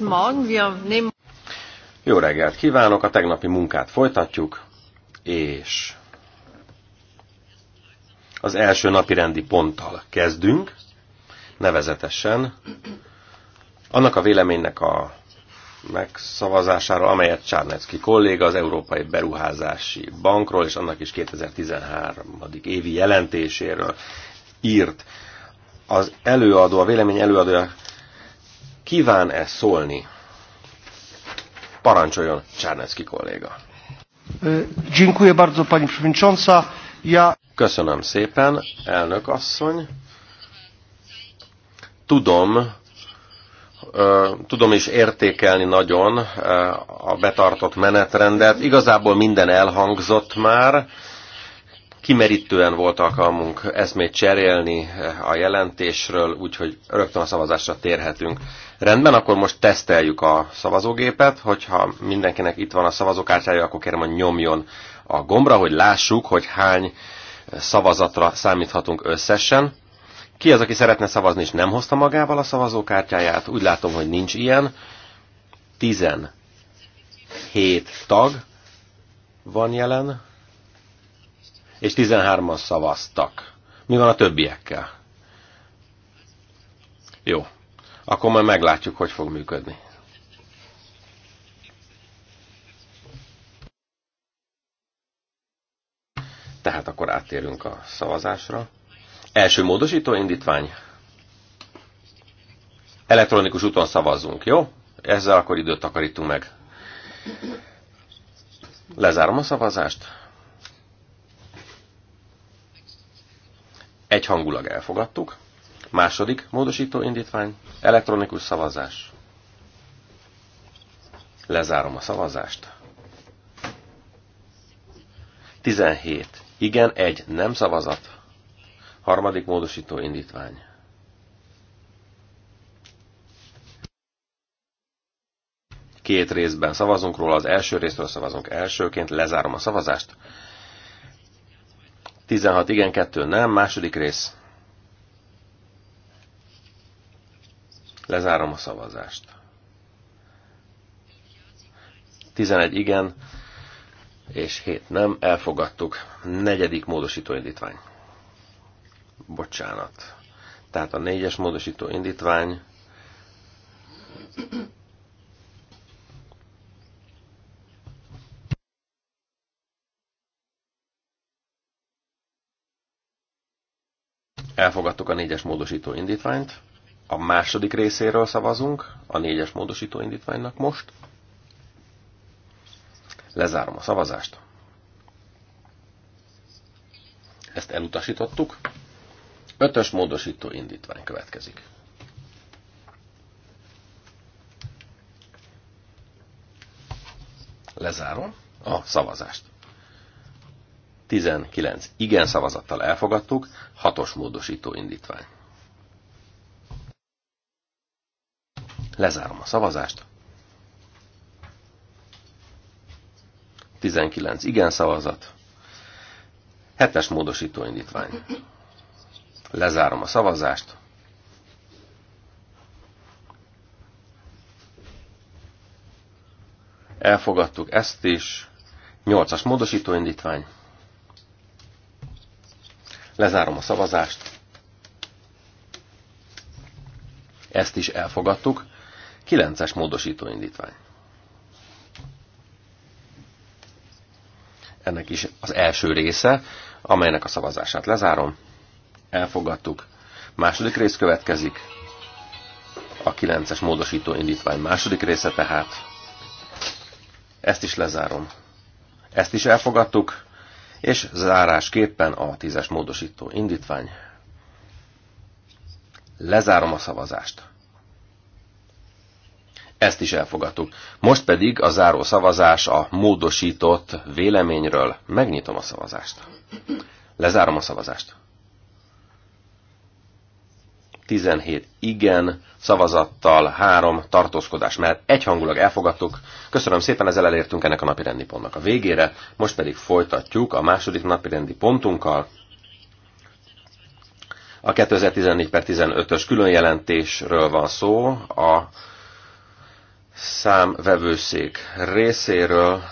Guten Morgen, wir nehmen... Jó reggelt kívánok, a tegnapi munkát folytatjuk, és az első napi rendi ponttal kezdünk, nevezetesen annak a véleménynek a megszavazására, amelyet Csárnecki kolléga az Európai Beruházási Bankról és annak is 2013. évi jelentéséről írt. Az előadó, a vélemény előadója Kíván-e szólni? Parancsoljon Csárnecki kolléga. Dziękuję bardzo, pani przewodnicząca. Ja... Köszönöm szépen, elnök asszony. Tudom, tudom is értékelni nagyon a betartott menetrendet. Igazából minden elhangzott már. Kimerítően volt alkalmunk eszmét cserélni a jelentésről, úgyhogy rögtön a szavazásra térhetünk. Rendben, akkor most teszteljük a szavazógépet, hogyha mindenkinek itt van a szavazókártyája, akkor kérem, hogy nyomjon a gombra, hogy lássuk, hogy hány szavazatra számíthatunk összesen. Ki az, aki szeretne szavazni, és nem hozta magával a szavazókártyáját? Úgy látom, hogy nincs ilyen. 17 tag van jelen, és 13-an szavaztak. Mi van a többiekkel? Jó, akkor majd meglátjuk, hogy fog működni. Tehát akkor áttérünk a szavazásra. Első módosító indítvány. Elektronikus úton szavazzunk, jó? Ezzel akkor időt takarítunk meg. Lezárom a szavazást. Egyhangulag elfogadtuk. Második módosító indítvány, elektronikus szavazás. Lezárom a szavazást. 17. Igen, egy nem szavazat. Harmadik módosító indítvány. Két részben szavazunk róla, az első részről szavazunk elsőként, lezárom a szavazást. 16 igen, 2 nem, második rész Lezárom a szavazást. 11 igen, és 7 nem. Elfogadtuk. Negyedik módosító indítvány. Bocsánat. Tehát a négyes módosító indítvány elfogadtuk a négyes módosító indítványt. A második részéről szavazunk, a négyes módosító indítványnak most. Lezárom a szavazást. Ezt elutasítottuk. Ötös módosító indítvány következik. Lezárom a szavazást. 19 igen szavazattal elfogadtuk, hatos módosító indítvány. Lezárom a szavazást. 19 igen szavazat. 7-es módosító indítvány. Lezárom a szavazást. Elfogadtuk ezt is. 8-as módosító indítvány. Lezárom a szavazást. Ezt is elfogadtuk. Kilences módosító indítvány. Ennek is az első része, amelynek a szavazását lezárom. Elfogadtuk. Második rész következik. A 9-es módosító indítvány második része tehát. Ezt is lezárom. Ezt is elfogadtuk, és zárásképpen a 10-es módosító indítvány. Lezárom a szavazást. Ezt is elfogadtuk. Most pedig a záró szavazás a módosított véleményről. Megnyitom a szavazást. Lezárom a szavazást. 17 igen szavazattal, 3 tartózkodás Mert egyhangulag elfogadtuk. Köszönöm szépen, ezzel elértünk ennek a napirendi pontnak a végére. Most pedig folytatjuk a második napirendi pontunkkal. A 2014 per 15-ös különjelentésről van szó, a számvevőszék részéről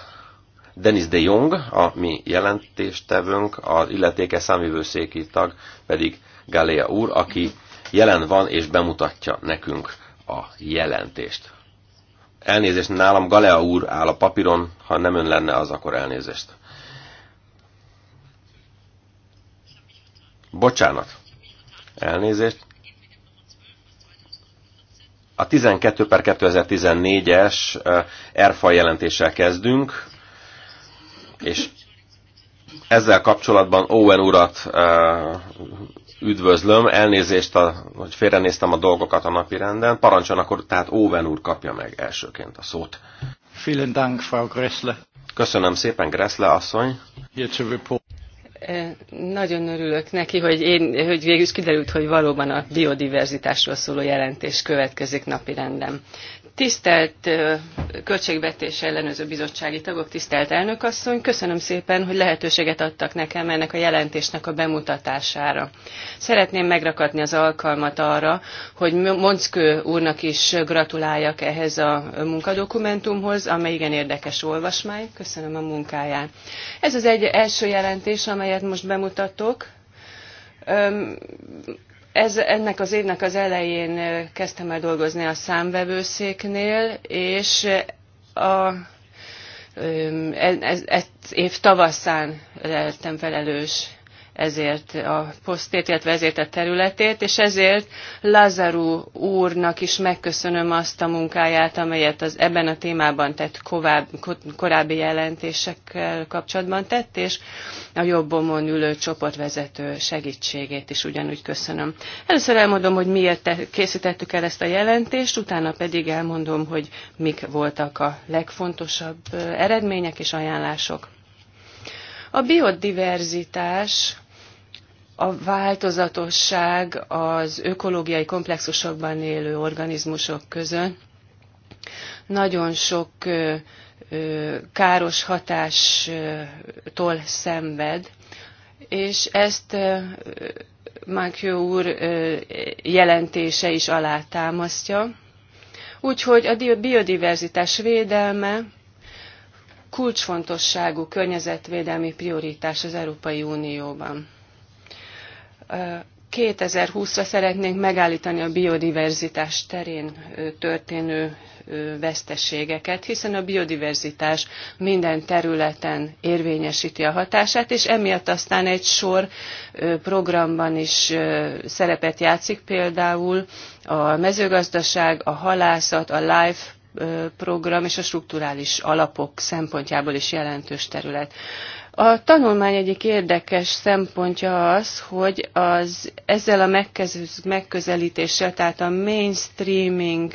Denis de Jong, a mi jelentéstevőnk, az illetékes számvevőszéki tag pedig Galéa úr, aki jelen van és bemutatja nekünk a jelentést. Elnézést, nálam Galea úr áll a papíron, ha nem ön lenne az, akkor elnézést. Bocsánat. Elnézést. A 12 per 2014-es ERFA jelentéssel kezdünk, és ezzel kapcsolatban Owen urat üdvözlöm, elnézést, a, hogy félrenéztem a dolgokat a napi renden. Parancson akkor, tehát Owen úr kapja meg elsőként a szót. Vielen Dank, Frau Gressle. Köszönöm szépen, Gressle asszony. Nagyon örülök neki, hogy, én, hogy végül is kiderült, hogy valóban a biodiverzitásról szóló jelentés következik napi rendem. Tisztelt Költségvetés Ellenőző Bizottsági Tagok, tisztelt elnökasszony, köszönöm szépen, hogy lehetőséget adtak nekem ennek a jelentésnek a bemutatására. Szeretném megrakatni az alkalmat arra, hogy Monckő úrnak is gratuláljak ehhez a munkadokumentumhoz, amely igen érdekes olvasmány. Köszönöm a munkáját. Ez az egy első jelentés, amelyet most bemutatok ez, ennek az évnek az elején kezdtem el dolgozni a számvevőszéknél, és a, e, ez, e, ez év tavaszán lettem felelős ezért a posztét, illetve ezért a területét, és ezért Lazaru úrnak is megköszönöm azt a munkáját, amelyet az ebben a témában tett kovább, korábbi jelentésekkel kapcsolatban tett, és a jobbomon ülő csoportvezető segítségét is ugyanúgy köszönöm. Először elmondom, hogy miért készítettük el ezt a jelentést, utána pedig elmondom, hogy mik voltak a legfontosabb eredmények és ajánlások. A biodiverzitás a változatosság az ökológiai komplexusokban élő organizmusok között nagyon sok káros hatástól szenved, és ezt Mákjó úr jelentése is alátámasztja. Úgyhogy a biodiverzitás védelme kulcsfontosságú környezetvédelmi prioritás az Európai Unióban. 2020-ra szeretnénk megállítani a biodiverzitás terén történő veszteségeket, hiszen a biodiverzitás minden területen érvényesíti a hatását, és emiatt aztán egy sor programban is szerepet játszik, például a mezőgazdaság, a halászat, a LIFE program és a strukturális alapok szempontjából is jelentős terület. A tanulmány egyik érdekes szempontja az, hogy az, ezzel a megközelítéssel, tehát a mainstreaming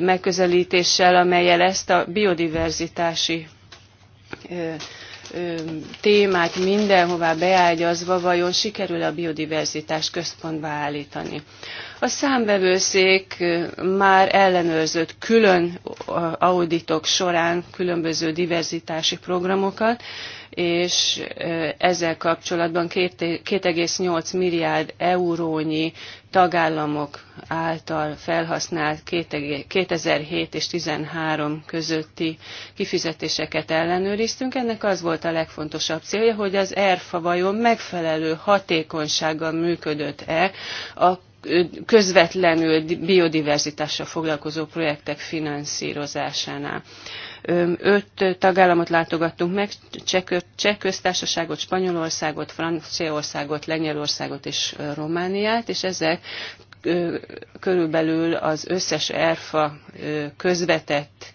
megközelítéssel, amelyel ezt a biodiverzitási témát mindenhová beágyazva, vajon sikerül a biodiverzitás központba állítani. A számvevőszék már ellenőrzött külön auditok során különböző diverzitási programokat, és ezzel kapcsolatban 2,8 milliárd eurónyi tagállamok által felhasznált 2007 és 2013 közötti kifizetéseket ellenőriztünk. Ennek az volt a legfontosabb célja, hogy az ERFA vajon megfelelő hatékonysággal működött-e a közvetlenül biodiverzitással foglalkozó projektek finanszírozásánál. Öt tagállamot látogattunk meg, Cseh köztársaságot, Spanyolországot, Franciaországot, Lengyelországot és Romániát, és ezek körülbelül az összes ERFA közvetett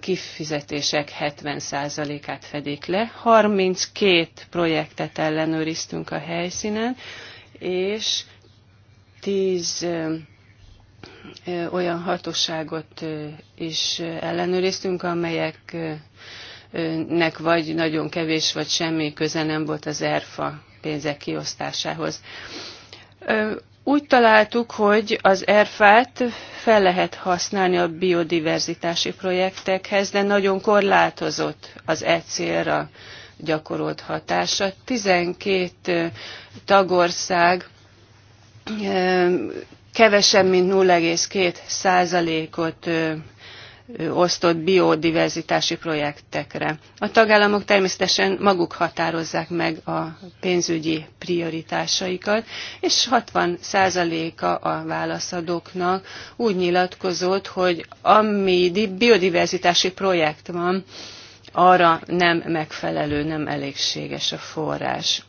kifizetések 70%-át fedik le. 32 projektet ellenőriztünk a helyszínen, és 10 olyan hatóságot is ellenőriztünk, amelyeknek vagy nagyon kevés, vagy semmi köze nem volt az ERFA pénzek kiosztásához. Úgy találtuk, hogy az ERFa-t fel lehet használni a biodiverzitási projektekhez, de nagyon korlátozott az e célra gyakorolt hatása. 12 tagország kevesebb, mint 0,2 százalékot osztott biodiverzitási projektekre. A tagállamok természetesen maguk határozzák meg a pénzügyi prioritásaikat, és 60%-a a válaszadóknak úgy nyilatkozott, hogy ami biodiverzitási projekt van, arra nem megfelelő, nem elégséges a forrás.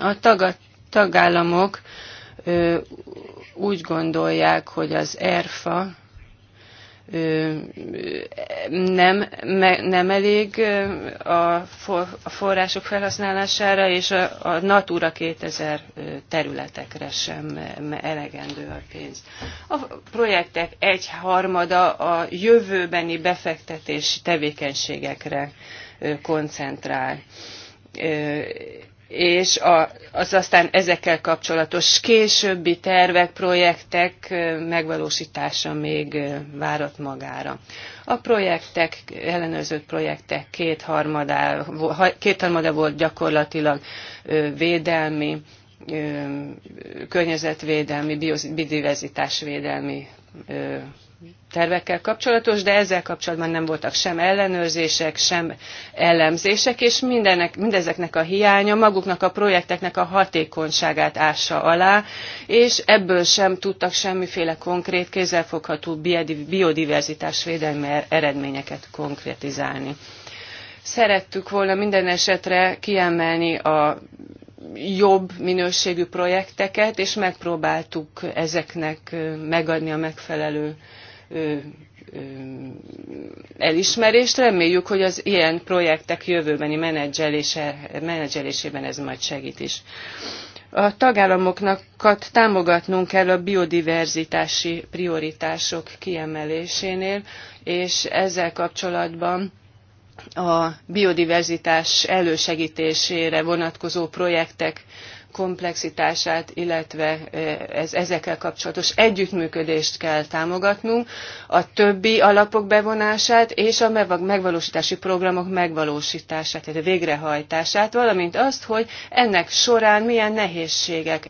A tagállamok úgy gondolják, hogy az ERFA nem, nem elég a források felhasználására, és a Natura 2000 területekre sem elegendő a pénz. A projektek egy harmada a jövőbeni befektetési tevékenységekre koncentrál és az aztán ezekkel kapcsolatos későbbi tervek, projektek megvalósítása még várat magára. A projektek, ellenőrzött projektek kétharmada, két volt gyakorlatilag védelmi, környezetvédelmi, biodiverzitásvédelmi tervekkel kapcsolatos, de ezzel kapcsolatban nem voltak sem ellenőrzések, sem ellenzések, és mindenek, mindezeknek a hiánya maguknak a projekteknek a hatékonyságát ássa alá, és ebből sem tudtak semmiféle konkrét, kézzelfogható biodiverzitás védelmi er-, eredményeket konkretizálni. Szerettük volna minden esetre kiemelni a jobb minőségű projekteket, és megpróbáltuk ezeknek megadni a megfelelő elismerést. Reméljük, hogy az ilyen projektek jövőbeni menedzselésében ez majd segít is. A tagállamoknak támogatnunk kell a biodiverzitási prioritások kiemelésénél, és ezzel kapcsolatban a biodiverzitás elősegítésére vonatkozó projektek komplexitását, illetve eh, ez, ezekkel kapcsolatos együttműködést kell támogatnunk, a többi alapok bevonását és a megvalósítási programok megvalósítását, tehát a végrehajtását, valamint azt, hogy ennek során milyen nehézségek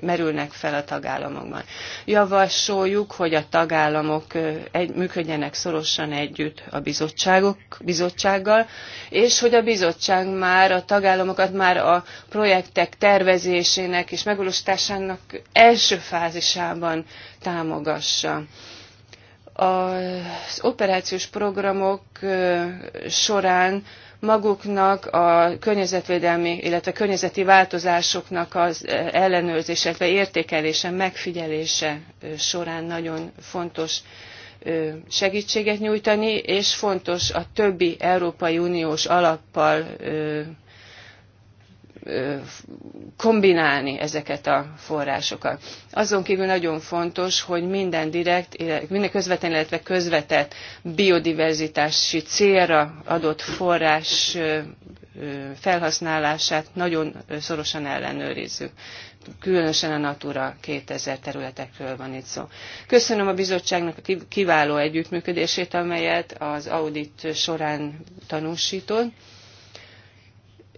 merülnek fel a tagállamokban. Javasoljuk, hogy a tagállamok egy, működjenek szorosan együtt a bizottságok, bizottsággal, és hogy a bizottság már a tagállamokat már a projektek tervezésének és megvalósításának első fázisában támogassa az operációs programok során maguknak a környezetvédelmi, illetve környezeti változásoknak az eh, ellenőrzése, illetve értékelése, megfigyelése során nagyon fontos segítséget nyújtani, és fontos a többi Európai Uniós alappal kombinálni ezeket a forrásokat. Azon kívül nagyon fontos, hogy minden direkt, minden közvetlen, illetve közvetett biodiverzitási célra adott forrás felhasználását nagyon szorosan ellenőrizzük. Különösen a Natura 2000 területekről van itt szó. Köszönöm a bizottságnak a kiváló együttműködését, amelyet az audit során tanúsított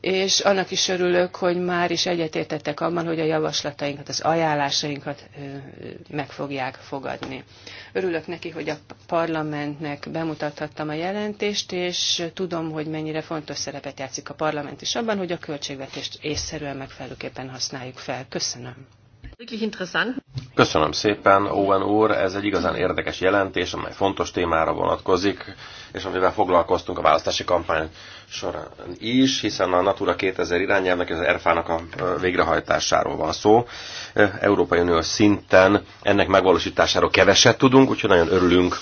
és annak is örülök, hogy már is egyetértettek abban, hogy a javaslatainkat, az ajánlásainkat meg fogják fogadni. Örülök neki, hogy a parlamentnek bemutathattam a jelentést, és tudom, hogy mennyire fontos szerepet játszik a parlament is abban, hogy a költségvetést észszerűen megfelelőképpen használjuk fel. Köszönöm. Köszönöm szépen, Owen úr, ez egy igazán érdekes jelentés, amely fontos témára vonatkozik, és amivel foglalkoztunk a választási kampány során is, hiszen a Natura 2000 irányelvnek és az erfa a végrehajtásáról van szó. Európai Unió szinten ennek megvalósításáról keveset tudunk, úgyhogy nagyon örülünk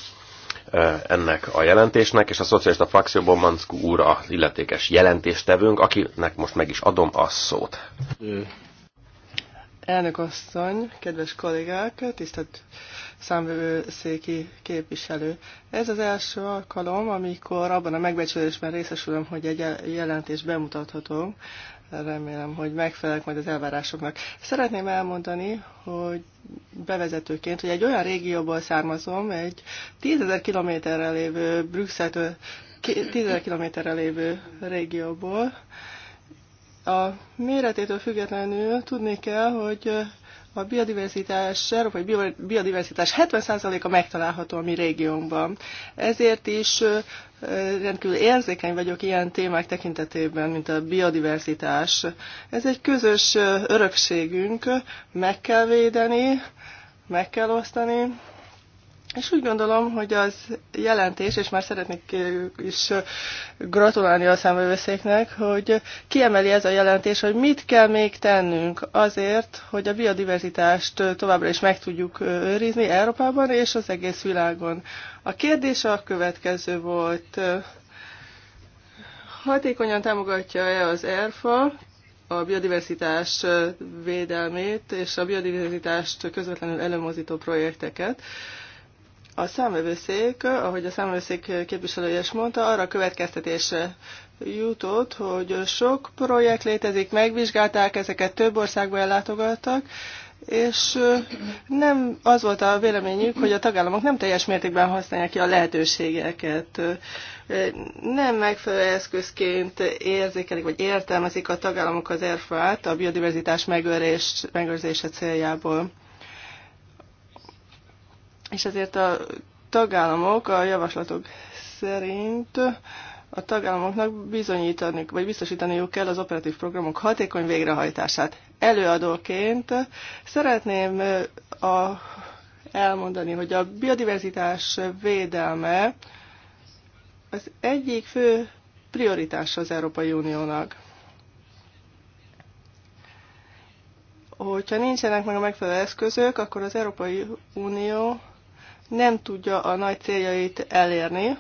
eh, ennek a jelentésnek, és a szocialista frakcióban Manszku úr a illetékes jelentéstevőnk, akinek most meg is adom a szót. Elnök asszony, kedves kollégák, tisztelt számvevőszéki képviselő. Ez az első alkalom, amikor abban a megbecsülésben részesülöm, hogy egy jelentést bemutathatom. Remélem, hogy megfelelek majd az elvárásoknak. Szeretném elmondani, hogy bevezetőként, hogy egy olyan régióból származom, egy tízezer kilométerrel lévő Brüsszeltől tízezer kilométerrel lévő régióból, a méretétől függetlenül tudni kell, hogy a biodiverzitás, európai biodiverzitás 70%-a megtalálható a mi régiónkban. Ezért is rendkívül érzékeny vagyok ilyen témák tekintetében, mint a biodiverzitás. Ez egy közös örökségünk, meg kell védeni, meg kell osztani, és úgy gondolom, hogy az jelentés, és már szeretnék is gratulálni a számvevőszéknek, hogy kiemeli ez a jelentés, hogy mit kell még tennünk azért, hogy a biodiverzitást továbbra is meg tudjuk őrizni Európában és az egész világon. A kérdés a következő volt. Hatékonyan támogatja-e az ERFA a biodiverzitás védelmét és a biodiverzitást közvetlenül előmozító projekteket? A számövőszék, ahogy a számövőszék képviselője is mondta, arra következtetésre jutott, hogy sok projekt létezik, megvizsgálták ezeket, több országba ellátogattak, és nem az volt a véleményük, hogy a tagállamok nem teljes mértékben használják ki a lehetőségeket. Nem megfelelő eszközként érzékelik, vagy értelmezik a tagállamok az erfa a biodiverzitás megőrzése céljából és ezért a tagállamok a javaslatok szerint a tagállamoknak bizonyítani, vagy biztosítaniuk kell az operatív programok hatékony végrehajtását. Előadóként szeretném a, elmondani, hogy a biodiverzitás védelme az egyik fő prioritása az Európai Uniónak. Hogyha nincsenek meg a megfelelő eszközök, akkor az Európai Unió nem tudja a nagy céljait elérni.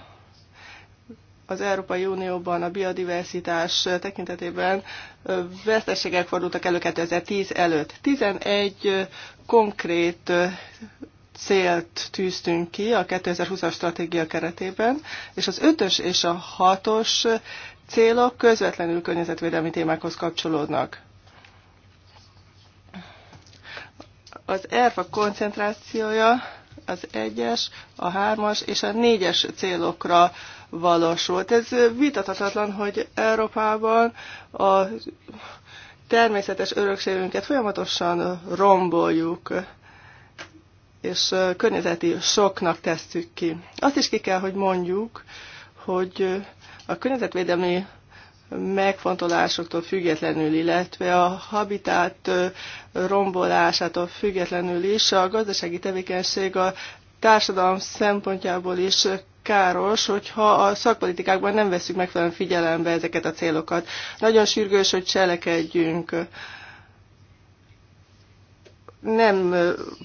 Az Európai Unióban a biodiversitás tekintetében veszteségek fordultak elő 2010 előtt. 11 konkrét célt tűztünk ki a 2020-as stratégia keretében, és az 5-ös és a 6-os célok közvetlenül környezetvédelmi témákhoz kapcsolódnak. Az ERFA koncentrációja az egyes, a hármas és a négyes célokra valósult. Ez vitathatatlan, hogy Európában a természetes örökségünket folyamatosan romboljuk, és környezeti soknak tesszük ki. Azt is ki kell, hogy mondjuk, hogy a környezetvédelmi megfontolásoktól függetlenül, illetve a habitát rombolásától függetlenül is a gazdasági tevékenység a társadalom szempontjából is káros, hogyha a szakpolitikákban nem veszük megfelelően figyelembe ezeket a célokat. Nagyon sürgős, hogy cselekedjünk nem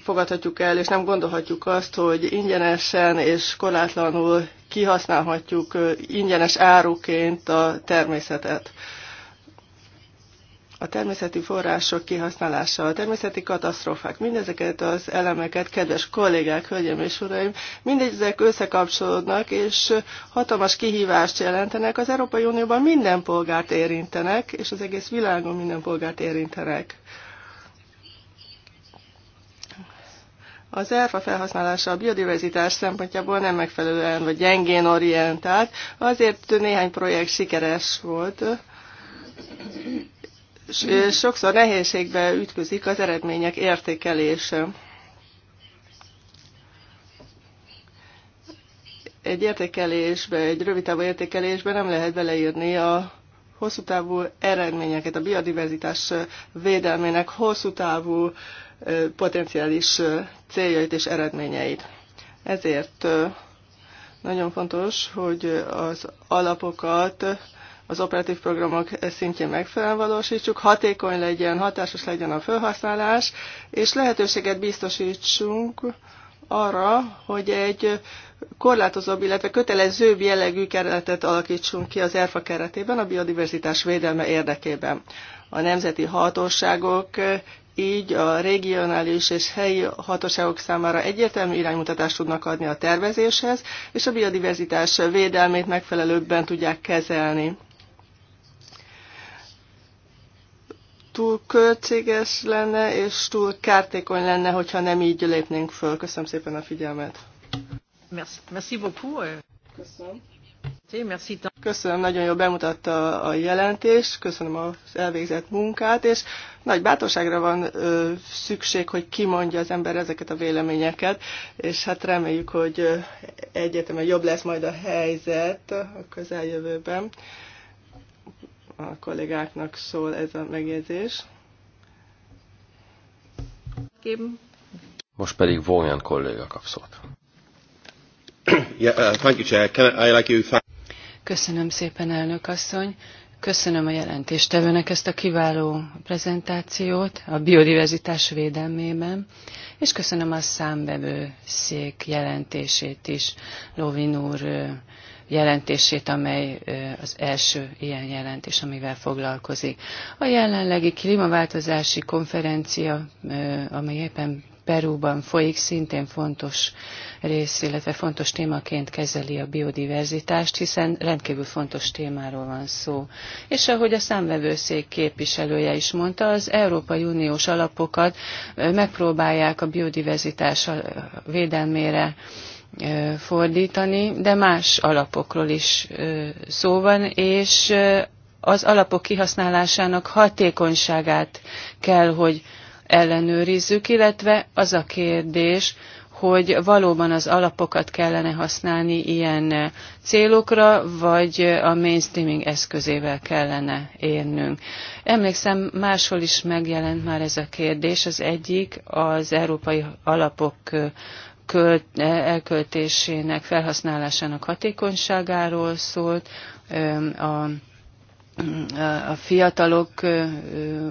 fogadhatjuk el, és nem gondolhatjuk azt, hogy ingyenesen és korlátlanul kihasználhatjuk ingyenes áruként a természetet. A természeti források kihasználása, a természeti katasztrófák, mindezeket az elemeket, kedves kollégák, hölgyeim és uraim, mindezek összekapcsolódnak, és hatalmas kihívást jelentenek. Az Európai Unióban minden polgárt érintenek, és az egész világon minden polgárt érintenek az elfa felhasználása a biodiverzitás szempontjából nem megfelelően vagy gyengén orientált, azért néhány projekt sikeres volt, és sokszor nehézségbe ütközik az eredmények értékelése. Egy értékelésbe, egy rövid távú értékelésbe nem lehet beleírni a hosszú távú eredményeket, a biodiverzitás védelmének hosszú távú uh, potenciális céljait és eredményeit. Ezért nagyon fontos, hogy az alapokat az operatív programok szintjén megfelelően valósítsuk, hatékony legyen, hatásos legyen a felhasználás, és lehetőséget biztosítsunk arra, hogy egy korlátozóbb, illetve kötelezőbb jellegű keretet alakítsunk ki az ERFA keretében a biodiverzitás védelme érdekében. A nemzeti hatóságok így a regionális és helyi hatóságok számára egyértelmű iránymutatást tudnak adni a tervezéshez, és a biodiverzitás védelmét megfelelőbben tudják kezelni. Túl költséges lenne, és túl kártékony lenne, hogyha nem így lépnénk föl. Köszönöm szépen a figyelmet. Merci, beaucoup. Euh. Köszönöm. Köszönöm, nagyon jól bemutatta a jelentést, köszönöm az elvégzett munkát, és nagy bátorságra van ö, szükség, hogy kimondja az ember ezeket a véleményeket, és hát reméljük, hogy egyetemen jobb lesz majd a helyzet a közeljövőben. A kollégáknak szól ez a megjegyzés. Kim? Most pedig Vóján kolléga kap szót. Köszönöm szépen, elnök asszony. Köszönöm a jelentéstevőnek ezt a kiváló prezentációt a biodiverzitás védelmében, és köszönöm a számbevő szék jelentését is, Lovin úr jelentését, amely az első ilyen jelentés, amivel foglalkozik. A jelenlegi klímaváltozási konferencia, amely éppen Perúban folyik, szintén fontos rész, illetve fontos témaként kezeli a biodiverzitást, hiszen rendkívül fontos témáról van szó. És ahogy a számvevőszék képviselője is mondta, az Európai Uniós alapokat megpróbálják a biodiverzitás védelmére fordítani, de más alapokról is szó van, és az alapok kihasználásának hatékonyságát kell, hogy ellenőrizzük, illetve az a kérdés, hogy valóban az alapokat kellene használni ilyen célokra, vagy a mainstreaming eszközével kellene érnünk. Emlékszem, máshol is megjelent már ez a kérdés. Az egyik az európai alapok költ, elköltésének, felhasználásának hatékonyságáról szólt, a a fiatalok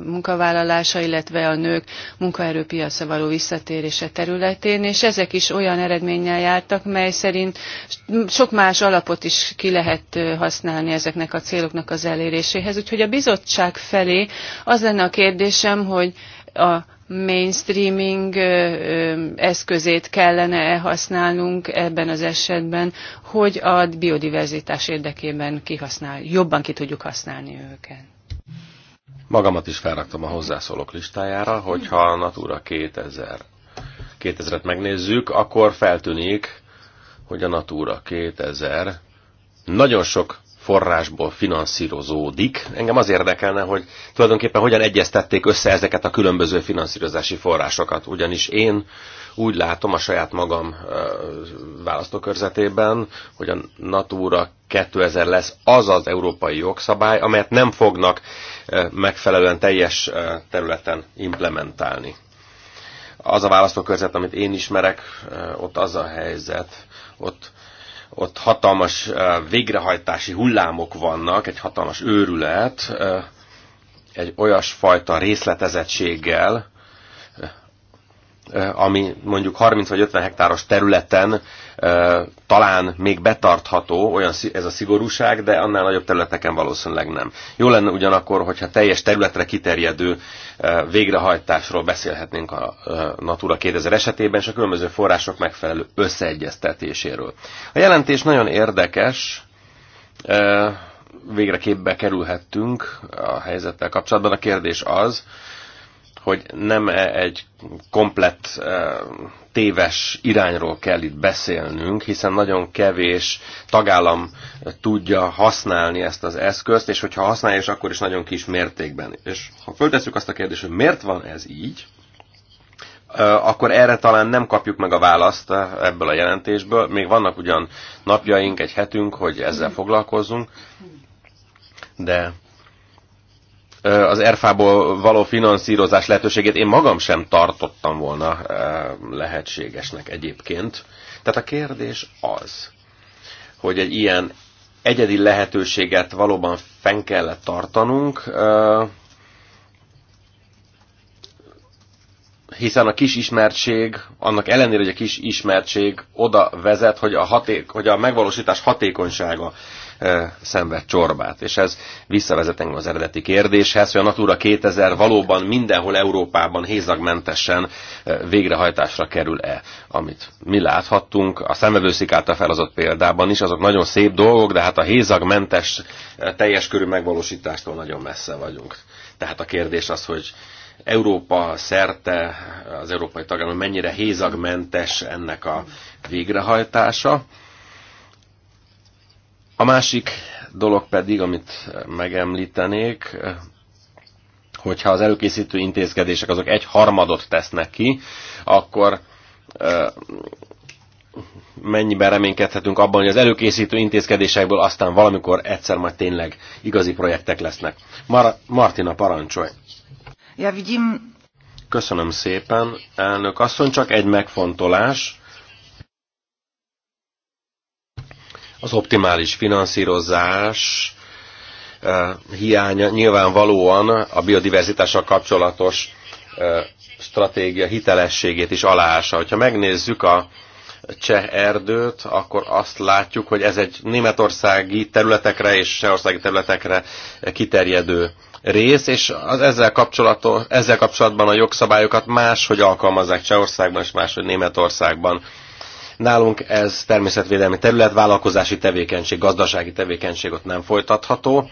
munkavállalása, illetve a nők munkaerőpiacra való visszatérése területén, és ezek is olyan eredménnyel jártak, mely szerint sok más alapot is ki lehet használni ezeknek a céloknak az eléréséhez. Úgyhogy a bizottság felé az lenne a kérdésem, hogy a mainstreaming eszközét kellene -e használnunk ebben az esetben, hogy a biodiverzitás érdekében kihasznál, jobban ki tudjuk használni őket. Magamat is felraktam a hozzászólók listájára, hogyha a Natura 2000 2000-et megnézzük, akkor feltűnik, hogy a Natura 2000 nagyon sok forrásból finanszírozódik. Engem az érdekelne, hogy tulajdonképpen hogyan egyeztették össze ezeket a különböző finanszírozási forrásokat, ugyanis én úgy látom a saját magam választókörzetében, hogy a Natura 2000 lesz az az európai jogszabály, amelyet nem fognak megfelelően teljes területen implementálni. Az a választókörzet, amit én ismerek, ott az a helyzet, ott ott hatalmas végrehajtási hullámok vannak, egy hatalmas őrület, egy olyasfajta részletezettséggel, ami mondjuk 30 vagy 50 hektáros területen talán még betartható olyan ez a szigorúság, de annál nagyobb területeken valószínűleg nem. Jó lenne ugyanakkor, hogyha teljes területre kiterjedő végrehajtásról beszélhetnénk a Natura 2000 esetében, és a különböző források megfelelő összeegyeztetéséről. A jelentés nagyon érdekes, végre képbe kerülhettünk a helyzettel kapcsolatban. A kérdés az, hogy nem -e egy komplett e, téves irányról kell itt beszélnünk, hiszen nagyon kevés tagállam tudja használni ezt az eszközt, és hogyha használja, és akkor is nagyon kis mértékben. És ha föltesszük azt a kérdést, hogy miért van ez így, e, akkor erre talán nem kapjuk meg a választ e, ebből a jelentésből. Még vannak ugyan napjaink, egy hetünk, hogy ezzel foglalkozzunk, de az ERFA-ból való finanszírozás lehetőségét én magam sem tartottam volna lehetségesnek egyébként. Tehát a kérdés az, hogy egy ilyen egyedi lehetőséget valóban fenn kellett tartanunk, hiszen a kis ismertség, annak ellenére, hogy a kis ismertség oda vezet, hogy a, haték, hogy a megvalósítás hatékonysága szenved csorbát. És ez visszavezet engem az eredeti kérdéshez, hogy a Natura 2000 valóban mindenhol Európában hézagmentesen végrehajtásra kerül-e. Amit mi láthattunk, a szenvedőszik által felazott példában is, azok nagyon szép dolgok, de hát a hézagmentes teljes körű megvalósítástól nagyon messze vagyunk. Tehát a kérdés az, hogy Európa szerte, az európai tagállam mennyire hézagmentes ennek a végrehajtása. A másik dolog pedig, amit megemlítenék, hogyha az előkészítő intézkedések azok egy harmadot tesznek ki, akkor mennyiben reménykedhetünk abban, hogy az előkészítő intézkedésekből aztán valamikor egyszer majd tényleg igazi projektek lesznek. Mar- Martina, parancsolj! Ja, vigyim. Köszönöm szépen, elnök asszony, csak egy megfontolás. Az optimális finanszírozás hiánya nyilvánvalóan a biodiverzitással kapcsolatos stratégia hitelességét is aláása. Ha megnézzük a cseh erdőt, akkor azt látjuk, hogy ez egy németországi területekre és csehországi területekre kiterjedő rész, és az ezzel, ezzel kapcsolatban a jogszabályokat máshogy alkalmazzák Csehországban és máshogy Németországban. Nálunk ez természetvédelmi terület, vállalkozási tevékenység, gazdasági tevékenység ott nem folytatható.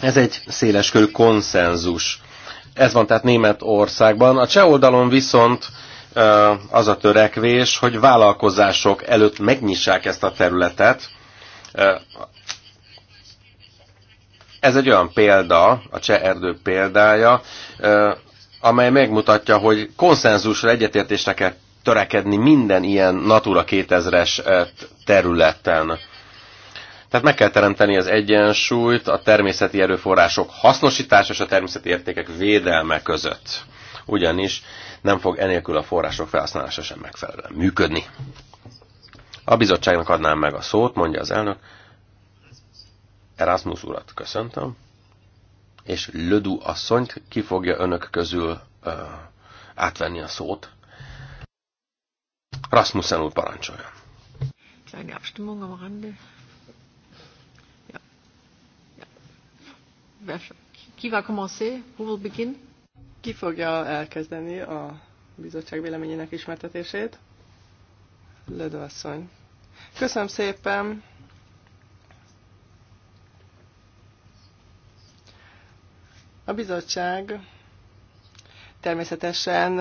Ez egy széleskörű konszenzus. Ez van tehát Németországban. A cseh oldalon viszont az a törekvés, hogy vállalkozások előtt megnyissák ezt a területet. Ez egy olyan példa, a cseh erdő példája, amely megmutatja, hogy konszenzusra, egyetértésre kell törekedni minden ilyen Natura 2000-es eh, területen. Tehát meg kell teremteni az egyensúlyt a természeti erőforrások hasznosítása és a természeti értékek védelme között. Ugyanis nem fog enélkül a források felhasználása sem megfelelően működni. A bizottságnak adnám meg a szót, mondja az elnök. Erasmus urat köszöntöm, és Lödu asszonyt ki fogja önök közül uh, átvenni a szót. Rasmussen úr parancsolja. Abstimmung Ki va commencer? Who will begin? Ki fogja elkezdeni a bizottság véleményének ismertetését? Lödő asszony. Köszönöm szépen! A bizottság Természetesen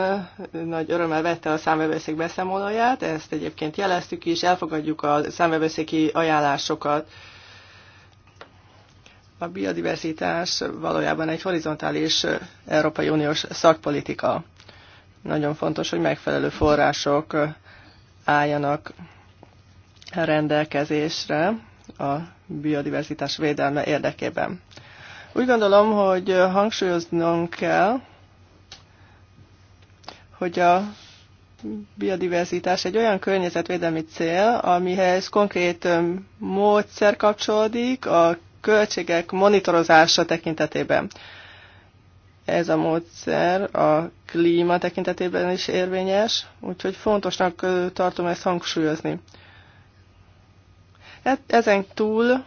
nagy örömmel vette a számvevőszék beszámolóját, ezt egyébként jeleztük is, elfogadjuk a számvevőszéki ajánlásokat. A biodiversitás valójában egy horizontális Európai Uniós szakpolitika. Nagyon fontos, hogy megfelelő források álljanak rendelkezésre a biodiverzitás védelme érdekében. Úgy gondolom, hogy hangsúlyoznunk kell, hogy a biodiverzitás egy olyan környezetvédelmi cél, amihez konkrét módszer kapcsolódik a költségek monitorozása tekintetében. Ez a módszer a klíma tekintetében is érvényes, úgyhogy fontosnak tartom ezt hangsúlyozni. E-, ezen túl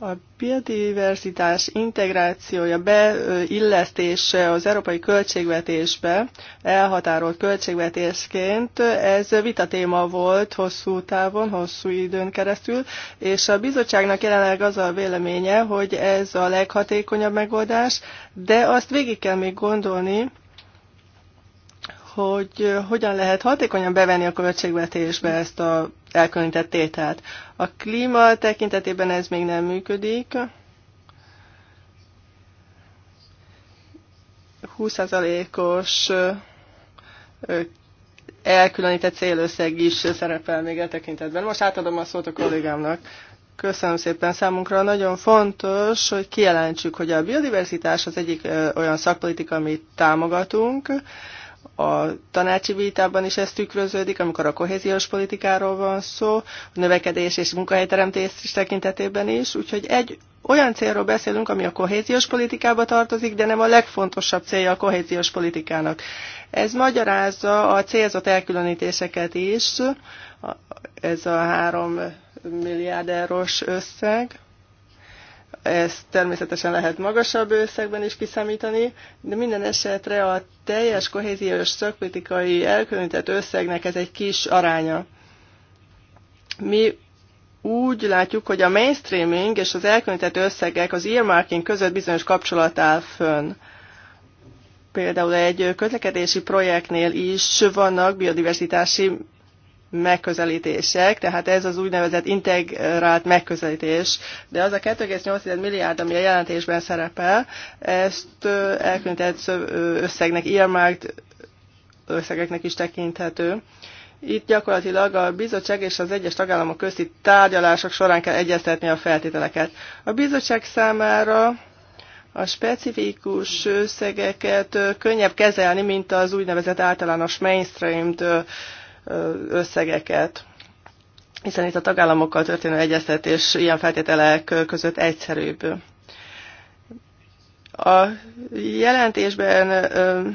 A biodiverzitás integrációja, beillesztése az európai költségvetésbe, elhatárolt költségvetésként, ez vita téma volt hosszú távon, hosszú időn keresztül, és a bizottságnak jelenleg az a véleménye, hogy ez a leghatékonyabb megoldás, de azt végig kell még gondolni, hogy hogyan lehet hatékonyan bevenni a költségvetésbe ezt a elkönyvtett tételt. A klíma tekintetében ez még nem működik. 20%-os elkülönített célösszeg is szerepel még a e tekintetben. Most átadom a szót a kollégámnak. Köszönöm szépen számunkra. Nagyon fontos, hogy kijelentsük, hogy a biodiverzitás az egyik olyan szakpolitika, amit támogatunk, a tanácsi vitában is ez tükröződik, amikor a kohéziós politikáról van szó, a növekedés és munkahelyteremtés tekintetében is, úgyhogy egy olyan célról beszélünk, ami a kohéziós politikába tartozik, de nem a legfontosabb célja a kohéziós politikának. Ez magyarázza a célzott elkülönítéseket is, ez a három milliárd eurós összeg, ezt természetesen lehet magasabb összegben is kiszámítani, de minden esetre a teljes kohéziós szakpolitikai elkülönített összegnek ez egy kis aránya. Mi úgy látjuk, hogy a mainstreaming és az elkülönített összegek az earmarking között bizonyos kapcsolat áll fönn. Például egy közlekedési projektnél is vannak biodiversitási megközelítések, tehát ez az úgynevezett integrált megközelítés. De az a 2,8 milliárd, ami a jelentésben szerepel, ezt elkülönített összegnek, earmarked összegeknek is tekinthető. Itt gyakorlatilag a bizottság és az egyes tagállamok közti tárgyalások során kell egyeztetni a feltételeket. A bizottság számára a specifikus összegeket könnyebb kezelni, mint az úgynevezett általános mainstream összegeket hiszen itt a tagállamokkal történő egyeztetés ilyen feltételek között egyszerűbb. A jelentésben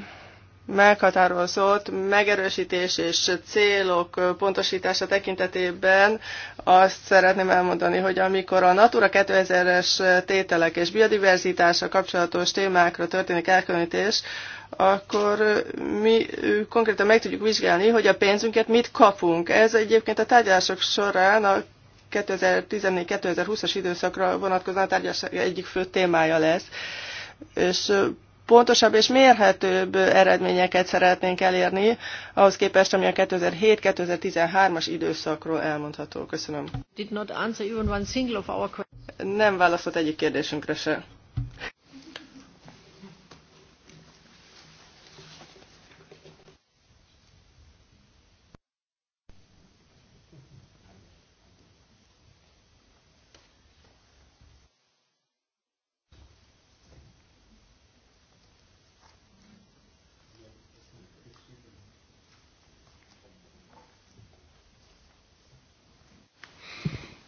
meghatározott megerősítés és célok pontosítása tekintetében azt szeretném elmondani, hogy amikor a Natura 2000-es tételek és biodiverzitása kapcsolatos témákra történik elkülönítés, akkor mi konkrétan meg tudjuk vizsgálni, hogy a pénzünket mit kapunk. Ez egyébként a tárgyalások során a 2014-2020-as időszakra vonatkozóan tárgyalás egyik fő témája lesz. És pontosabb és mérhetőbb eredményeket szeretnénk elérni, ahhoz képest, ami a 2007-2013-as időszakról elmondható. Köszönöm. Did not answer even one single of our Nem válaszolt egyik kérdésünkre se.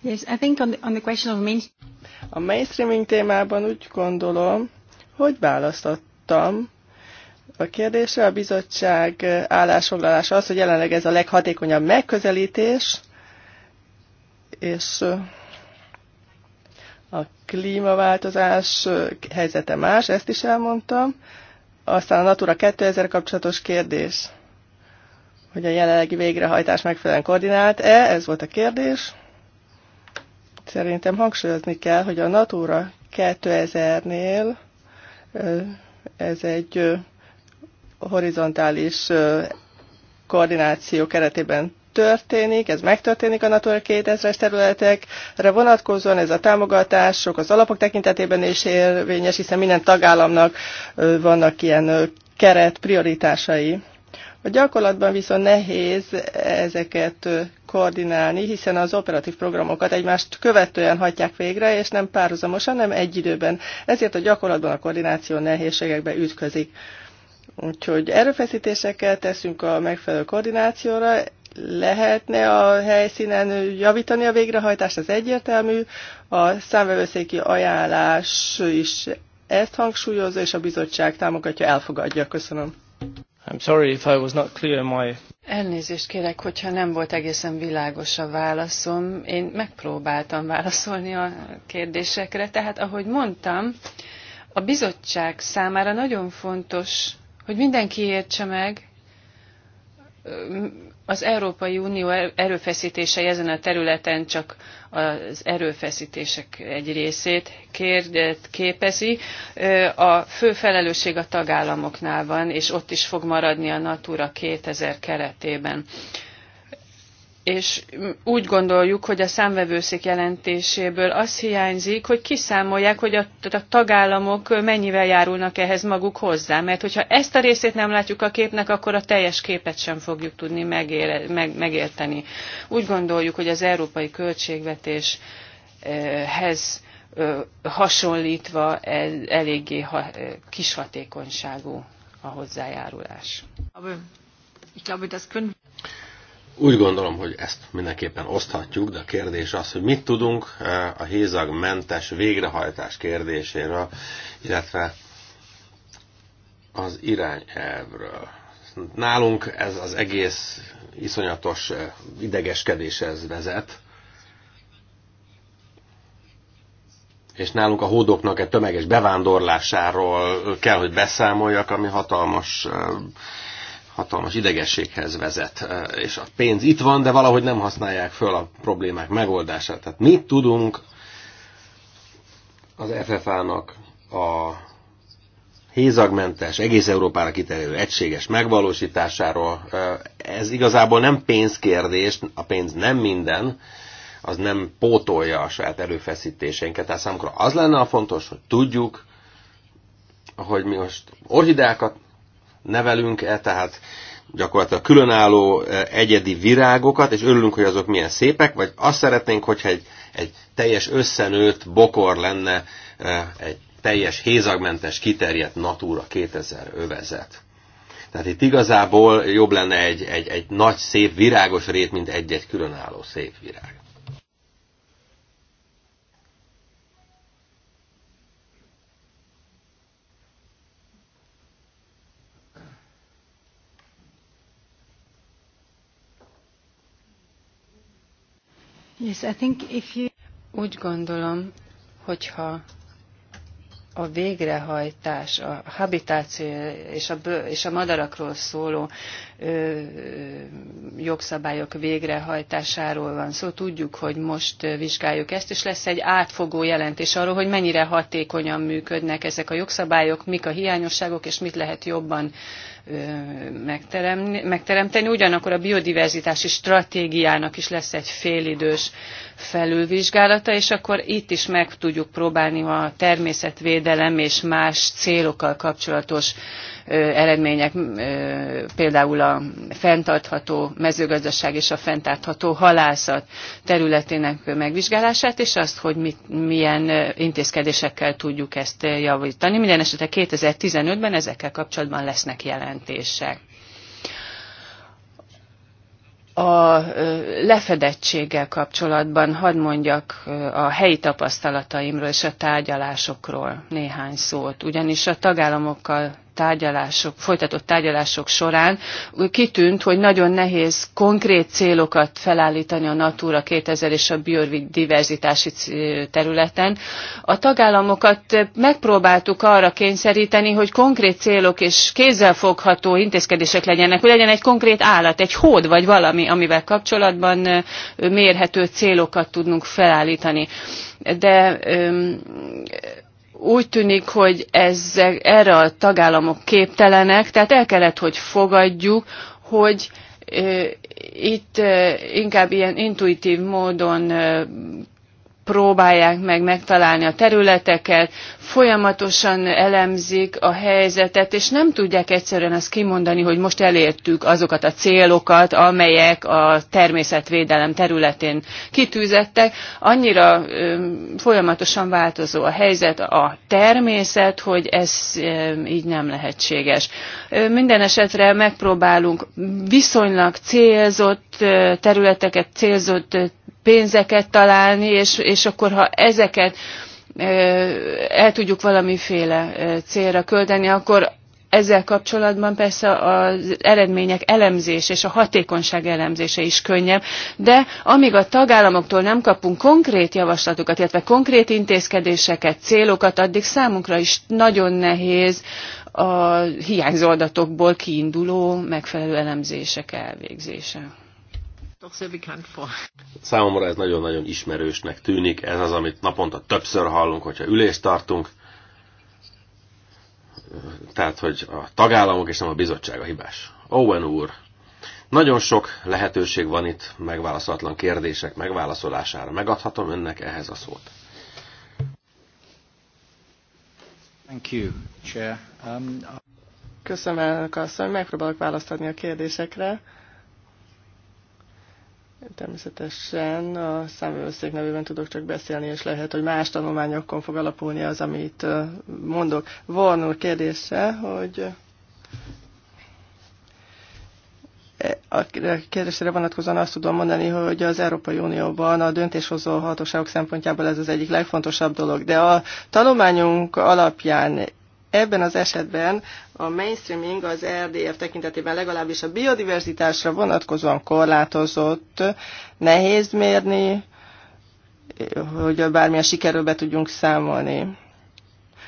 Yes, I think on the, on the question of A mainstreaming témában úgy gondolom, hogy választottam a kérdésre. A bizottság állásfoglalása az, hogy jelenleg ez a leghatékonyabb megközelítés, és a klímaváltozás helyzete más, ezt is elmondtam. Aztán a Natura 2000 kapcsolatos kérdés, hogy a jelenlegi végrehajtás megfelelően koordinált-e, ez volt a kérdés. Szerintem hangsúlyozni kell, hogy a Natura 2000-nél ez egy horizontális koordináció keretében történik, ez megtörténik a Natura 2000-es területekre vonatkozóan, ez a támogatások az alapok tekintetében is érvényes, hiszen minden tagállamnak vannak ilyen keret prioritásai. A gyakorlatban viszont nehéz ezeket koordinálni, hiszen az operatív programokat egymást követően hagyják végre, és nem párhuzamosan, hanem egy időben. Ezért a gyakorlatban a koordináció nehézségekbe ütközik. Úgyhogy erőfeszítéseket teszünk a megfelelő koordinációra, lehetne a helyszínen javítani a végrehajtást, az egyértelmű. A számvevőszéki ajánlás is ezt hangsúlyozza, és a bizottság támogatja, elfogadja. Köszönöm. I'm sorry if I was not clear in my... Elnézést kérek, hogyha nem volt egészen világos a válaszom. Én megpróbáltam válaszolni a kérdésekre, tehát ahogy mondtam, a bizottság számára nagyon fontos, hogy mindenki értse meg, az Európai Unió erőfeszítései ezen a területen csak az erőfeszítések egy részét kérdet képezi. A fő felelősség a tagállamoknál van, és ott is fog maradni a Natura 2000 keretében és úgy gondoljuk, hogy a számvevőszék jelentéséből az hiányzik, hogy kiszámolják, hogy a, a tagállamok mennyivel járulnak ehhez maguk hozzá. Mert hogyha ezt a részét nem látjuk a képnek, akkor a teljes képet sem fogjuk tudni megére, meg, megérteni. Úgy gondoljuk, hogy az európai költségvetéshez hasonlítva el, eléggé ha, kis hatékonyságú a hozzájárulás. Aber ich glaube, das können úgy gondolom, hogy ezt mindenképpen oszthatjuk, de a kérdés az, hogy mit tudunk eh, a hézag mentes végrehajtás kérdéséről, illetve az irányelvről. Nálunk ez az egész iszonyatos eh, idegeskedéshez vezet, és nálunk a hódoknak egy tömeges bevándorlásáról kell, hogy beszámoljak, ami hatalmas eh, hatalmas idegességhez vezet. És a pénz itt van, de valahogy nem használják föl a problémák megoldását. Tehát mit tudunk az FFA-nak a hézagmentes, egész Európára kiterjedő egységes megvalósításáról. Ez igazából nem pénzkérdés, a pénz nem minden, az nem pótolja a saját erőfeszítéseinket. Tehát számukra az lenne a fontos, hogy tudjuk, hogy mi most orhidákat nevelünk-e, tehát gyakorlatilag különálló e, egyedi virágokat, és örülünk, hogy azok milyen szépek, vagy azt szeretnénk, hogyha egy, egy teljes összenőtt bokor lenne, e, egy teljes hézagmentes kiterjedt Natura 2000 övezet. Tehát itt igazából jobb lenne egy, egy, egy nagy szép virágos rét, mint egy-egy különálló szép virág. Yes, I think if you... Úgy gondolom, hogyha a végrehajtás, a habitáció és a, bő, és a madarakról szóló ö, jogszabályok végrehajtásáról van szó. Szóval tudjuk, hogy most vizsgáljuk ezt, és lesz egy átfogó jelentés arról, hogy mennyire hatékonyan működnek ezek a jogszabályok, mik a hiányosságok, és mit lehet jobban megteremteni. Ugyanakkor a biodiverzitási stratégiának is lesz egy félidős felülvizsgálata, és akkor itt is meg tudjuk próbálni a természetvédelem és más célokkal kapcsolatos eredmények, például a fenntartható mezőgazdaság és a fenntartható halászat területének megvizsgálását, és azt, hogy mit, milyen intézkedésekkel tudjuk ezt javítani. Minden esetre 2015-ben ezekkel kapcsolatban lesznek jelentések a lefedettséggel kapcsolatban hadd mondjak a helyi tapasztalataimról és a tárgyalásokról néhány szót, ugyanis a tagállamokkal tárgyalások, folytatott tárgyalások során kitűnt, hogy nagyon nehéz konkrét célokat felállítani a Natura 2000 és a biodiverzitási területen. A tagállamokat megpróbáltuk arra kényszeríteni, hogy konkrét célok és kézzelfogható intézkedések legyenek, hogy legyen egy konkrét állat, egy hód vagy valami, amivel kapcsolatban mérhető célokat tudnunk felállítani de úgy tűnik, hogy ez, erre a tagállamok képtelenek, tehát el kellett, hogy fogadjuk, hogy itt inkább ilyen intuitív módon próbálják meg megtalálni a területeket, folyamatosan elemzik a helyzetet, és nem tudják egyszerűen azt kimondani, hogy most elértük azokat a célokat, amelyek a természetvédelem területén kitűzettek. Annyira ö, folyamatosan változó a helyzet, a természet, hogy ez ö, így nem lehetséges. Ö, minden esetre megpróbálunk viszonylag célzott ö, területeket, célzott pénzeket találni, és, és akkor ha ezeket el tudjuk valamiféle célra költeni, akkor ezzel kapcsolatban persze az eredmények elemzése és a hatékonyság elemzése is könnyebb, de amíg a tagállamoktól nem kapunk konkrét javaslatokat, illetve konkrét intézkedéseket, célokat, addig számunkra is nagyon nehéz a hiányzó adatokból kiinduló megfelelő elemzések elvégzése doch sehr bekannt vor. Számomra ez nagyon-nagyon ismerősnek tűnik, ez az, amit naponta többször hallunk, hogyha ülést tartunk. Tehát, hogy a tagállamok és nem a bizottság a hibás. Owen úr, nagyon sok lehetőség van itt megválaszolatlan kérdések megválaszolására. Megadhatom önnek ehhez a szót. Thank you, Chair. Um, Köszönöm, elnök asszony. Megpróbálok választ adni a kérdésekre Természetesen a számvevőszék nevében tudok csak beszélni, és lehet, hogy más tanulmányokon fog alapulni az, amit mondok. Van úr kérdése, hogy e, a kérdésre vonatkozóan azt tudom mondani, hogy az Európai Unióban a döntéshozó hatóságok szempontjából ez az egyik legfontosabb dolog, de a tanulmányunk alapján Ebben az esetben a mainstreaming az RDF tekintetében legalábbis a biodiverzitásra vonatkozóan korlátozott, nehéz mérni, hogy bármilyen sikerről be tudjunk számolni.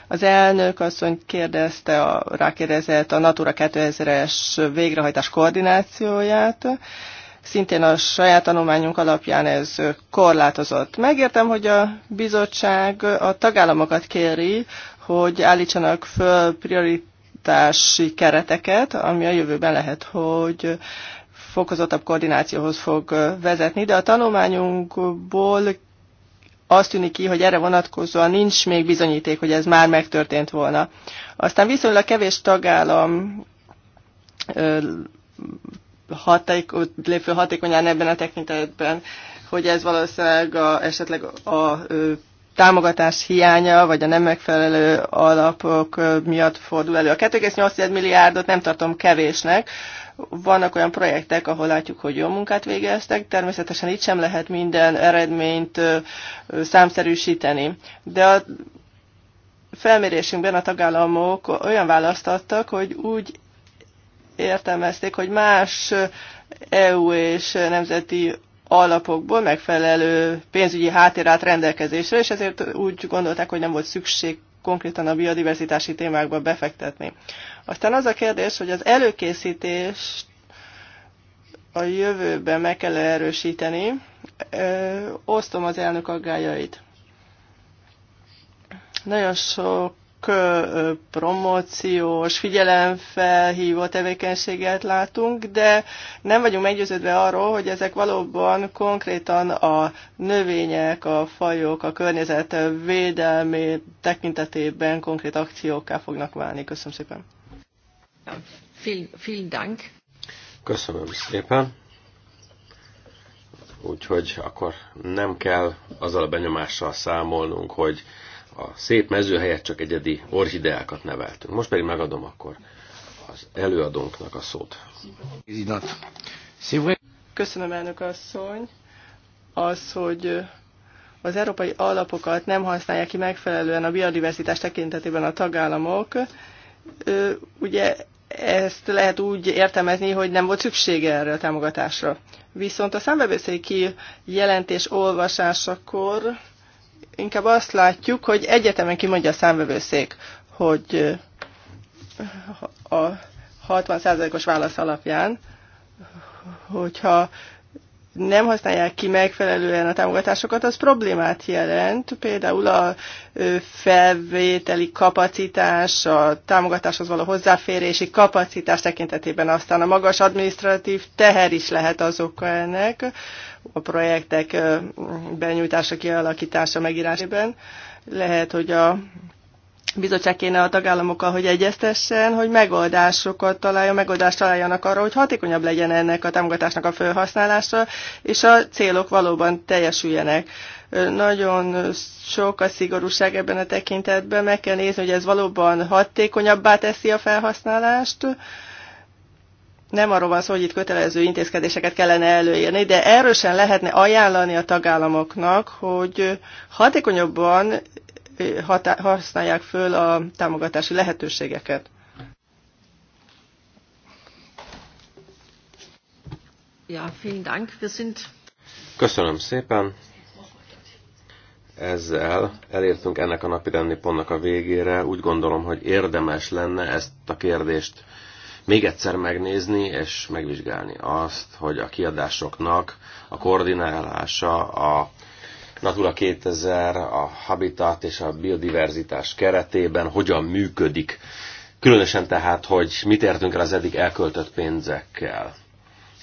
Az elnök asszony kérdezte, a, rákérdezett a Natura 2000-es végrehajtás koordinációját. Szintén a saját tanulmányunk alapján ez korlátozott. Megértem, hogy a bizottság a tagállamokat kéri, hogy állítsanak föl prioritási kereteket, ami a jövőben lehet, hogy fokozottabb koordinációhoz fog vezetni, de a tanulmányunkból azt tűnik ki, hogy erre vonatkozóan nincs még bizonyíték, hogy ez már megtörtént volna. Aztán viszonylag kevés tagállam haték, lép föl hatékonyan ebben a tekintetben, hogy ez valószínűleg a, esetleg a támogatás hiánya, vagy a nem megfelelő alapok miatt fordul elő. A 2,8 milliárdot nem tartom kevésnek. Vannak olyan projektek, ahol látjuk, hogy jó munkát végeztek, természetesen itt sem lehet minden eredményt számszerűsíteni. De a felmérésünkben a tagállamok olyan választ adtak, hogy úgy értelmezték, hogy más EU és nemzeti alapokból megfelelő pénzügyi háttérát rendelkezésre, és ezért úgy gondolták, hogy nem volt szükség konkrétan a biodiversitási témákba befektetni. Aztán az a kérdés, hogy az előkészítést a jövőben meg kell erősíteni. Ö, osztom az elnök aggájait. Nagyon sok promóciós, figyelemfelhívó tevékenységet látunk, de nem vagyunk meggyőződve arról, hogy ezek valóban konkrétan a növények, a fajok, a környezet védelmé tekintetében konkrét akciókká fognak válni. Köszönöm szépen. Vielen, Dank. Köszönöm szépen úgyhogy akkor nem kell azzal a benyomással számolnunk, hogy a szép mező helyett csak egyedi orchideákat neveltünk. Most pedig megadom akkor az előadónknak a szót. Köszönöm, elnök asszony. Az, hogy az európai alapokat nem használják ki megfelelően a biodiverzitás tekintetében a tagállamok, ugye ezt lehet úgy értelmezni, hogy nem volt szükség erre a támogatásra. Viszont a számbevőszéki jelentés olvasásakor inkább azt látjuk, hogy egyetemen kimondja a számvevőszék, hogy eh, a 60%-os válasz alapján, hogyha nem használják ki megfelelően a támogatásokat, az problémát jelent. Például a felvételi kapacitás, a támogatáshoz való hozzáférési kapacitás tekintetében aztán a magas administratív teher is lehet azok ennek a projektek benyújtása, kialakítása megírásában. Lehet, hogy a bizottság kéne a tagállamokkal, hogy egyeztessen, hogy megoldásokat találjon, megoldást találjanak arra, hogy hatékonyabb legyen ennek a támogatásnak a felhasználása, és a célok valóban teljesüljenek. Nagyon sok a szigorúság ebben a tekintetben, meg kell nézni, hogy ez valóban hatékonyabbá teszi a felhasználást, nem arról van szó, hogy itt kötelező intézkedéseket kellene előírni, de erősen lehetne ajánlani a tagállamoknak, hogy hatékonyabban használják föl a támogatási lehetőségeket. Ja, vielen Dank. Wir sind Köszönöm szépen. Ezzel elértünk ennek a napi rendi pontnak a végére. Úgy gondolom, hogy érdemes lenne ezt a kérdést még egyszer megnézni és megvizsgálni azt, hogy a kiadásoknak a koordinálása, a Natura 2000, a habitat és a biodiverzitás keretében hogyan működik. Különösen tehát, hogy mit értünk el az eddig elköltött pénzekkel.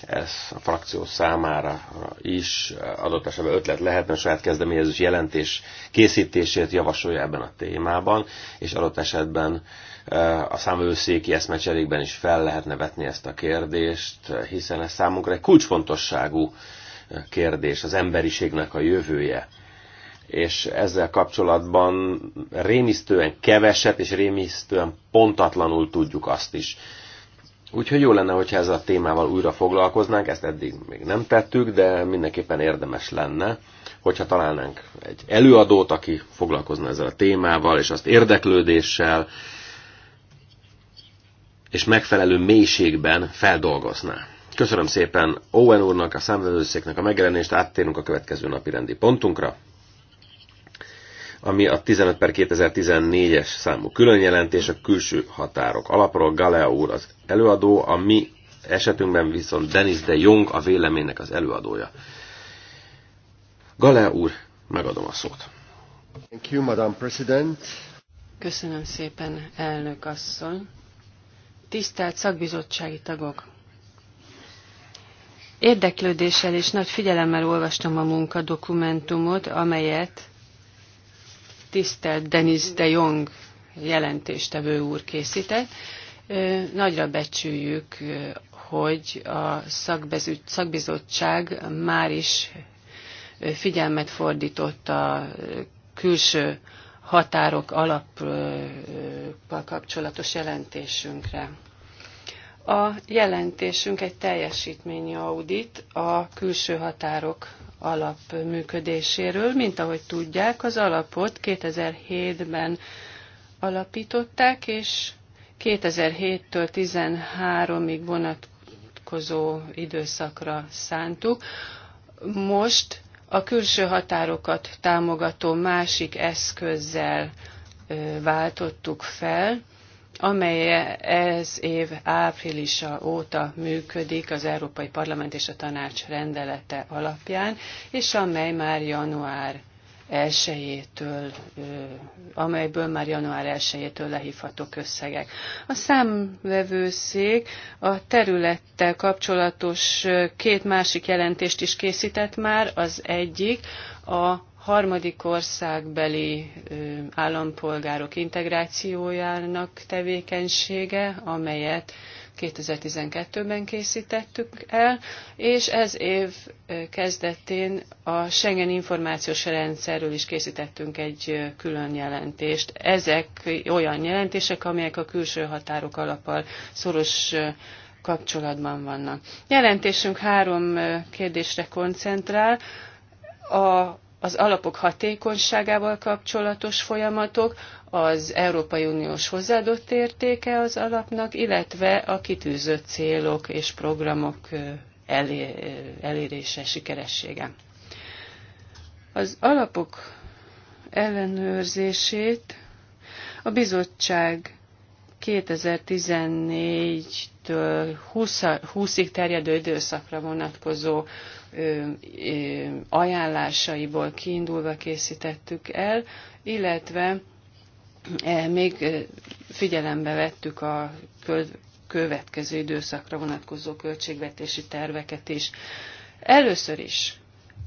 Ez a frakció számára is adott esetben ötlet lehetne, saját kezdeményezős jelentés készítését javasolja ebben a témában, és adott esetben e, a számvevőszéki eszmecserékben is fel lehetne vetni ezt a kérdést, hiszen ez számunkra egy kulcsfontosságú kérdés, az emberiségnek a jövője. És ezzel kapcsolatban rémisztően keveset és rémisztően pontatlanul tudjuk azt is. Úgyhogy jó lenne, hogyha ezzel a témával újra foglalkoznánk, ezt eddig még nem tettük, de mindenképpen érdemes lenne, hogyha találnánk egy előadót, aki foglalkozna ezzel a témával, és azt érdeklődéssel, és megfelelő mélységben feldolgozná. Köszönöm szépen Owen úrnak, a számvevőszéknek a megjelenést, áttérünk a következő napi rendi pontunkra, ami a 15 per 2014-es számú különjelentés a külső határok alapról. Galea úr az előadó, a mi esetünkben viszont Denis de Jong a véleménynek az előadója. Galea úr, megadom a szót. Thank you, Madam President. Köszönöm szépen, elnök asszony. Tisztelt szakbizottsági tagok, Érdeklődéssel és nagy figyelemmel olvastam a munkadokumentumot, amelyet tisztelt Denis de Jong jelentéstevő úr készített. Nagyra becsüljük, hogy a szakbizottság már is figyelmet fordított a külső határok alappal kapcsolatos jelentésünkre. A jelentésünk egy teljesítményi audit a külső határok alap működéséről. Mint ahogy tudják, az alapot 2007-ben alapították, és 2007-től 13-ig vonatkozó időszakra szántuk. Most a külső határokat támogató másik eszközzel váltottuk fel, amely ez év áprilisa óta működik az Európai Parlament és a Tanács rendelete alapján, és amely már január elsőjétől, amelyből már január 1-től lehívhatók összegek. A számvevőszék a területtel kapcsolatos két másik jelentést is készített már, az egyik a harmadik országbeli állampolgárok integrációjának tevékenysége, amelyet 2012-ben készítettük el, és ez év kezdetén a Schengen információs rendszerről is készítettünk egy külön jelentést. Ezek olyan jelentések, amelyek a külső határok alapal szoros kapcsolatban vannak. Jelentésünk három kérdésre koncentrál. A az alapok hatékonyságával kapcsolatos folyamatok, az Európai Uniós hozzáadott értéke az alapnak, illetve a kitűzött célok és programok elérése sikeressége. Az alapok ellenőrzését a bizottság 2014-től 20-ig terjedő időszakra vonatkozó ajánlásaiból kiindulva készítettük el, illetve még figyelembe vettük a következő időszakra vonatkozó költségvetési terveket is. Először is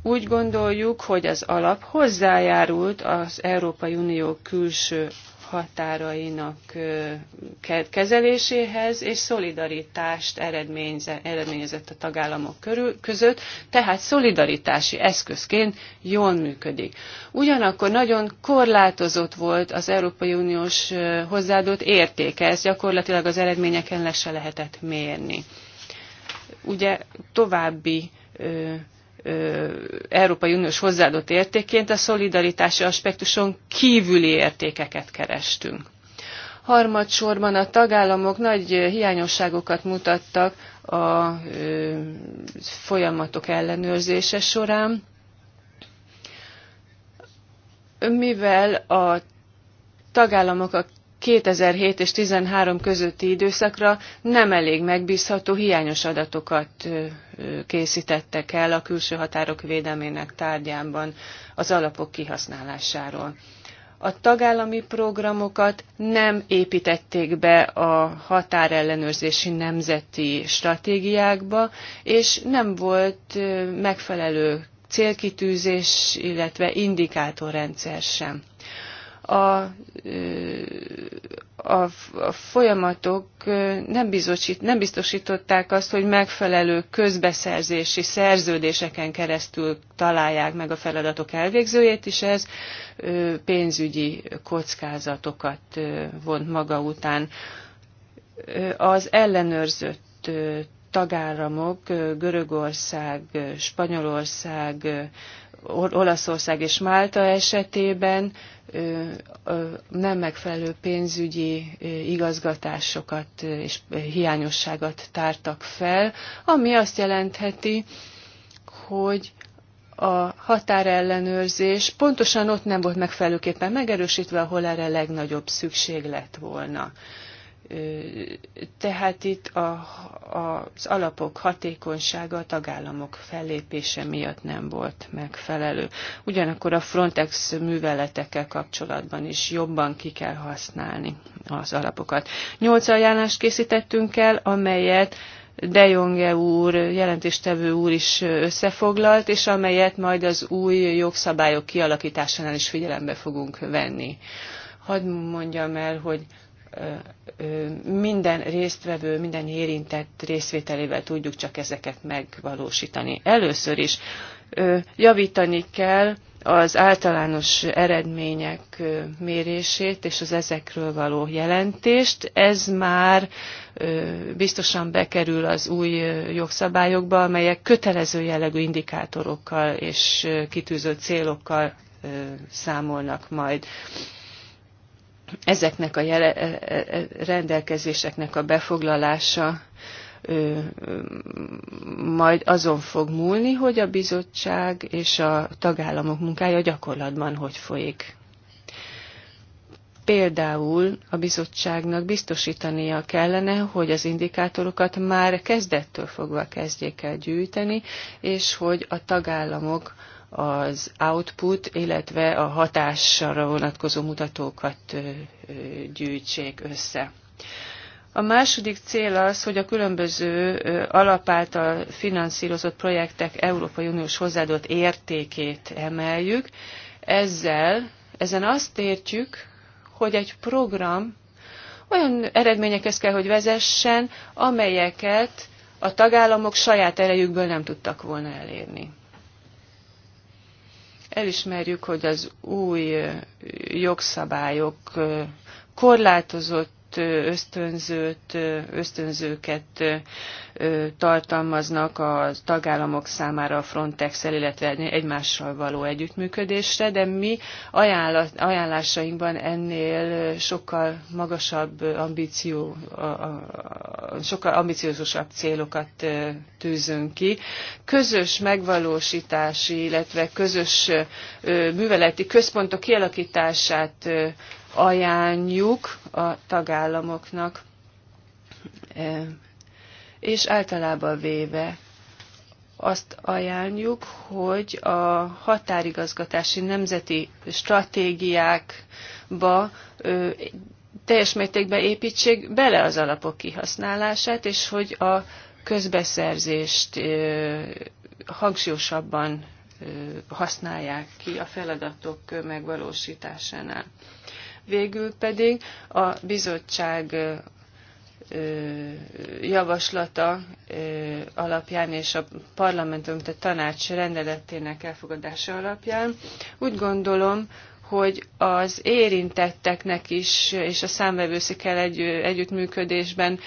úgy gondoljuk, hogy az alap hozzájárult az Európai Unió külső határainak kezeléséhez és szolidaritást eredményezett a tagállamok körül, között, tehát szolidaritási eszközként jól működik. Ugyanakkor nagyon korlátozott volt az Európai Uniós hozzáadott értéke, ezt gyakorlatilag az eredményeken le se lehetett mérni. Ugye további Európai Uniós hozzáadott értékként a szolidaritási aspektuson kívüli értékeket kerestünk. Harmadsorban a tagállamok nagy hiányosságokat mutattak a folyamatok ellenőrzése során, mivel a tagállamok a 2007 és 2013 közötti időszakra nem elég megbízható, hiányos adatokat készítettek el a külső határok védelmének tárgyában az alapok kihasználásáról. A tagállami programokat nem építették be a határellenőrzési nemzeti stratégiákba, és nem volt megfelelő célkitűzés, illetve indikátorrendszer sem a, a, a folyamatok nem, bizosít, nem biztosították azt, hogy megfelelő közbeszerzési szerződéseken keresztül találják meg a feladatok elvégzőjét, és ez pénzügyi kockázatokat vont maga után. Az ellenőrzött tagállamok, Görögország, Spanyolország, Olaszország és Málta esetében nem megfelelő pénzügyi igazgatásokat és hiányosságot tártak fel, ami azt jelentheti, hogy a határellenőrzés pontosan ott nem volt megfelelőképpen megerősítve, ahol erre legnagyobb szükség lett volna. Tehát itt a, a, az alapok hatékonysága a tagállamok fellépése miatt nem volt megfelelő. Ugyanakkor a Frontex műveletekkel kapcsolatban is jobban ki kell használni az alapokat. Nyolc ajánlást készítettünk el, amelyet de Jonge úr, jelentéstevő úr is összefoglalt, és amelyet majd az új jogszabályok kialakításánál is figyelembe fogunk venni. Hadd mondjam el, hogy minden résztvevő, minden érintett részvételével tudjuk csak ezeket megvalósítani. Először is javítani kell az általános eredmények mérését és az ezekről való jelentést. Ez már biztosan bekerül az új jogszabályokba, amelyek kötelező jellegű indikátorokkal és kitűzött célokkal számolnak majd ezeknek a jele, e, e, e, rendelkezéseknek a befoglalása majd azon fog múlni, hogy a bizottság és a tagállamok munkája gyakorlatban hogy folyik. Például a bizottságnak biztosítania kellene, hogy az indikátorokat már kezdettől fogva kezdjék el gyűjteni, és hogy a tagállamok az output, illetve a hatásra vonatkozó mutatókat gyűjtsék össze. A második cél az, hogy a különböző alapáltal finanszírozott projektek Európai Uniós hozzáadott értékét emeljük. Ezzel, ezen azt értjük, hogy egy program olyan eredményekhez kell, hogy vezessen, amelyeket a tagállamok saját erejükből nem tudtak volna elérni. Elismerjük, hogy az új jogszabályok korlátozott ösztönzőt, ösztönzőket tartalmaznak a tagállamok számára a frontex illetve egymással való együttműködésre, de mi ajánlásainkban ennél sokkal magasabb ambíció, sokkal ambiciózusabb célokat tűzünk ki. Közös megvalósítási, illetve közös műveleti központok kialakítását ajánljuk a tagállamoknak, e, és általában véve azt ajánljuk, hogy a határigazgatási nemzeti stratégiákba teljes mértékben építsék bele az alapok kihasználását, és hogy a közbeszerzést hangsúlyosabban használják ki a feladatok megvalósításánál végül pedig a bizottság javaslata alapján és a parlamentum, tehát tanács rendeletének elfogadása alapján. Úgy gondolom, hogy az érintetteknek is, és a számvevőszékkel egy, együttműködésben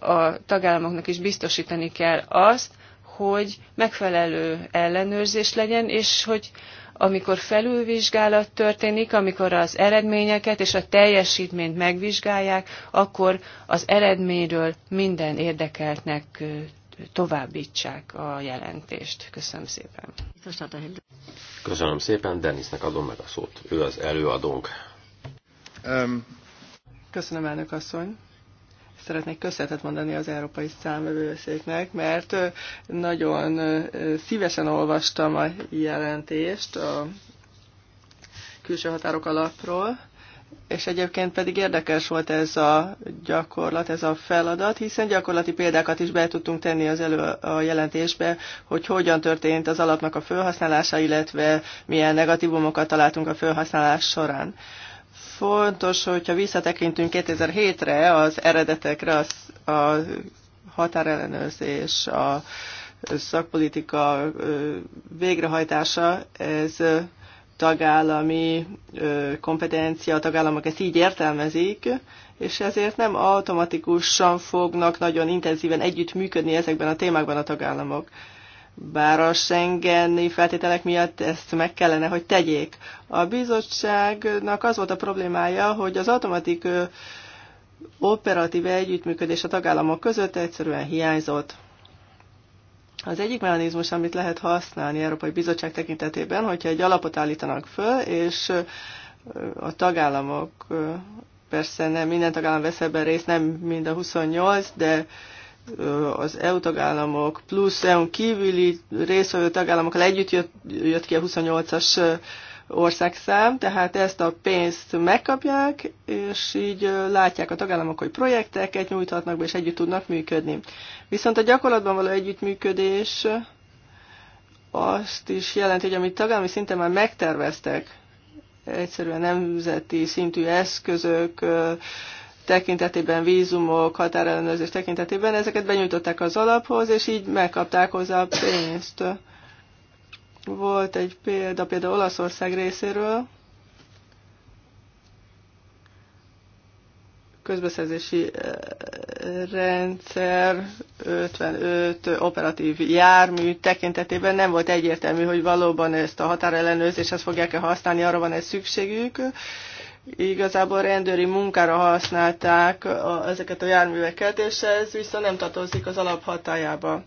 a tagállamoknak is biztosítani kell azt, hogy megfelelő ellenőrzés legyen, és hogy amikor felülvizsgálat történik, amikor az eredményeket és a teljesítményt megvizsgálják, akkor az eredményről minden érdekeltnek továbbítsák a jelentést. Köszönöm szépen. Köszönöm szépen, Denisnek adom meg a szót. Ő az előadónk. Um, köszönöm, elnök asszony szeretnék köszönetet mondani az Európai Számövőszéknek, mert nagyon szívesen olvastam a jelentést a külső határok alapról, és egyébként pedig érdekes volt ez a gyakorlat, ez a feladat, hiszen gyakorlati példákat is be tudtunk tenni az elő a jelentésbe, hogy hogyan történt az alapnak a felhasználása, illetve milyen negatívumokat találtunk a felhasználás során fontos, hogyha visszatekintünk 2007-re, az eredetekre, az, a határellenőrzés, a szakpolitika végrehajtása, ez tagállami kompetencia, a tagállamok ezt így értelmezik, és ezért nem automatikusan fognak nagyon intenzíven együttműködni ezekben a témákban a tagállamok bár a Schengeni feltételek miatt ezt meg kellene, hogy tegyék. A bizottságnak az volt a problémája, hogy az automatik operatív együttműködés a tagállamok között egyszerűen hiányzott. Az egyik mechanizmus, amit lehet használni Európai Bizottság tekintetében, hogyha egy alapot állítanak föl, és a tagállamok, persze nem minden tagállam vesz ebben részt, nem mind a 28, de az EU tagállamok plusz EU kívüli részvevő tagállamokkal együtt jött, jött ki a 28-as országszám, tehát ezt a pénzt megkapják, és így látják a tagállamok, hogy projekteket nyújthatnak be, és együtt tudnak működni. Viszont a gyakorlatban való együttműködés azt is jelenti, hogy amit tagállami szinten már megterveztek, egyszerűen nemzeti szintű eszközök, tekintetében, vízumok, határellenőrzés tekintetében, ezeket benyújtották az alaphoz, és így megkapták hozzá a pénzt. Volt egy példa, például Olaszország részéről, közbeszerzési eh, rendszer 55 operatív jármű tekintetében nem volt egyértelmű, hogy valóban ezt a határellenőrzéshez fogják-e használni, arra van ez szükségük igazából rendőri munkára használták a, ezeket a járműveket, és ez viszont nem tartozik az alaphatájába.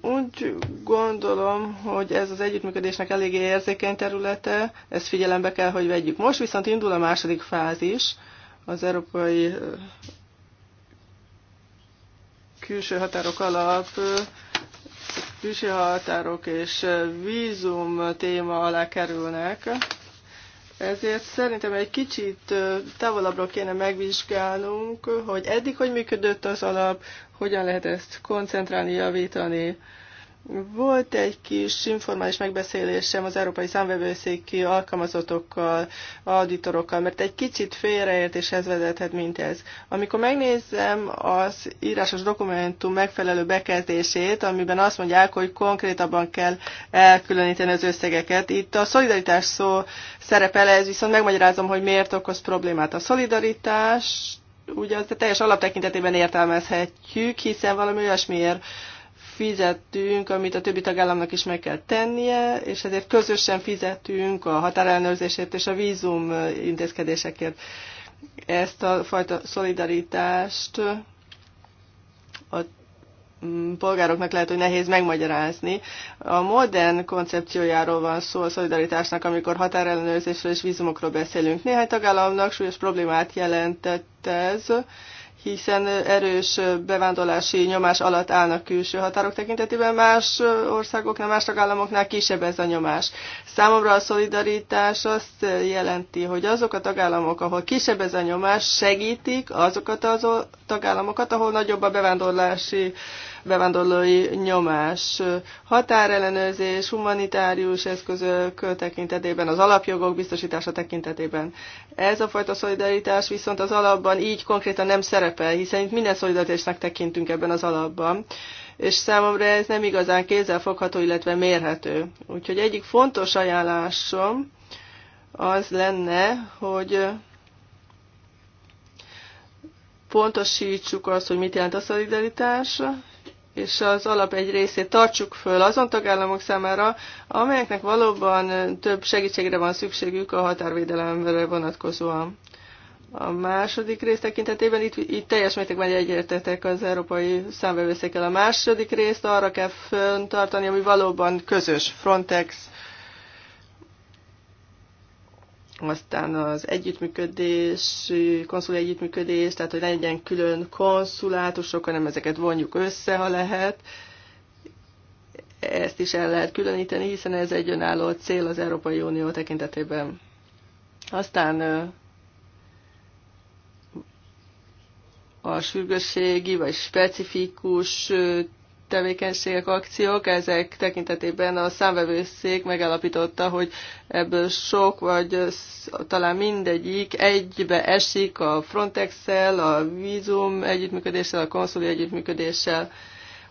Úgy gondolom, hogy ez az együttműködésnek eléggé érzékeny területe, ezt figyelembe kell, hogy vegyük. Most viszont indul a második fázis, az európai külső határok alap, külső határok és vízum téma alá kerülnek. Ezért szerintem egy kicsit távolabbra kéne megvizsgálnunk, hogy eddig hogy működött az alap, hogyan lehet ezt koncentrálni, javítani, volt egy kis informális megbeszélésem az Európai Számvevőszéki alkalmazottokkal, auditorokkal, mert egy kicsit félreértéshez vezethet mint ez. Amikor megnézem az írásos dokumentum megfelelő bekezdését, amiben azt mondják, hogy konkrétabban kell elkülöníteni az összegeket, itt a szolidaritás szó szerepel, ez viszont megmagyarázom, hogy miért okoz problémát. A szolidaritás ugye az teljes alaptekintetében értelmezhetjük, hiszen valami olyasmiért fizettünk, amit a többi tagállamnak is meg kell tennie, és ezért közösen fizetünk a határellenőrzésért és a vízum intézkedésekért. Ezt a fajta szolidaritást a mm, polgároknak lehet, hogy nehéz megmagyarázni. A modern koncepciójáról van szó a szolidaritásnak, amikor határellenőrzésről és vízumokról beszélünk. Néhány tagállamnak súlyos problémát jelentett ez, hiszen erős bevándorlási nyomás alatt állnak külső határok tekintetében, más országoknál, más tagállamoknál kisebb ez a nyomás. Számomra a szolidaritás azt jelenti, hogy azok a tagállamok, ahol kisebb ez a nyomás, segítik azokat az tagállamokat, ahol nagyobb a bevándorlási bevándorlói nyomás, határellenőrzés, humanitárius eszközök tekintetében, az alapjogok biztosítása tekintetében. Ez a fajta szolidaritás viszont az alapban így konkrétan nem szerepel, hiszen itt minden szolidaritásnak tekintünk ebben az alapban és számomra ez nem igazán kézzelfogható, illetve mérhető. Úgyhogy egyik fontos ajánlásom az lenne, hogy pontosítsuk azt, hogy mit jelent a szolidaritás, és az alap egy részét tartsuk föl azon tagállamok számára, amelyeknek valóban több segítségre van szükségük a határvédelemre vonatkozóan. A második rész tekintetében itt, itt teljes mértékben egyértetek az európai számbevőszékkel. A második részt arra kell föntartani, ami valóban közös. Frontex, Aztán az együttműködés, konszul együttműködés, tehát hogy legyen külön konszulátusok, hanem ezeket vonjuk össze, ha lehet. Ezt is el lehet különíteni, hiszen ez egy önálló cél az Európai Unió tekintetében. Aztán a sürgősségi vagy specifikus tevékenységek, akciók, ezek tekintetében a számvevőszék megállapította, hogy ebből sok, vagy talán mindegyik egybe esik a Frontex-el, a vízum együttműködéssel, a konszuli együttműködéssel.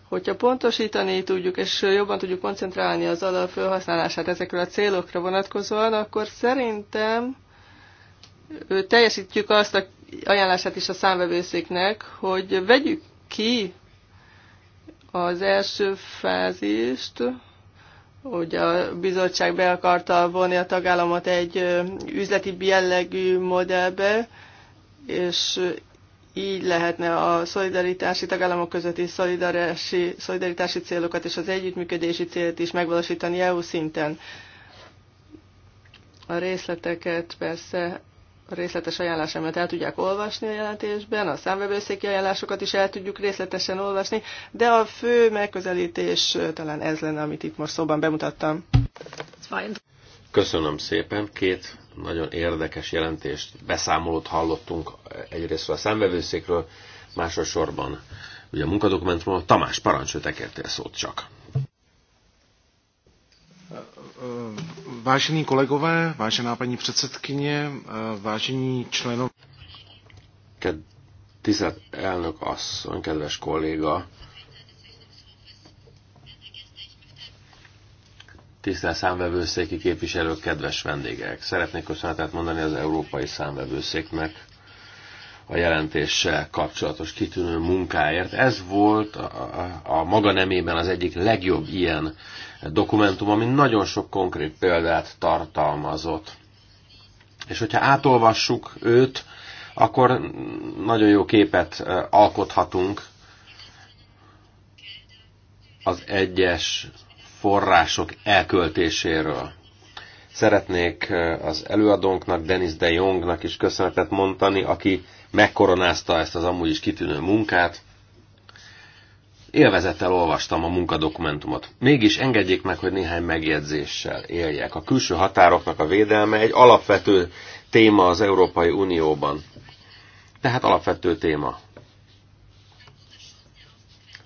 Hogyha pontosítani tudjuk, és jobban tudjuk koncentrálni az alap felhasználását ezekről a célokra vonatkozóan, akkor szerintem teljesítjük azt a ajánlását is a számvevőszéknek, hogy vegyük ki az első fázist hogy a bizottság be akarta vonni a tagállamot egy üzleti jellegű modellbe, és így lehetne a szolidaritási tagállamok közötti szolidaritási, szolidaritási célokat és az együttműködési célt is megvalósítani EU szinten. A részleteket persze részletes ajánlásemet el tudják olvasni a jelentésben, a számvevőszéki ajánlásokat is el tudjuk részletesen olvasni, de a fő megközelítés talán ez lenne, amit itt most szóban bemutattam. Köszönöm szépen. Két nagyon érdekes jelentést, beszámolót hallottunk egyrészt a számvevőszékről, másosorban ugye a munkadokumentumról. Tamás, parancsolj, te szót csak. Vážení kolegové, vážená paní předsedkyně, eh, vážení členové. Tisztelt elnök asszony, kedves kolléga, tisztelt számvevőszéki képviselők, kedves vendégek! Szeretnék köszönetet mondani az Európai Számvevőszéknek a jelentéssel kapcsolatos kitűnő munkáért. Ez volt a, a, a maga nemében az egyik legjobb ilyen dokumentum, ami nagyon sok konkrét példát tartalmazott. És hogyha átolvassuk őt, akkor nagyon jó képet alkothatunk az egyes források elköltéséről. Szeretnék az előadónknak, Denis de Jongnak is köszönetet mondani, aki megkoronázta ezt az amúgy is kitűnő munkát. Élvezettel olvastam a munkadokumentumot. Mégis engedjék meg, hogy néhány megjegyzéssel éljek. A külső határoknak a védelme egy alapvető téma az Európai Unióban. Tehát alapvető téma.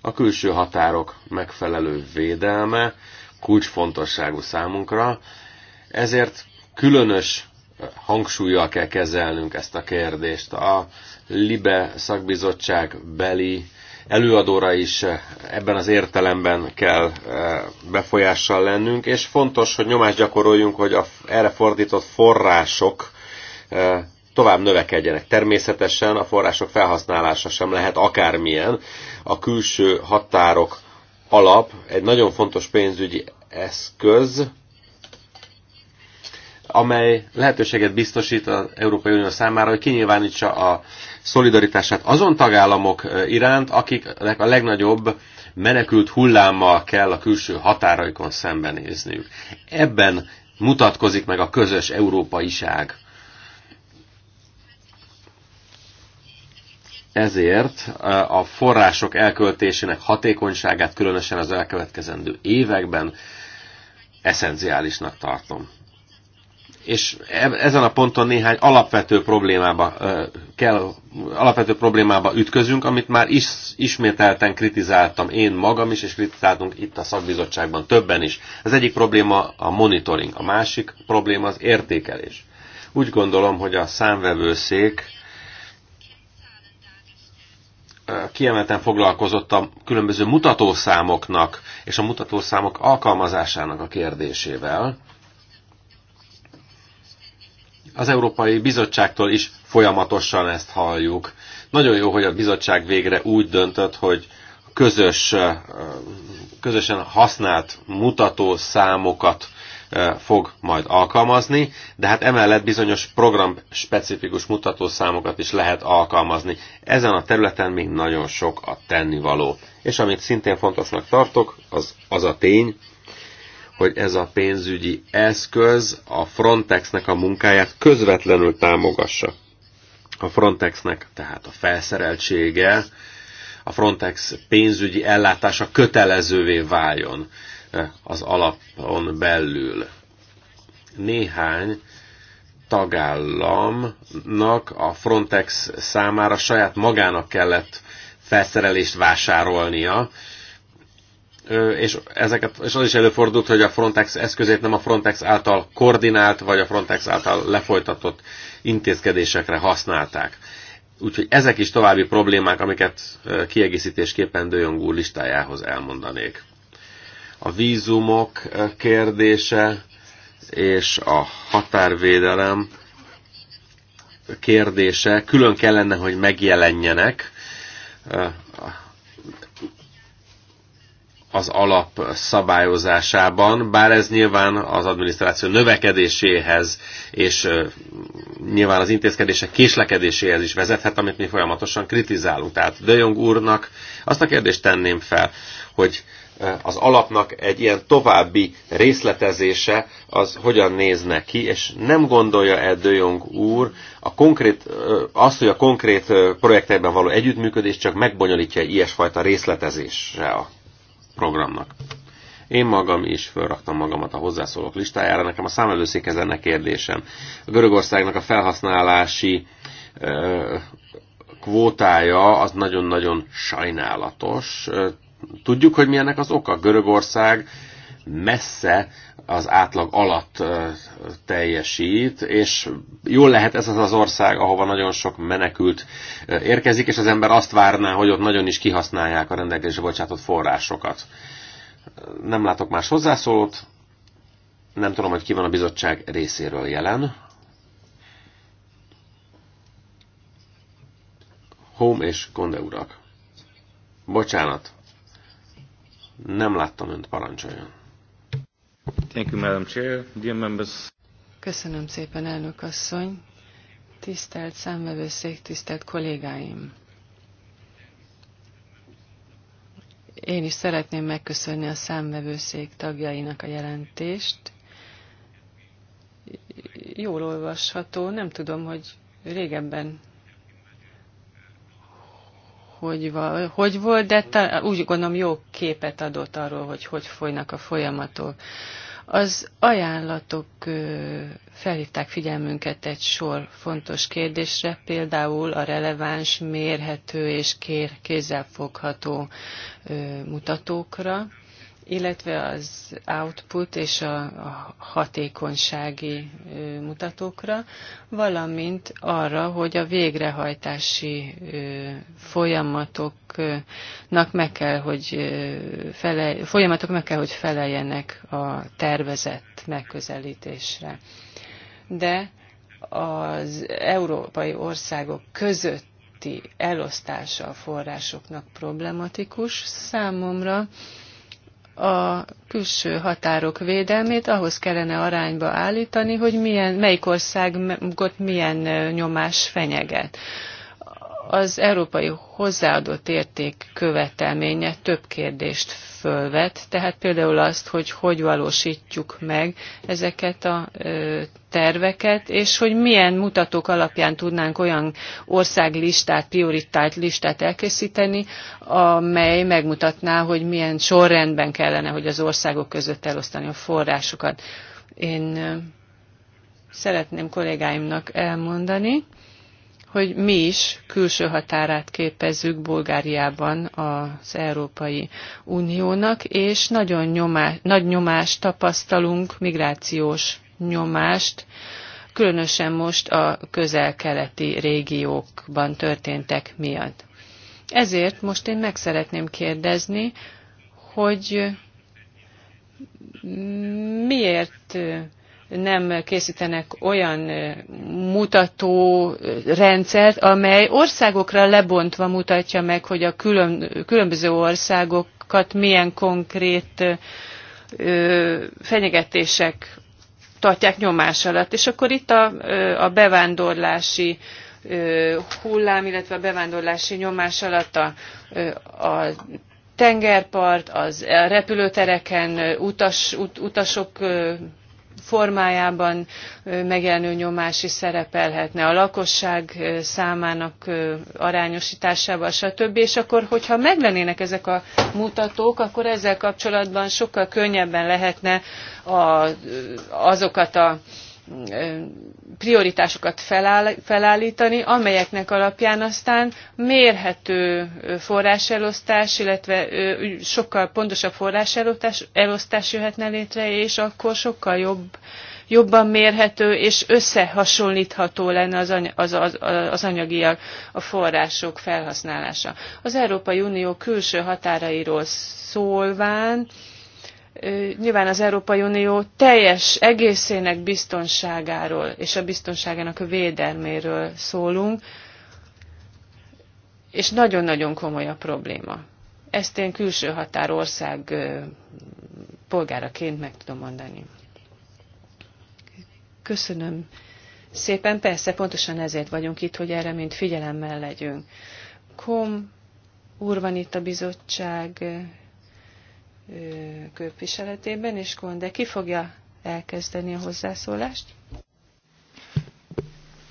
A külső határok megfelelő védelme kulcsfontosságú számunkra, ezért különös hangsúlyjal kell kezelnünk ezt a kérdést. A LIBE szakbizottság beli előadóra is eh, ebben az értelemben kell eh, befolyással lennünk, és fontos, hogy nyomást gyakoroljunk, hogy a erre fordított források eh, tovább növekedjenek. Természetesen a források felhasználása sem lehet akármilyen. A külső határok alap egy nagyon fontos pénzügyi eszköz, amely lehetőséget biztosít az Európai Unió számára, hogy kinyilvánítsa a szolidaritását azon tagállamok iránt, akiknek a legnagyobb menekült hullámmal kell a külső határaikon szembenézniük. Ebben mutatkozik meg a közös európaiság. Ezért a források elköltésének hatékonyságát különösen az elkövetkezendő években eszenciálisnak tartom és e- ezen a ponton néhány alapvető problémába kell, alapvető problémába ütközünk, amit már is, ismételten kritizáltam én magam is, és kritizáltunk itt a szakbizottságban többen is. Az egyik probléma a monitoring, a másik probléma az értékelés. Úgy gondolom, hogy a számvevőszék kiemelten foglalkozott a különböző mutatószámoknak és a mutatószámok alkalmazásának a kérdésével, az Európai Bizottságtól is folyamatosan ezt halljuk. Nagyon jó, hogy a bizottság végre úgy döntött, hogy közös, közösen használt mutató számokat fog majd alkalmazni, de hát emellett bizonyos program specifikus mutatószámokat is lehet alkalmazni. Ezen a területen még nagyon sok a tennivaló. És amit szintén fontosnak tartok, az, az a tény, hogy ez a pénzügyi eszköz a Frontexnek a munkáját közvetlenül támogassa. A Frontexnek tehát a felszereltsége, a Frontex pénzügyi ellátása kötelezővé váljon eh, az alapon belül. Néhány tagállamnak a Frontex számára saját magának kellett felszerelést vásárolnia, és, ezeket, és az is előfordult, hogy a Frontex eszközét nem a Frontex által koordinált, vagy a Frontex által lefolytatott intézkedésekre használták. Úgyhogy ezek is további problémák, amiket kiegészítésképpen Dőjong úr listájához elmondanék. A vízumok kérdése és a határvédelem kérdése külön kellene, hogy megjelenjenek az alap szabályozásában, bár ez nyilván az adminisztráció növekedéséhez és nyilván az intézkedések késlekedéséhez is vezethet, amit mi folyamatosan kritizálunk. Tehát De Jong úrnak azt a kérdést tenném fel, hogy az alapnak egy ilyen további részletezése az hogyan nézne ki és nem gondolja el De Jong úr a konkrét, azt, hogy a konkrét projektekben való együttműködés csak megbonyolítja egy ilyesfajta részletezéssel programnak. Én magam is felraktam magamat a hozzászólók listájára, nekem a ez ennek kérdésem. A Görögországnak a felhasználási kvótája az nagyon-nagyon sajnálatos. Tudjuk, hogy milyennek az oka. Görögország messze az átlag alatt teljesít, és jól lehet ez az az ország, ahova nagyon sok menekült érkezik, és az ember azt várná, hogy ott nagyon is kihasználják a rendelkezésre bocsátott forrásokat. Nem látok más hozzászólót, nem tudom, hogy ki van a bizottság részéről jelen. Home és Konde urak. Bocsánat, nem láttam önt, parancsoljon. Thank you, Madam Chair. Dear members. Köszönöm szépen, elnök asszony. Tisztelt számvevőszék, tisztelt kollégáim! Én is szeretném megköszönni a számvevőszék tagjainak a jelentést. Jól olvasható, nem tudom, hogy régebben hogy, hogy volt, de ta, úgy gondolom jó képet adott arról, hogy hogy folynak a folyamatok. Az ajánlatok felhívták figyelmünket egy sor fontos kérdésre, például a releváns, mérhető és kér, kézzelfogható mutatókra, illetve az output és a hatékonysági mutatókra, valamint arra, hogy a végrehajtási folyamatoknak meg kell, hogy felelj, folyamatok meg kell, hogy feleljenek a tervezett megközelítésre. De az európai országok között elosztása a forrásoknak problematikus számomra, a külső határok védelmét ahhoz kellene arányba állítani, hogy milyen, melyik országot milyen nyomás fenyeget az európai hozzáadott érték követelménye több kérdést fölvet, tehát például azt, hogy hogy valósítjuk meg ezeket a terveket, és hogy milyen mutatók alapján tudnánk olyan országlistát, prioritált listát elkészíteni, amely megmutatná, hogy milyen sorrendben kellene, hogy az országok között elosztani a forrásokat. Én szeretném kollégáimnak elmondani, hogy mi is külső határát képezzük Bulgáriában az Európai Uniónak, és nagyon nyomás, nagy nyomást tapasztalunk, migrációs nyomást, különösen most a közel-keleti régiókban történtek miatt. Ezért most én meg szeretném kérdezni, hogy miért nem készítenek olyan mutató rendszert, amely országokra lebontva mutatja meg, hogy a külön, különböző országokat milyen konkrét ö, fenyegetések tartják nyomás alatt. És akkor itt a, a bevándorlási ö, hullám, illetve a bevándorlási nyomás alatt a, a tengerpart, az a repülőtereken utas, ut, utasok formájában megjelenő nyomás is szerepelhetne a lakosság számának arányosításával, stb. És akkor, hogyha meglennének ezek a mutatók, akkor ezzel kapcsolatban sokkal könnyebben lehetne a, azokat a prioritásokat feláll, felállítani, amelyeknek alapján aztán mérhető forráselosztás, illetve sokkal pontosabb forráselosztás elosztás jöhetne létre, és akkor sokkal jobb, jobban mérhető és összehasonlítható lenne az, any, az, az, az anyagiak, a források felhasználása. Az Európai Unió külső határairól szólván, nyilván az Európai Unió teljes egészének biztonságáról és a biztonságának a védelméről szólunk, és nagyon-nagyon komoly a probléma. Ezt én külső határország polgáraként meg tudom mondani. Köszönöm szépen, persze, pontosan ezért vagyunk itt, hogy erre mind figyelemmel legyünk. Kom úr van itt a bizottság képviseletében, és de ki fogja elkezdeni a hozzászólást?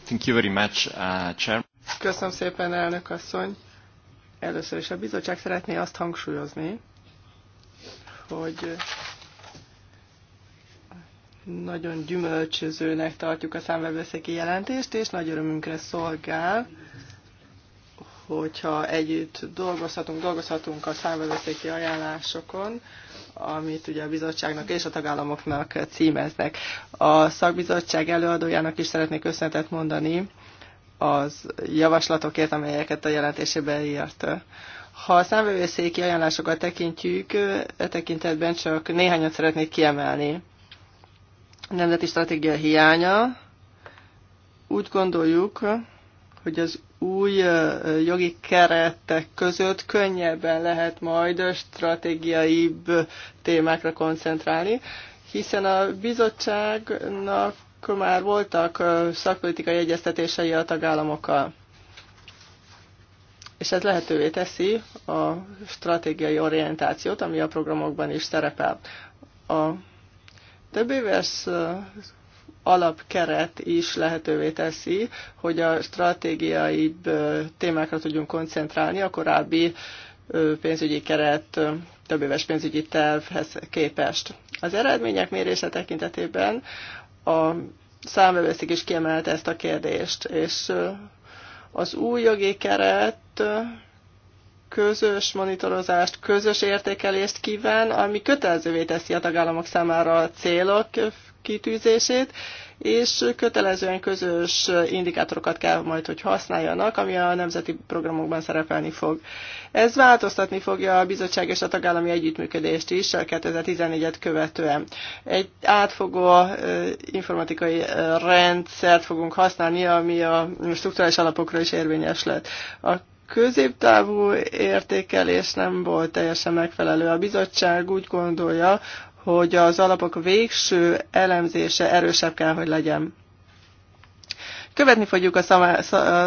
Thank you very much, uh, Chair. Köszönöm szépen, elnök asszony. Először is a bizottság szeretné azt hangsúlyozni, hogy nagyon gyümölcsözőnek tartjuk a számvevőszéki jelentést, és nagy örömünkre szolgál, hogyha együtt dolgozhatunk, dolgozhatunk a számvevőszéki ajánlásokon, amit ugye a bizottságnak és a tagállamoknak címeznek. A szakbizottság előadójának is szeretnék köszönetet mondani az javaslatokért, amelyeket a jelentésébe írt. Ha a számvevőszéki ajánlásokat tekintjük, e tekintetben csak néhányat szeretnék kiemelni. A nemzeti stratégia hiánya. Úgy gondoljuk, hogy az új jogi keretek között könnyebben lehet majd stratégiaibb témákra koncentrálni, hiszen a bizottságnak már voltak szakpolitikai egyeztetései a tagállamokkal. És ez lehetővé teszi a stratégiai orientációt, ami a programokban is szerepel. A több éves alapkeret is lehetővé teszi, hogy a stratégiai témákra tudjunk koncentrálni, a korábbi pénzügyi keret, több éves pénzügyi tervhez képest. Az eredmények mérése tekintetében a számvevőszik is kiemelte ezt a kérdést, és az új jogi keret közös monitorozást, közös értékelést kíván, ami kötelezővé teszi a tagállamok számára a célok kitűzését, és kötelezően közös indikátorokat kell majd, hogy használjanak, ami a nemzeti programokban szerepelni fog. Ez változtatni fogja a bizottság és a tagállami együttműködést is 2014-et követően. Egy átfogó informatikai rendszert fogunk használni, ami a struktúrális alapokra is érvényes lett. A középtávú értékelés nem volt teljesen megfelelő. A bizottság úgy gondolja, hogy az alapok végső elemzése erősebb kell, hogy legyen. Követni fogjuk a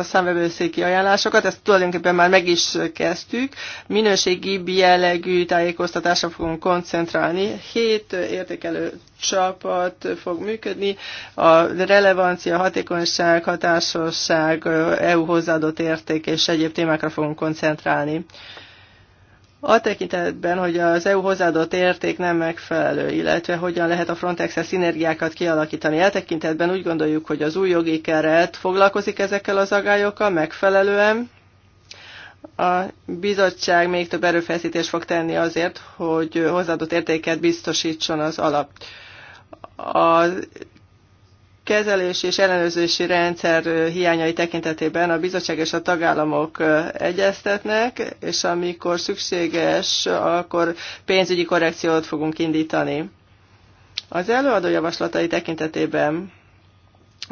számvevőszéki ajánlásokat, ezt tulajdonképpen már meg is kezdtük. Minőségi jellegű tájékoztatásra fogunk koncentrálni. Hét értékelő csapat fog működni. A relevancia, hatékonyság, hatásosság, EU hozzáadott érték és egyéb témákra fogunk koncentrálni a tekintetben, hogy az EU hozzáadott érték nem megfelelő, illetve hogyan lehet a frontex -e szinergiákat kialakítani. a e tekintetben úgy gondoljuk, hogy az új jogi keret foglalkozik ezekkel az agályokkal megfelelően. A bizottság még több erőfeszítést fog tenni azért, hogy hozzáadott értéket biztosítson az alap. A kezelési és ellenőrzési rendszer hiányai tekintetében a bizottság és a tagállamok egyeztetnek, és amikor szükséges, akkor pénzügyi korrekciót fogunk indítani. Az előadó javaslatai tekintetében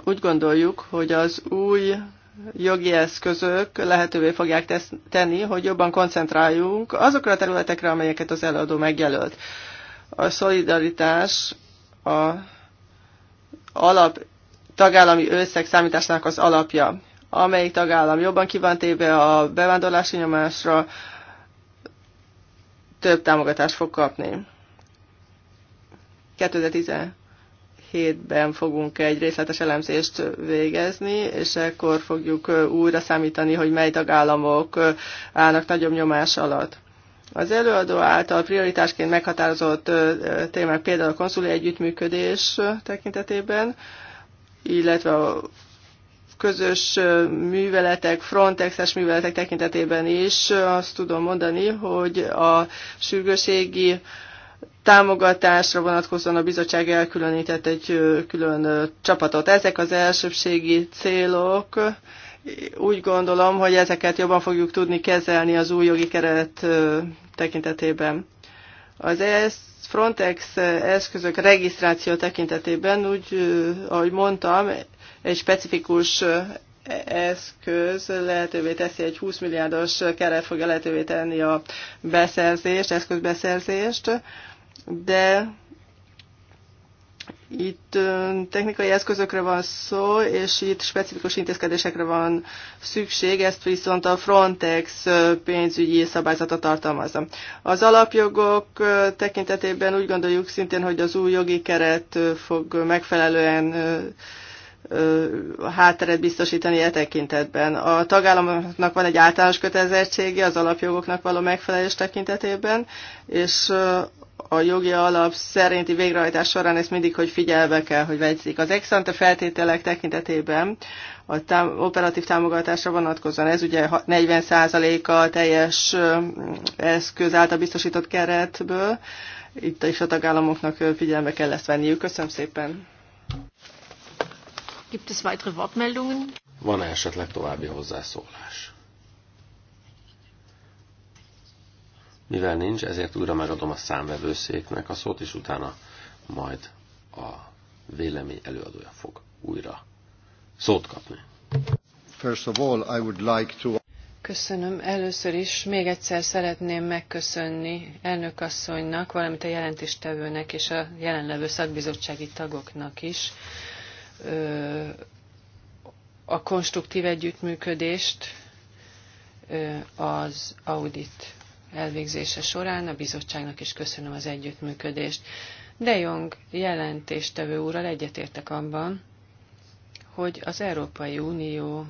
úgy gondoljuk, hogy az új jogi eszközök lehetővé fogják tesz, tenni, hogy jobban koncentráljunk azokra a területekre, amelyeket az előadó megjelölt. A szolidaritás, a alap tagállami összeg számításnak az alapja. Amelyik tagállam jobban kíván téve a bevándorlási nyomásra, több támogatást fog kapni. 2017-ben fogunk egy részletes elemzést végezni, és ekkor fogjuk újra számítani, hogy mely tagállamok állnak nagyobb nyomás alatt. Az előadó által prioritásként meghatározott témák például a konszuli együttműködés tekintetében, illetve a közös műveletek, Frontexes műveletek tekintetében is azt tudom mondani, hogy a sürgőségi támogatásra vonatkozóan a bizottság elkülönített egy külön csapatot. Ezek az elsőbségi célok, úgy gondolom, hogy ezeket jobban fogjuk tudni kezelni az új jogi keret tekintetében. Az ESZ Frontex eszközök regisztráció tekintetében úgy, ahogy mondtam, egy specifikus eszköz lehetővé teszi, egy 20 milliárdos keret fogja lehetővé tenni a beszerzést, eszközbeszerzést, de itt technikai eszközökre van szó, és itt specifikus intézkedésekre van szükség, ezt viszont a Frontex pénzügyi szabályzata tartalmazza. Az alapjogok tekintetében úgy gondoljuk szintén, hogy az új jogi keret fog megfelelően hátteret biztosítani e tekintetben. A tagállamoknak van egy általános kötelezettsége az alapjogoknak való megfelelés tekintetében, és a jogi alap szerinti végrehajtás során ezt mindig, hogy figyelbe kell, hogy vegyék. Az ex ante feltételek tekintetében a tám- operatív támogatásra vonatkozóan, ez ugye 40%-a teljes eszköz által biztosított keretből, itt is a tagállamoknak figyelembe kell ezt venniük. Köszönöm szépen! Gibt es weitere Wortmeldungen? Van -e esetleg további hozzászólás? Mivel nincs, ezért újra megadom a számvevőszéknek a szót, és utána majd a vélemény előadója fog újra szót kapni. First of all, I would like to... Köszönöm. Először is még egyszer szeretném megköszönni elnökasszonynak, valamint a jelentéstevőnek és a jelenlevő szakbizottsági tagoknak is a konstruktív együttműködést az audit elvégzése során. A bizottságnak is köszönöm az együttműködést. De Jong jelentéstevő úrral egyetértek abban, hogy az Európai Unió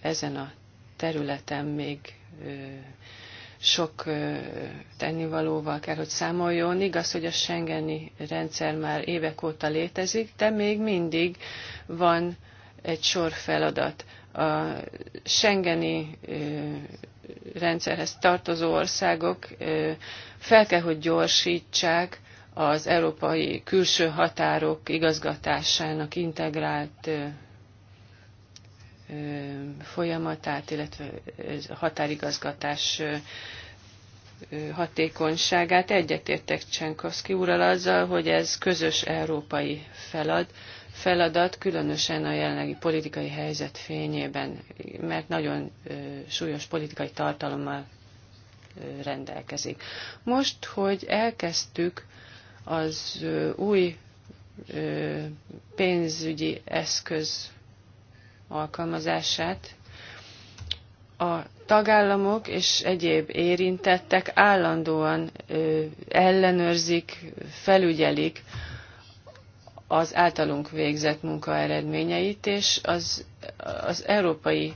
ezen a területen még sok tennivalóval kell, hogy számoljon. Igaz, hogy a Schengeni rendszer már évek óta létezik, de még mindig van egy sor feladat. A Schengeni rendszerhez tartozó országok fel kell, hogy gyorsítsák az európai külső határok igazgatásának integrált folyamatát, illetve határigazgatás hatékonyságát. Egyetértek Csenkovszki úrral azzal, hogy ez közös európai feladat feladat, különösen a jelenlegi politikai helyzet fényében, mert nagyon súlyos politikai tartalommal rendelkezik. Most, hogy elkezdtük az új pénzügyi eszköz alkalmazását, a tagállamok és egyéb érintettek állandóan ellenőrzik, felügyelik az általunk végzett munka eredményeit, és az, az európai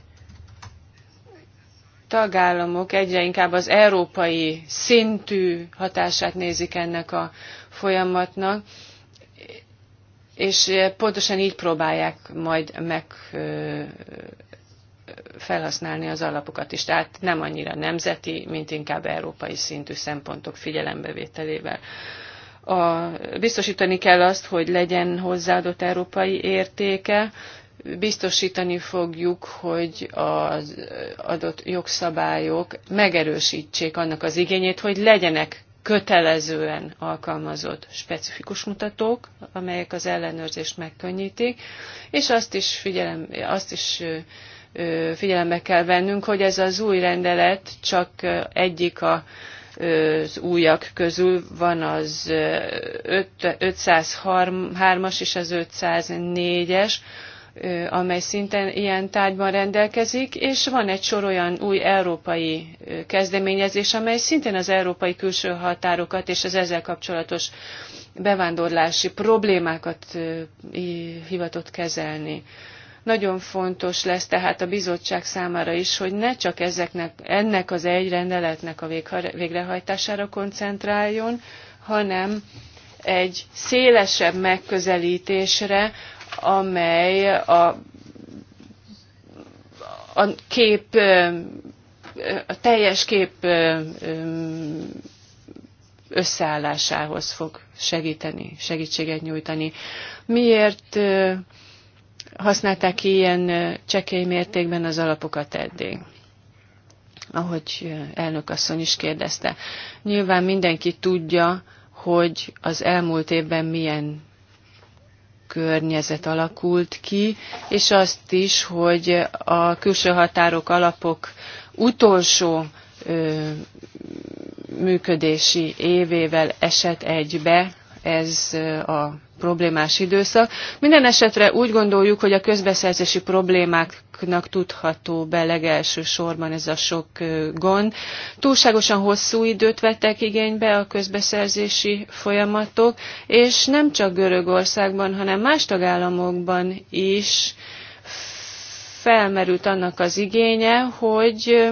tagállamok egyre inkább az európai szintű hatását nézik ennek a folyamatnak, és pontosan így próbálják majd meg felhasználni az alapokat is. Tehát nem annyira nemzeti, mint inkább európai szintű szempontok figyelembevételével a, biztosítani kell azt, hogy legyen hozzáadott európai értéke, biztosítani fogjuk, hogy az adott jogszabályok megerősítsék annak az igényét, hogy legyenek kötelezően alkalmazott specifikus mutatók, amelyek az ellenőrzést megkönnyítik, és azt is, figyelem, azt is figyelembe kell vennünk, hogy ez az új rendelet csak egyik a az újak közül van az 503-as és az 504-es, amely szinten ilyen tárgyban rendelkezik, és van egy sor olyan új európai kezdeményezés, amely szintén az európai külső határokat és az ezzel kapcsolatos bevándorlási problémákat hivatott kezelni. Nagyon fontos lesz tehát a bizottság számára is, hogy ne csak ezeknek, ennek az egy rendeletnek a végrehajtására koncentráljon, hanem egy szélesebb megközelítésre, amely a, a kép, a teljes kép összeállásához fog segíteni, segítséget nyújtani. Miért használták ki ilyen csekély mértékben az alapokat eddig ahogy elnök asszony is kérdezte. Nyilván mindenki tudja, hogy az elmúlt évben milyen környezet alakult ki, és azt is, hogy a külső határok alapok utolsó ö, működési évével esett egybe ez a problémás időszak. Minden esetre úgy gondoljuk, hogy a közbeszerzési problémáknak tudható be legelső sorban ez a sok gond. Túlságosan hosszú időt vettek igénybe a közbeszerzési folyamatok, és nem csak Görögországban, hanem más tagállamokban is felmerült annak az igénye, hogy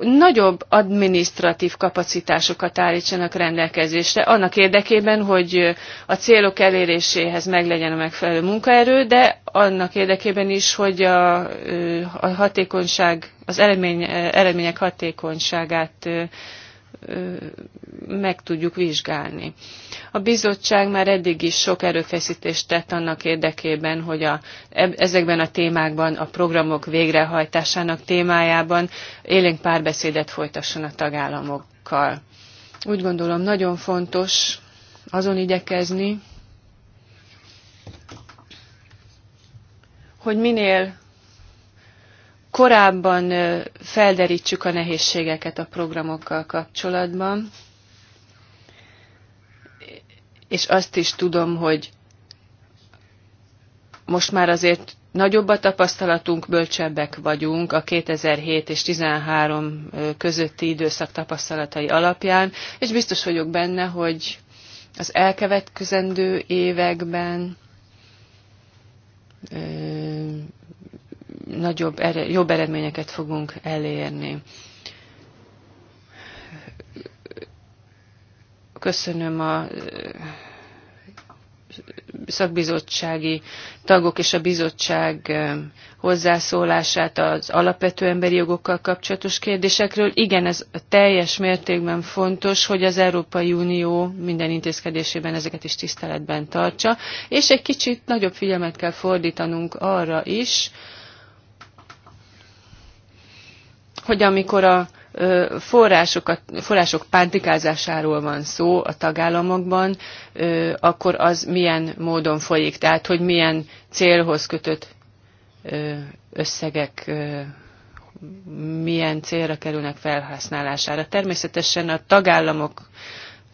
nagyobb adminisztratív kapacitásokat állítsanak rendelkezésre, annak érdekében, hogy a célok eléréséhez meglegyen a megfelelő munkaerő, de annak érdekében is, hogy a, a hatékonyság, az eredmény, eredmények hatékonyságát meg tudjuk vizsgálni. A bizottság már eddig is sok erőfeszítést tett annak érdekében, hogy a, ezekben a témákban, a programok végrehajtásának témájában élénk párbeszédet folytasson a tagállamokkal. Úgy gondolom nagyon fontos azon igyekezni, hogy minél korábban felderítsük a nehézségeket a programokkal kapcsolatban, és azt is tudom, hogy most már azért nagyobb a tapasztalatunk, bölcsebbek vagyunk a 2007 és 13 közötti időszak tapasztalatai alapján, és biztos vagyok benne, hogy az elkövetkezendő években nagyobb, jobb eredményeket fogunk elérni. Köszönöm a szakbizottsági tagok és a bizottság hozzászólását az alapvető emberi jogokkal kapcsolatos kérdésekről. Igen, ez teljes mértékben fontos, hogy az Európai Unió minden intézkedésében ezeket is tiszteletben tartsa, és egy kicsit nagyobb figyelmet kell fordítanunk arra is, hogy amikor a forrásokat, források pántikázásáról van szó a tagállamokban, akkor az milyen módon folyik, tehát hogy milyen célhoz kötött összegek milyen célra kerülnek felhasználására. Természetesen a tagállamok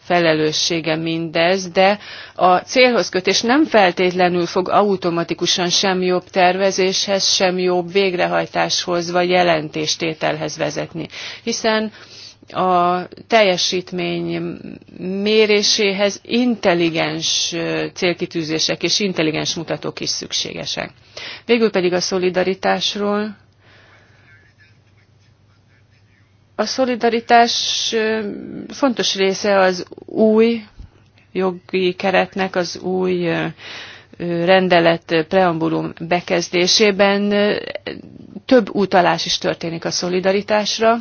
felelőssége mindez, de a célhoz kötés nem feltétlenül fog automatikusan sem jobb tervezéshez, sem jobb végrehajtáshoz vagy jelentéstételhez vezetni. Hiszen a teljesítmény méréséhez intelligens célkitűzések és intelligens mutatók is szükségesek. Végül pedig a szolidaritásról A szolidaritás fontos része az új jogi keretnek, az új rendelet preambulum bekezdésében több utalás is történik a szolidaritásra,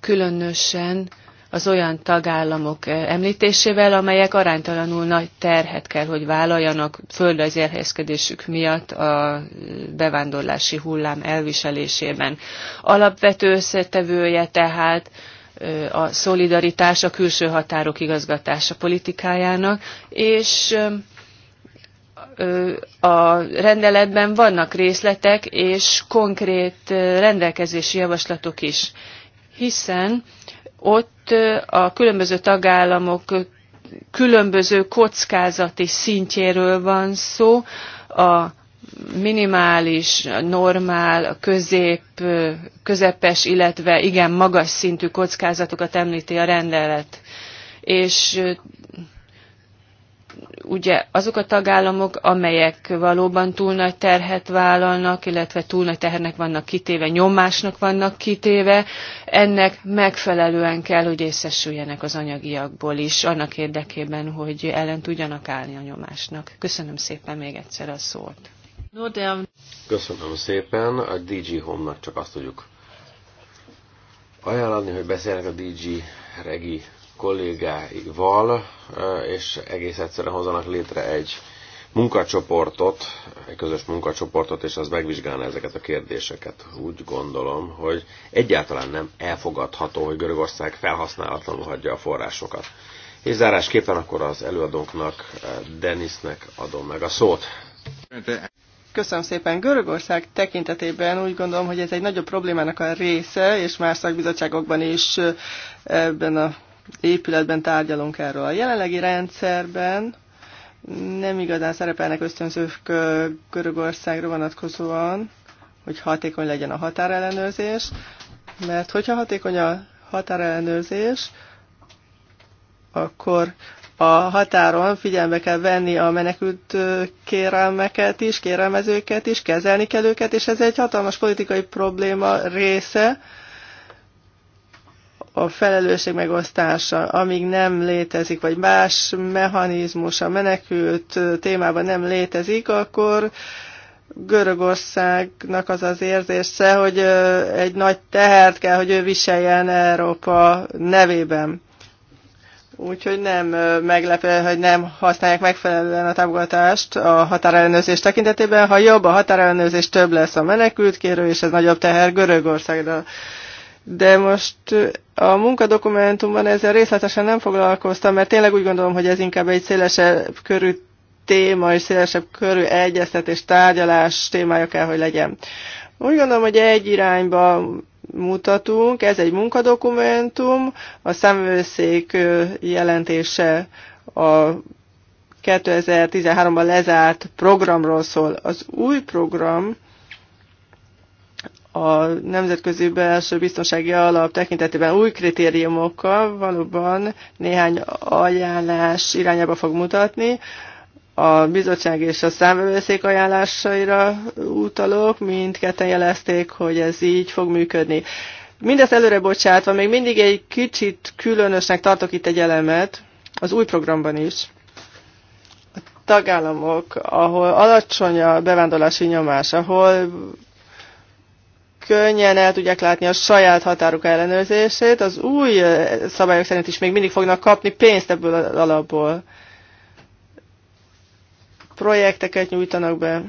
különösen az olyan tagállamok eh, említésével, amelyek aránytalanul nagy terhet kell, hogy vállaljanak földrajzi elhelyezkedésük miatt a eh, bevándorlási hullám elviselésében. Alapvető összetevője tehát eh, a szolidaritás, a külső határok igazgatása politikájának, és a rendeletben vannak részletek és konkrét rendelkezési javaslatok is, hiszen ott a különböző tagállamok különböző kockázati szintjéről van szó, a minimális, a normál, a közép, közepes, illetve igen magas szintű kockázatokat említi a rendelet. És ugye azok a tagállamok, amelyek valóban túl nagy terhet vállalnak, illetve túl nagy tehernek vannak kitéve, nyomásnak vannak kitéve, ennek megfelelően kell, hogy észesüljenek az anyagiakból is, annak érdekében, hogy ellen tudjanak állni a nyomásnak. Köszönöm szépen még egyszer a szót. Köszönöm szépen, a DG Home-nak csak azt tudjuk ajánlani, hogy beszélnek a DG Regi kollégáival, és egész egyszerűen hozanak létre egy munkacsoportot, egy közös munkacsoportot, és az megvizsgálna ezeket a kérdéseket. Úgy gondolom, hogy egyáltalán nem elfogadható, hogy Görögország felhasználatlanul hagyja a forrásokat. És zárásképpen akkor az előadónknak, Denisnek adom meg a szót. Köszönöm szépen. Görögország tekintetében úgy gondolom, hogy ez egy nagyobb problémának a része, és más szakbizottságokban is ebben a épületben tárgyalunk erről. A jelenlegi rendszerben nem igazán szerepelnek ösztönzők Görögországra vonatkozóan, hogy hatékony legyen a határellenőrzés, mert hogyha hatékony a határellenőrzés, akkor a határon figyelme kell venni a menekült kérelmeket is, kérelmezőket is, kezelni kell őket, és ez egy hatalmas politikai probléma része, a felelősség megosztása, amíg nem létezik, vagy más mechanizmus a menekült témában nem létezik, akkor Görögországnak az az érzése, hogy egy nagy tehert kell, hogy ő viseljen Európa nevében. Úgyhogy nem meglepő, hogy nem használják megfelelően a támogatást a határellenőrzés tekintetében. Ha jobb a határellenőrzés, több lesz a menekültkérő, és ez nagyobb teher Görögországra de most a munkadokumentumban ezzel részletesen nem foglalkoztam, mert tényleg úgy gondolom, hogy ez inkább egy szélesebb körű téma és szélesebb körű egyeztetés, tárgyalás témája kell, hogy legyen. Úgy gondolom, hogy egy irányba mutatunk, ez egy munkadokumentum, a számvőszék jelentése a 2013-ban lezárt programról szól. Az új program a nemzetközi belső biztonsági alap tekintetében új kritériumokkal valóban néhány ajánlás irányába fog mutatni. A bizottság és a számvevőszék ajánlásaira utalok, mindketten jelezték, hogy ez így fog működni. Mindezt előre bocsátva, még mindig egy kicsit különösnek tartok itt egy elemet, az új programban is tagállamok, ahol alacsony a bevándorlási nyomás, ahol könnyen el tudják látni a saját határuk ellenőrzését, az új szabályok szerint is még mindig fognak kapni pénzt ebből az alapból. Projekteket nyújtanak be,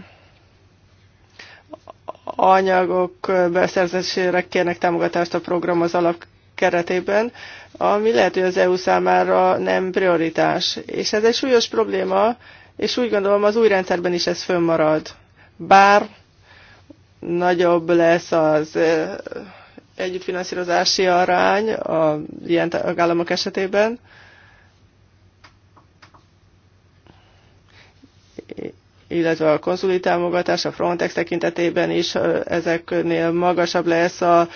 anyagok beszerzésére kérnek támogatást a program az alap keretében, ami lehet, hogy az EU számára nem prioritás. És ez egy súlyos probléma, és úgy gondolom az új rendszerben is ez fönnmarad. Bár nagyobb lesz az együttfinanszírozási arány a ilyen tagállamok esetében. illetve a konzuli támogatás a Frontex tekintetében is ezeknél magasabb lesz a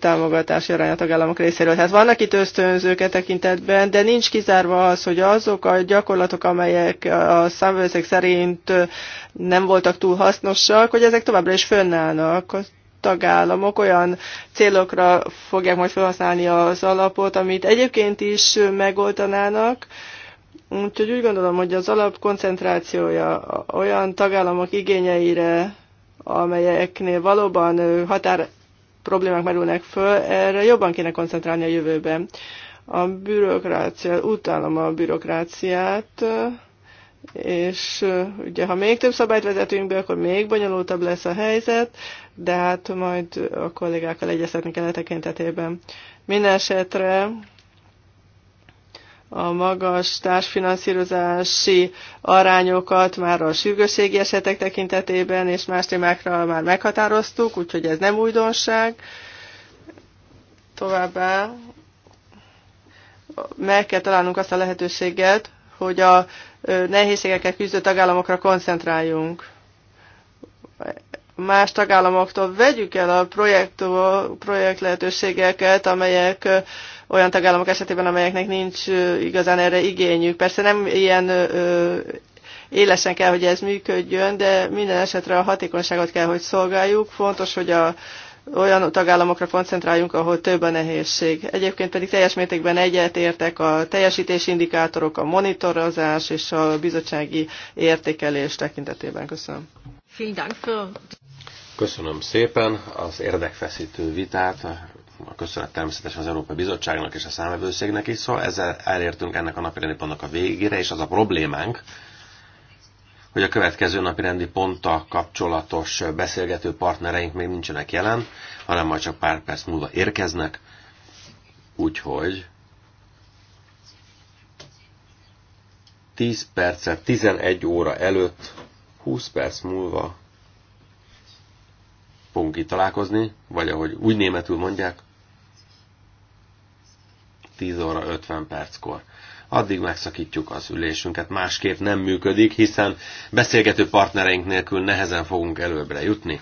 támogatási arány a tagállamok részéről. Tehát vannak itt ösztönzők e tekintetben, de nincs kizárva az, hogy azok a gyakorlatok, amelyek a számvőszek szerint nem voltak túl hasznosak, hogy ezek továbbra is fönnállnak tagállamok olyan célokra fogják majd felhasználni az alapot, amit egyébként is megoldanának, Úgyhogy úgy gondolom, hogy az alap koncentrációja olyan tagállamok igényeire, amelyeknél valóban határ problémák merülnek föl, erre jobban kéne koncentrálni a jövőben. A bürokrácia, utálom a bürokráciát, és ugye ha még több szabályt vezetünk be, akkor még bonyolultabb lesz a helyzet, de hát majd a kollégákkal egyeztetni kell a tekintetében. Minden esetre a magas társfinanszírozási arányokat már a sürgősségi esetek tekintetében és más témákra már meghatároztuk, úgyhogy ez nem újdonság. Továbbá meg kell találnunk azt a lehetőséget, hogy a nehézségekkel küzdő tagállamokra koncentráljunk. Más tagállamoktól vegyük el a projekt, projekt lehetőségeket, amelyek olyan tagállamok esetében, amelyeknek nincs igazán erre igényük. Persze nem ilyen élesen kell, hogy ez működjön, de minden esetre a hatékonyságot kell, hogy szolgáljuk. Fontos, hogy a olyan tagállamokra koncentráljunk, ahol több a nehézség. Egyébként pedig teljes mértékben egyetértek a teljesítési indikátorok, a monitorozás és a bizottsági értékelés tekintetében. Köszönöm. Köszönöm szépen az érdekfeszítő vitát, a köszönet természetesen az Európai Bizottságnak és a számvevőszégnek is, szóval ezzel elértünk ennek a napirendi pontnak a végére, és az a problémánk, hogy a következő napirendi ponttal kapcsolatos beszélgető partnereink még nincsenek jelen, hanem majd csak pár perc múlva érkeznek, úgyhogy 10 percet 11 óra előtt, 20 perc múlva fogunk itt találkozni, vagy ahogy úgy németül mondják, 10 óra 50 perckor. Addig megszakítjuk az ülésünket, másképp nem működik, hiszen beszélgető partnereink nélkül nehezen fogunk előbbre jutni.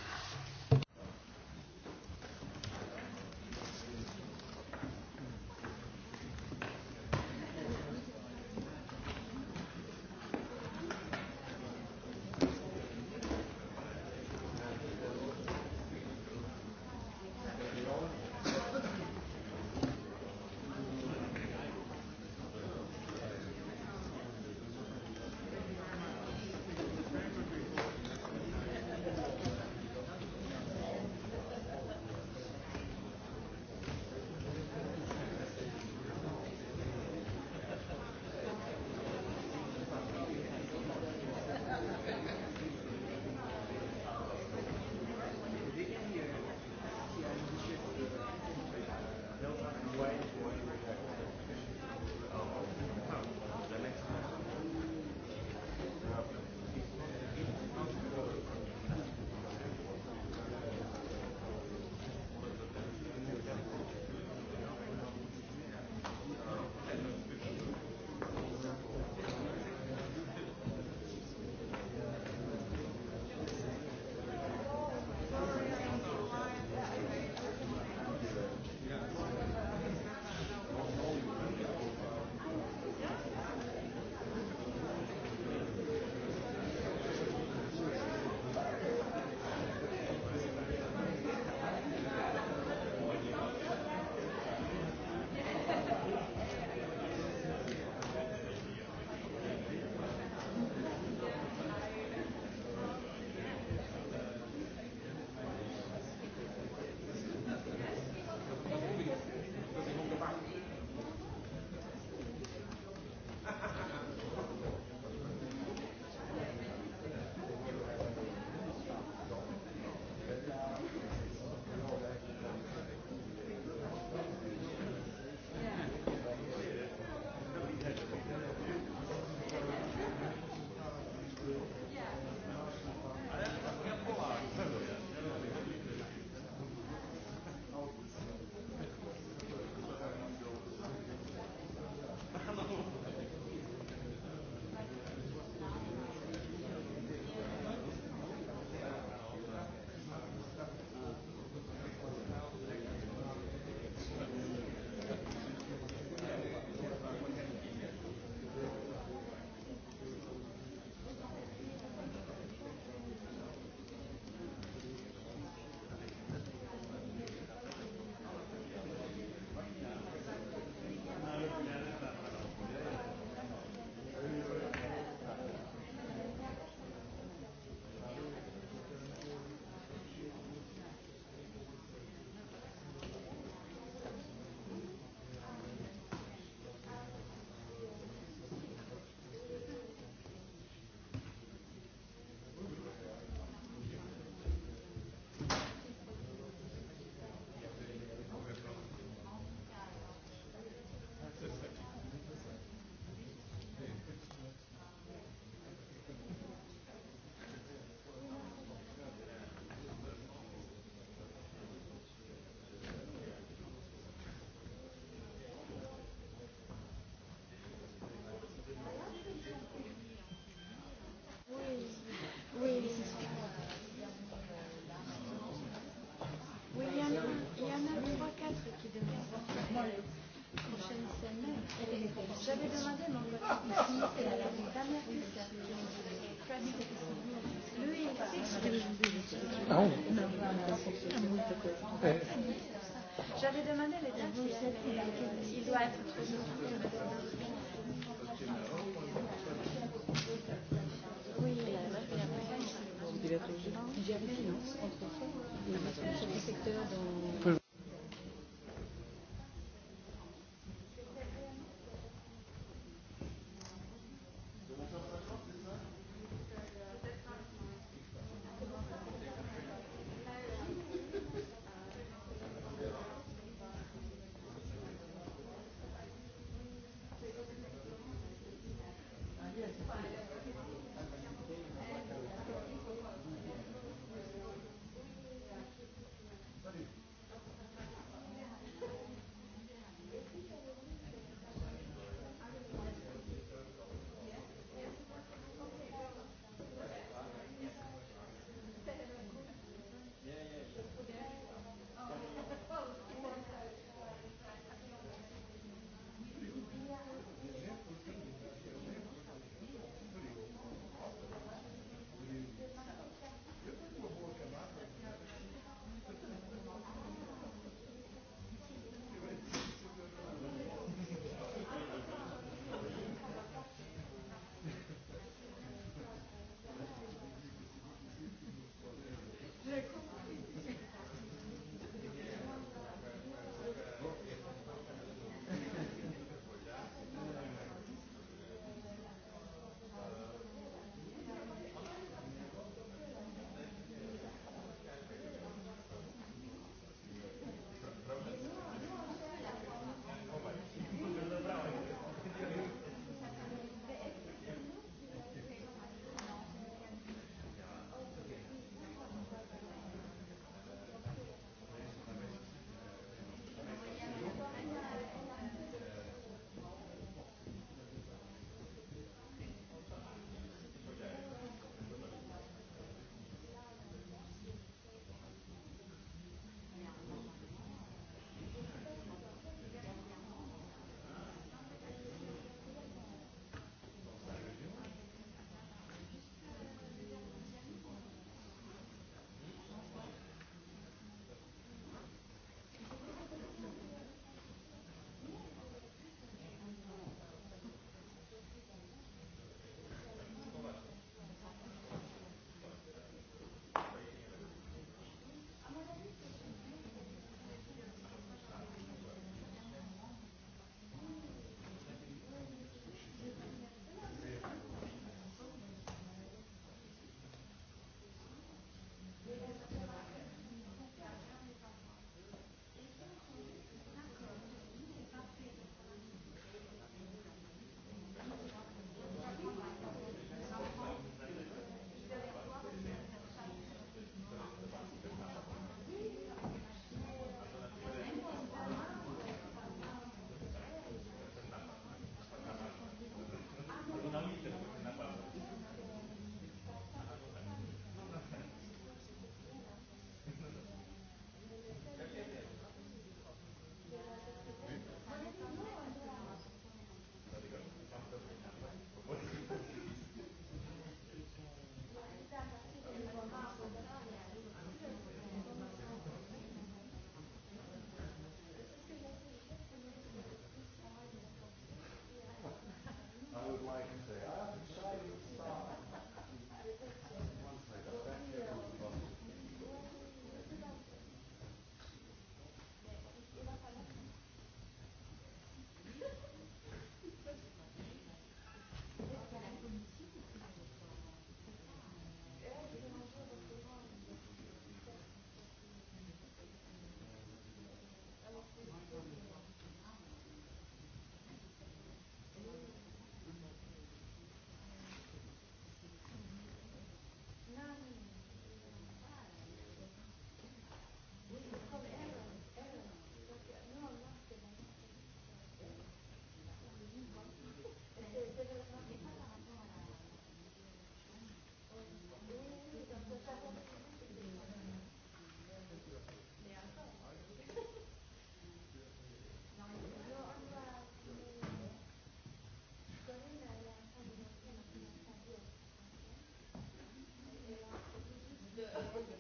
Köszönöm.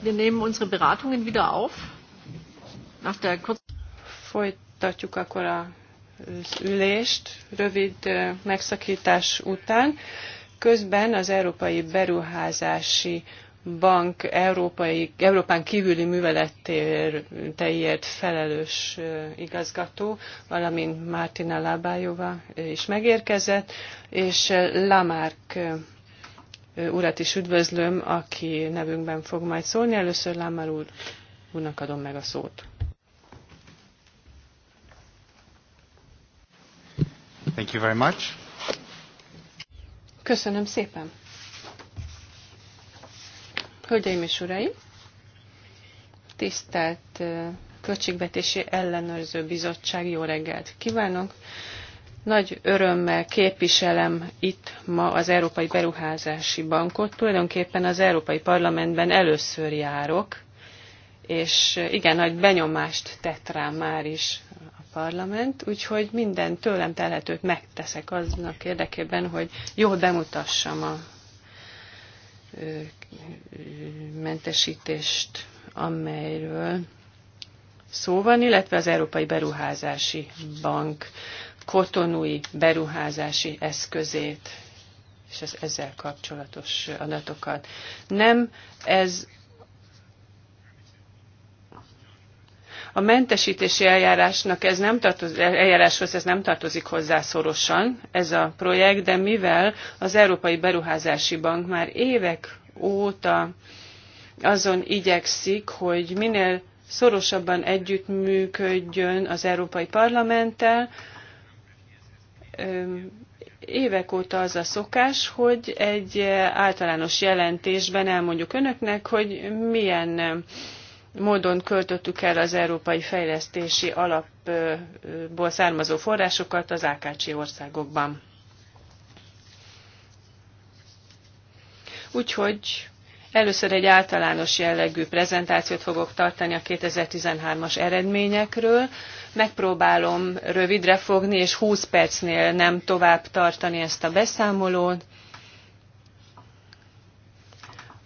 Wir nehmen unsere Beratungen wieder auf. Nach der Folytatjuk akkor az ülést rövid megszakítás után. Közben az Európai Beruházási Bank európai, Európán kívüli műveletteiért felelős igazgató, valamint Martina Labájova is megérkezett, és Lamarck urat is üdvözlöm, aki nevünkben fog majd szólni. Először Lámár úr, úrnak adom meg a szót. Thank you very much. Köszönöm szépen. Hölgyeim és uraim, tisztelt Költségvetési Ellenőrző Bizottság, jó reggelt kívánok! Nagy örömmel képviselem itt ma az Európai Beruházási Bankot. Tulajdonképpen az Európai Parlamentben először járok, és igen, nagy benyomást tett rám már is a parlament, úgyhogy minden tőlem telhetőt megteszek aznak érdekében, hogy jól bemutassam a mentesítést, amelyről szó van, illetve az Európai Beruházási Bank kotonui beruházási eszközét és az ezzel kapcsolatos adatokat. Nem ez a mentesítési eljárásnak ez nem tartozik, eljáráshoz ez nem tartozik hozzá szorosan, ez a projekt, de mivel az Európai Beruházási Bank már évek óta azon igyekszik, hogy minél szorosabban együttműködjön az Európai Parlamenttel, évek óta az a szokás, hogy egy általános jelentésben elmondjuk önöknek, hogy milyen módon költöttük el az Európai Fejlesztési Alapból származó forrásokat az Ákácsi országokban. Úgyhogy először egy általános jellegű prezentációt fogok tartani a 2013-as eredményekről, Megpróbálom rövidre fogni, és 20 percnél nem tovább tartani ezt a beszámolót.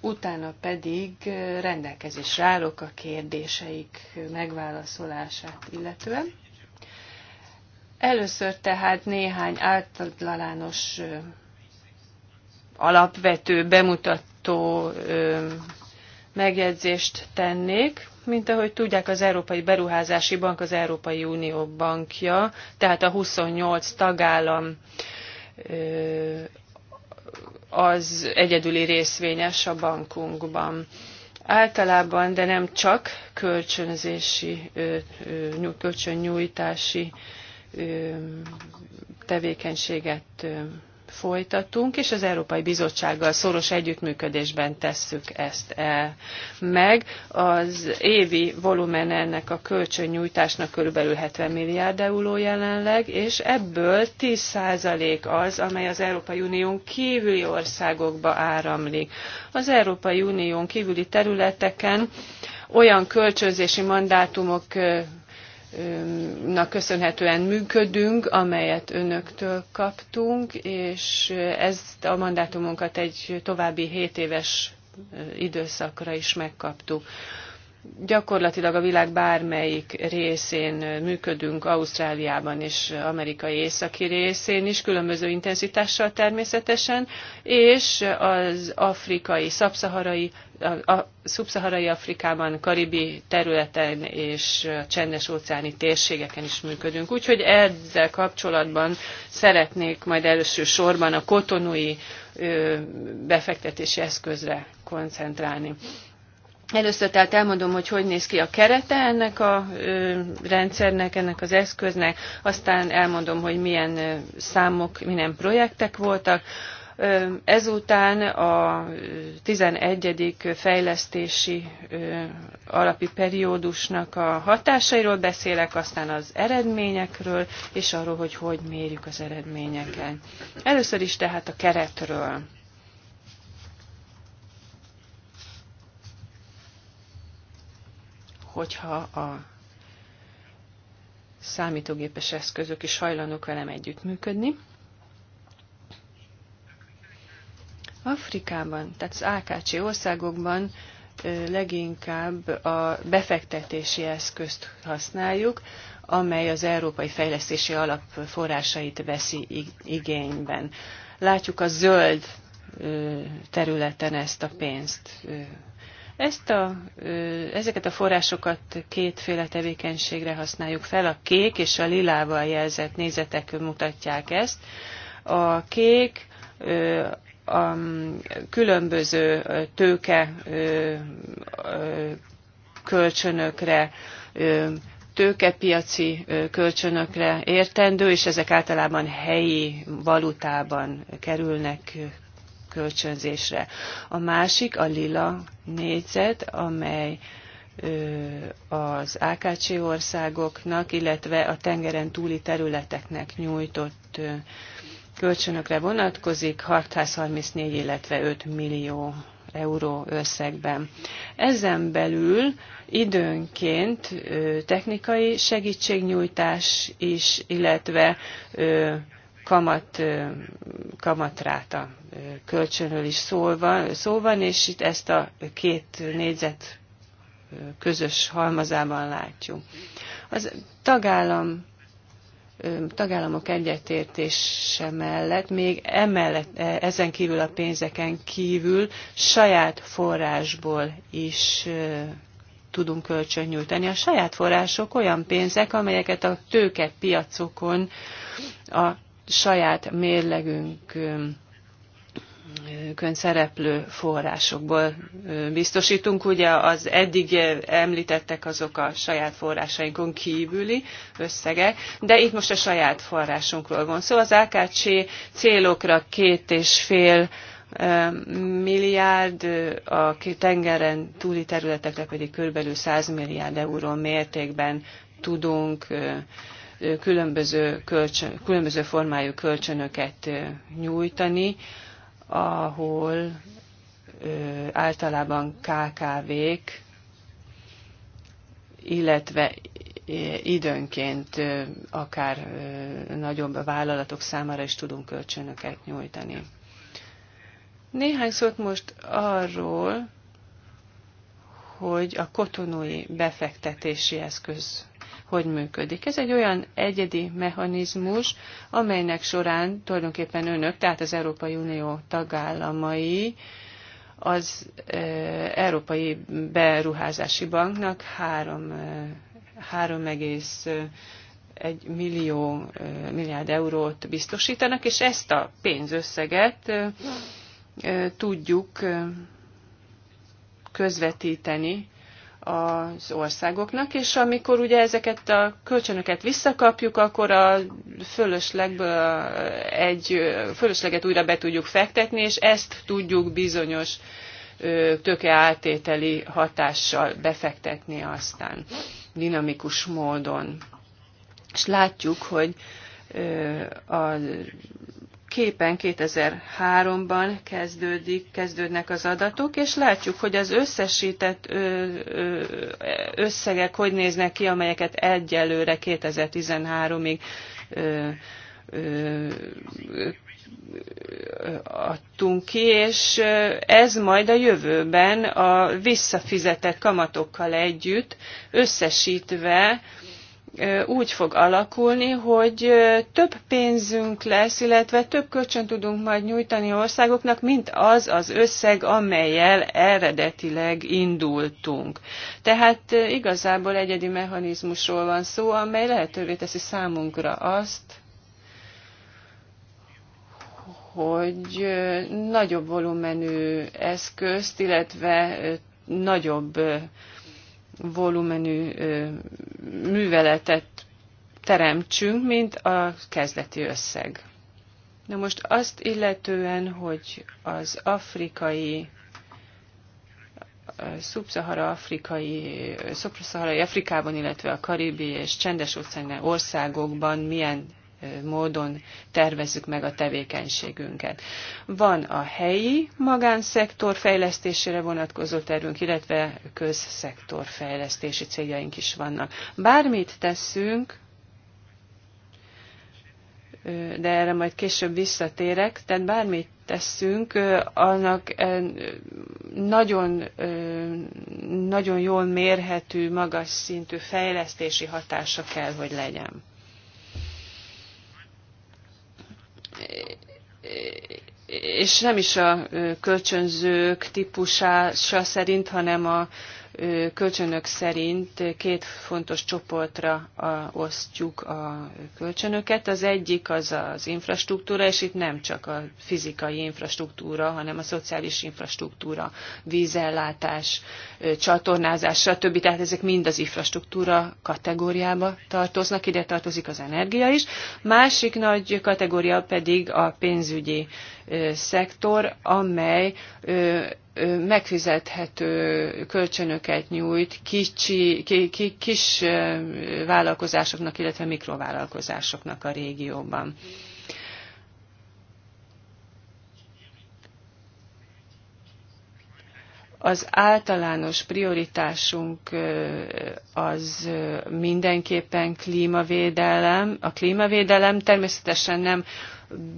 Utána pedig rendelkezésre állok a kérdéseik megválaszolását illetően. Először tehát néhány általános alapvető bemutató megjegyzést tennék. Mint ahogy tudják, az Európai Beruházási Bank az Európai Unió bankja, tehát a 28 tagállam az egyedüli részvényes a bankunkban. Általában, de nem csak kölcsönzési, kölcsönnyújtási tevékenységet folytatunk, és az Európai Bizottsággal szoros együttműködésben tesszük ezt meg. Az évi volumen ennek a kölcsönnyújtásnak körülbelül 70 milliárd euró jelenleg, és ebből 10% az, amely az Európai Unión kívüli országokba áramlik. Az Európai Unión kívüli területeken olyan kölcsönzési mandátumok köszönhetően működünk, amelyet önöktől kaptunk, és ezt a mandátumunkat egy további 7 éves időszakra is megkaptuk. Gyakorlatilag a világ bármelyik részén működünk, Ausztráliában és amerikai északi részén is, különböző intenzitással természetesen, és az afrikai, szabszaharai, a, szubszaharai Afrikában, karibi területen és csendes óceáni térségeken is működünk. Úgyhogy ezzel kapcsolatban szeretnék majd előső sorban a kotonui befektetési eszközre koncentrálni. Először tehát elmondom, hogy hogy néz ki a kerete ennek a rendszernek, ennek az eszköznek, aztán elmondom, hogy milyen számok, milyen projektek voltak. Ezután a 11. fejlesztési alapi periódusnak a hatásairól beszélek, aztán az eredményekről, és arról, hogy hogy mérjük az eredményeket. Először is tehát a keretről. hogyha a számítógépes eszközök is hajlandók velem együttműködni. Afrikában, tehát az AKC országokban leginkább a befektetési eszközt használjuk, amely az Európai Fejlesztési Alap forrásait veszi igényben. Látjuk a zöld területen ezt a pénzt ezt a, ezeket a forrásokat kétféle tevékenységre használjuk fel. A kék és a lilával jelzett nézetek mutatják ezt. A kék a különböző tőke kölcsönökre, tőkepiaci kölcsönökre értendő, és ezek általában helyi valutában kerülnek kölcsönzésre. A másik a lila négyzet, amely az AKC országoknak, illetve a tengeren túli területeknek nyújtott kölcsönökre vonatkozik 634, illetve 5 millió euró összegben. Ezen belül időnként technikai segítségnyújtás is, illetve kamat, kamatráta kölcsönről is szó van, szó van, és itt ezt a két négyzet közös halmazában látjuk. Az tagállam tagállamok egyetértése mellett, még emellett, e, ezen kívül a pénzeken kívül saját forrásból is tudunk kölcsön nyújtani. A saját források olyan pénzek, amelyeket a tőkepiacokon a saját mérlegünkön szereplő forrásokból biztosítunk. Ugye az eddig említettek azok a saját forrásainkon kívüli összegek, de itt most a saját forrásunkról van szó. Szóval az AKC célokra két és fél milliárd, a tengeren túli területekre pedig körülbelül 100 milliárd euró mértékben tudunk különböző, kölcsön, különböző formájú kölcsönöket nyújtani, ahol általában KKV-k, illetve időnként akár nagyobb vállalatok számára is tudunk kölcsönöket nyújtani. Néhány szót most arról, hogy a kotonói befektetési eszköz hogy működik. Ez egy olyan egyedi mechanizmus, amelynek során tulajdonképpen önök, tehát az Európai Unió tagállamai, az Európai Beruházási Banknak 3,1 millió milliárd eurót biztosítanak, és ezt a pénzösszeget tudjuk közvetíteni az országoknak, és amikor ugye ezeket a kölcsönöket visszakapjuk, akkor a fölöslegből egy fölösleget újra be tudjuk fektetni, és ezt tudjuk bizonyos töke átételi hatással befektetni aztán dinamikus módon. És látjuk, hogy a képen 2003-ban kezdődik, kezdődnek az adatok, és látjuk, hogy az összesített összegek hogy néznek ki, amelyeket egyelőre 2013-ig adtunk ki, és ez majd a jövőben a visszafizetett kamatokkal együtt összesítve úgy fog alakulni, hogy több pénzünk lesz, illetve több kölcsön tudunk majd nyújtani országoknak, mint az az összeg, amelyel eredetileg indultunk. Tehát igazából egyedi mechanizmusról van szó, amely lehetővé teszi számunkra azt, hogy nagyobb volumenű eszközt, illetve nagyobb volumenű műveletet teremtsünk, mint a kezdeti összeg. Na most azt illetően, hogy az afrikai, szubszahara afrikai, szubszaharai Afrikában, illetve a karibi és csendes óceáni országokban milyen módon tervezzük meg a tevékenységünket. Van a helyi magánszektor fejlesztésére vonatkozó tervünk, illetve közszektor fejlesztési céljaink is vannak. Bármit teszünk, de erre majd később visszatérek, tehát bármit tesszünk, annak eh, nagyon, eh, nagyon jól mérhető, magas szintű fejlesztési hatása kell, hogy legyen. és nem is a kölcsönzők típusása szerint, hanem a kölcsönök szerint két fontos csoportra osztjuk a kölcsönöket. Az egyik az az infrastruktúra, és itt nem csak a fizikai infrastruktúra, hanem a szociális infrastruktúra, vízellátás, csatornázás, stb. Tehát ezek mind az infrastruktúra kategóriába tartoznak, ide tartozik az energia is. Másik nagy kategória pedig a pénzügyi szektor, amely megfizethető kölcsönöket nyújt kicsi, ki, ki, kis vállalkozásoknak, illetve mikrovállalkozásoknak a régióban. Az általános prioritásunk az mindenképpen klímavédelem. A klímavédelem természetesen nem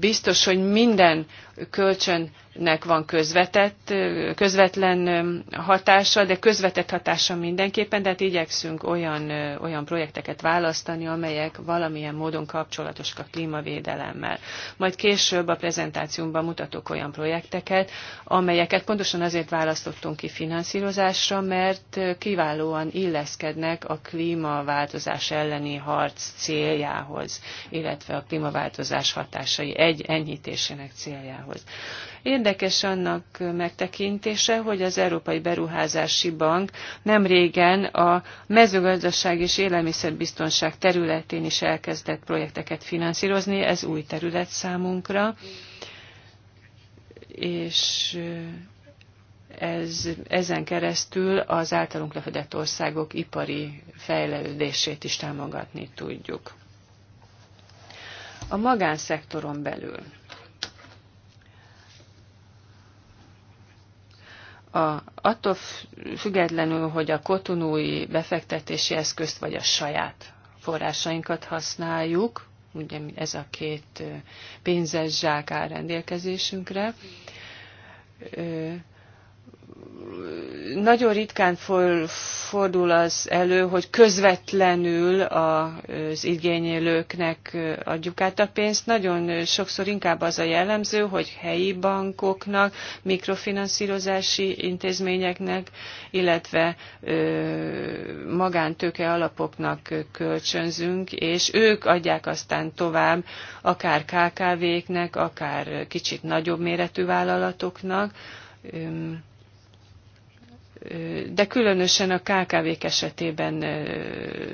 biztos, hogy minden kölcsönnek van közvetett, közvetlen hatása, de közvetett hatása mindenképpen, tehát igyekszünk olyan, olyan projekteket választani, amelyek valamilyen módon kapcsolatosak a klímavédelemmel. Majd később a prezentációmban mutatok olyan projekteket, amelyeket pontosan azért választottunk ki finanszírozásra, mert kiválóan illeszkednek a klímaváltozás elleni harc céljához, illetve a klímaváltozás hatása társai egy enyhítésének céljához. Érdekes annak megtekintése, hogy az Európai Beruházási Bank nem régen a mezőgazdaság és élelmiszerbiztonság területén is elkezdett projekteket finanszírozni, ez új terület számunkra, és ez, ezen keresztül az általunk lefedett országok ipari fejlődését is támogatni tudjuk a magánszektoron belül. a, attól függetlenül, hogy a kotonói befektetési eszközt vagy a saját forrásainkat használjuk, ugye ez a két pénzes zsák áll rendelkezésünkre, nagyon ritkán fordul az elő, hogy közvetlenül az igényelőknek adjuk át a pénzt. Nagyon sokszor inkább az a jellemző, hogy helyi bankoknak, mikrofinanszírozási intézményeknek, illetve magántőke alapoknak kölcsönzünk, és ők adják aztán tovább akár KKV-knek, akár kicsit nagyobb méretű vállalatoknak, de különösen a KKV-k esetében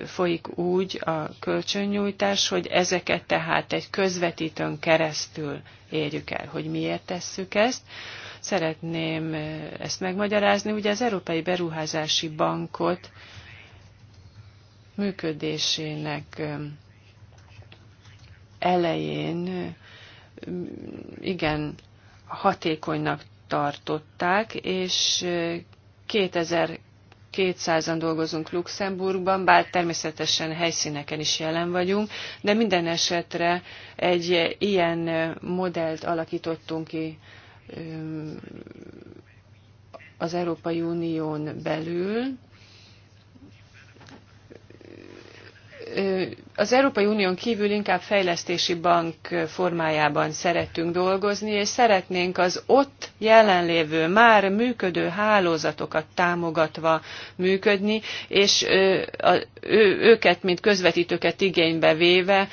folyik úgy a kölcsönnyújtás, hogy ezeket tehát egy közvetítőn keresztül érjük el, hogy miért tesszük ezt. Szeretném ezt megmagyarázni. Ugye az Európai Beruházási Bankot működésének elején igen hatékonynak tartották, és 2200-an dolgozunk Luxemburgban, bár természetesen helyszíneken is jelen vagyunk, de minden esetre egy ilyen modellt alakítottunk ki az Európai Unión belül, az Európai Unión kívül inkább fejlesztési bank formájában szeretünk dolgozni, és szeretnénk az ott jelenlévő, már működő hálózatokat támogatva működni, és őket, mint közvetítőket igénybe véve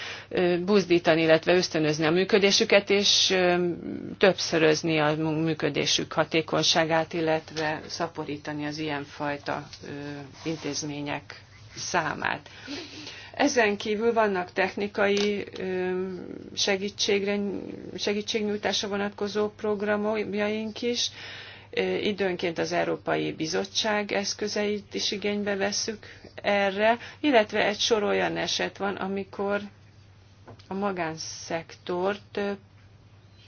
buzdítani, illetve ösztönözni a működésüket, és többszörözni a működésük hatékonyságát, illetve szaporítani az ilyenfajta intézmények számát. Ezen kívül vannak technikai segítségre, segítségnyújtásra vonatkozó programjaink is, időnként az Európai Bizottság eszközeit is igénybe vesszük erre, illetve egy sor olyan eset van, amikor a magánszektort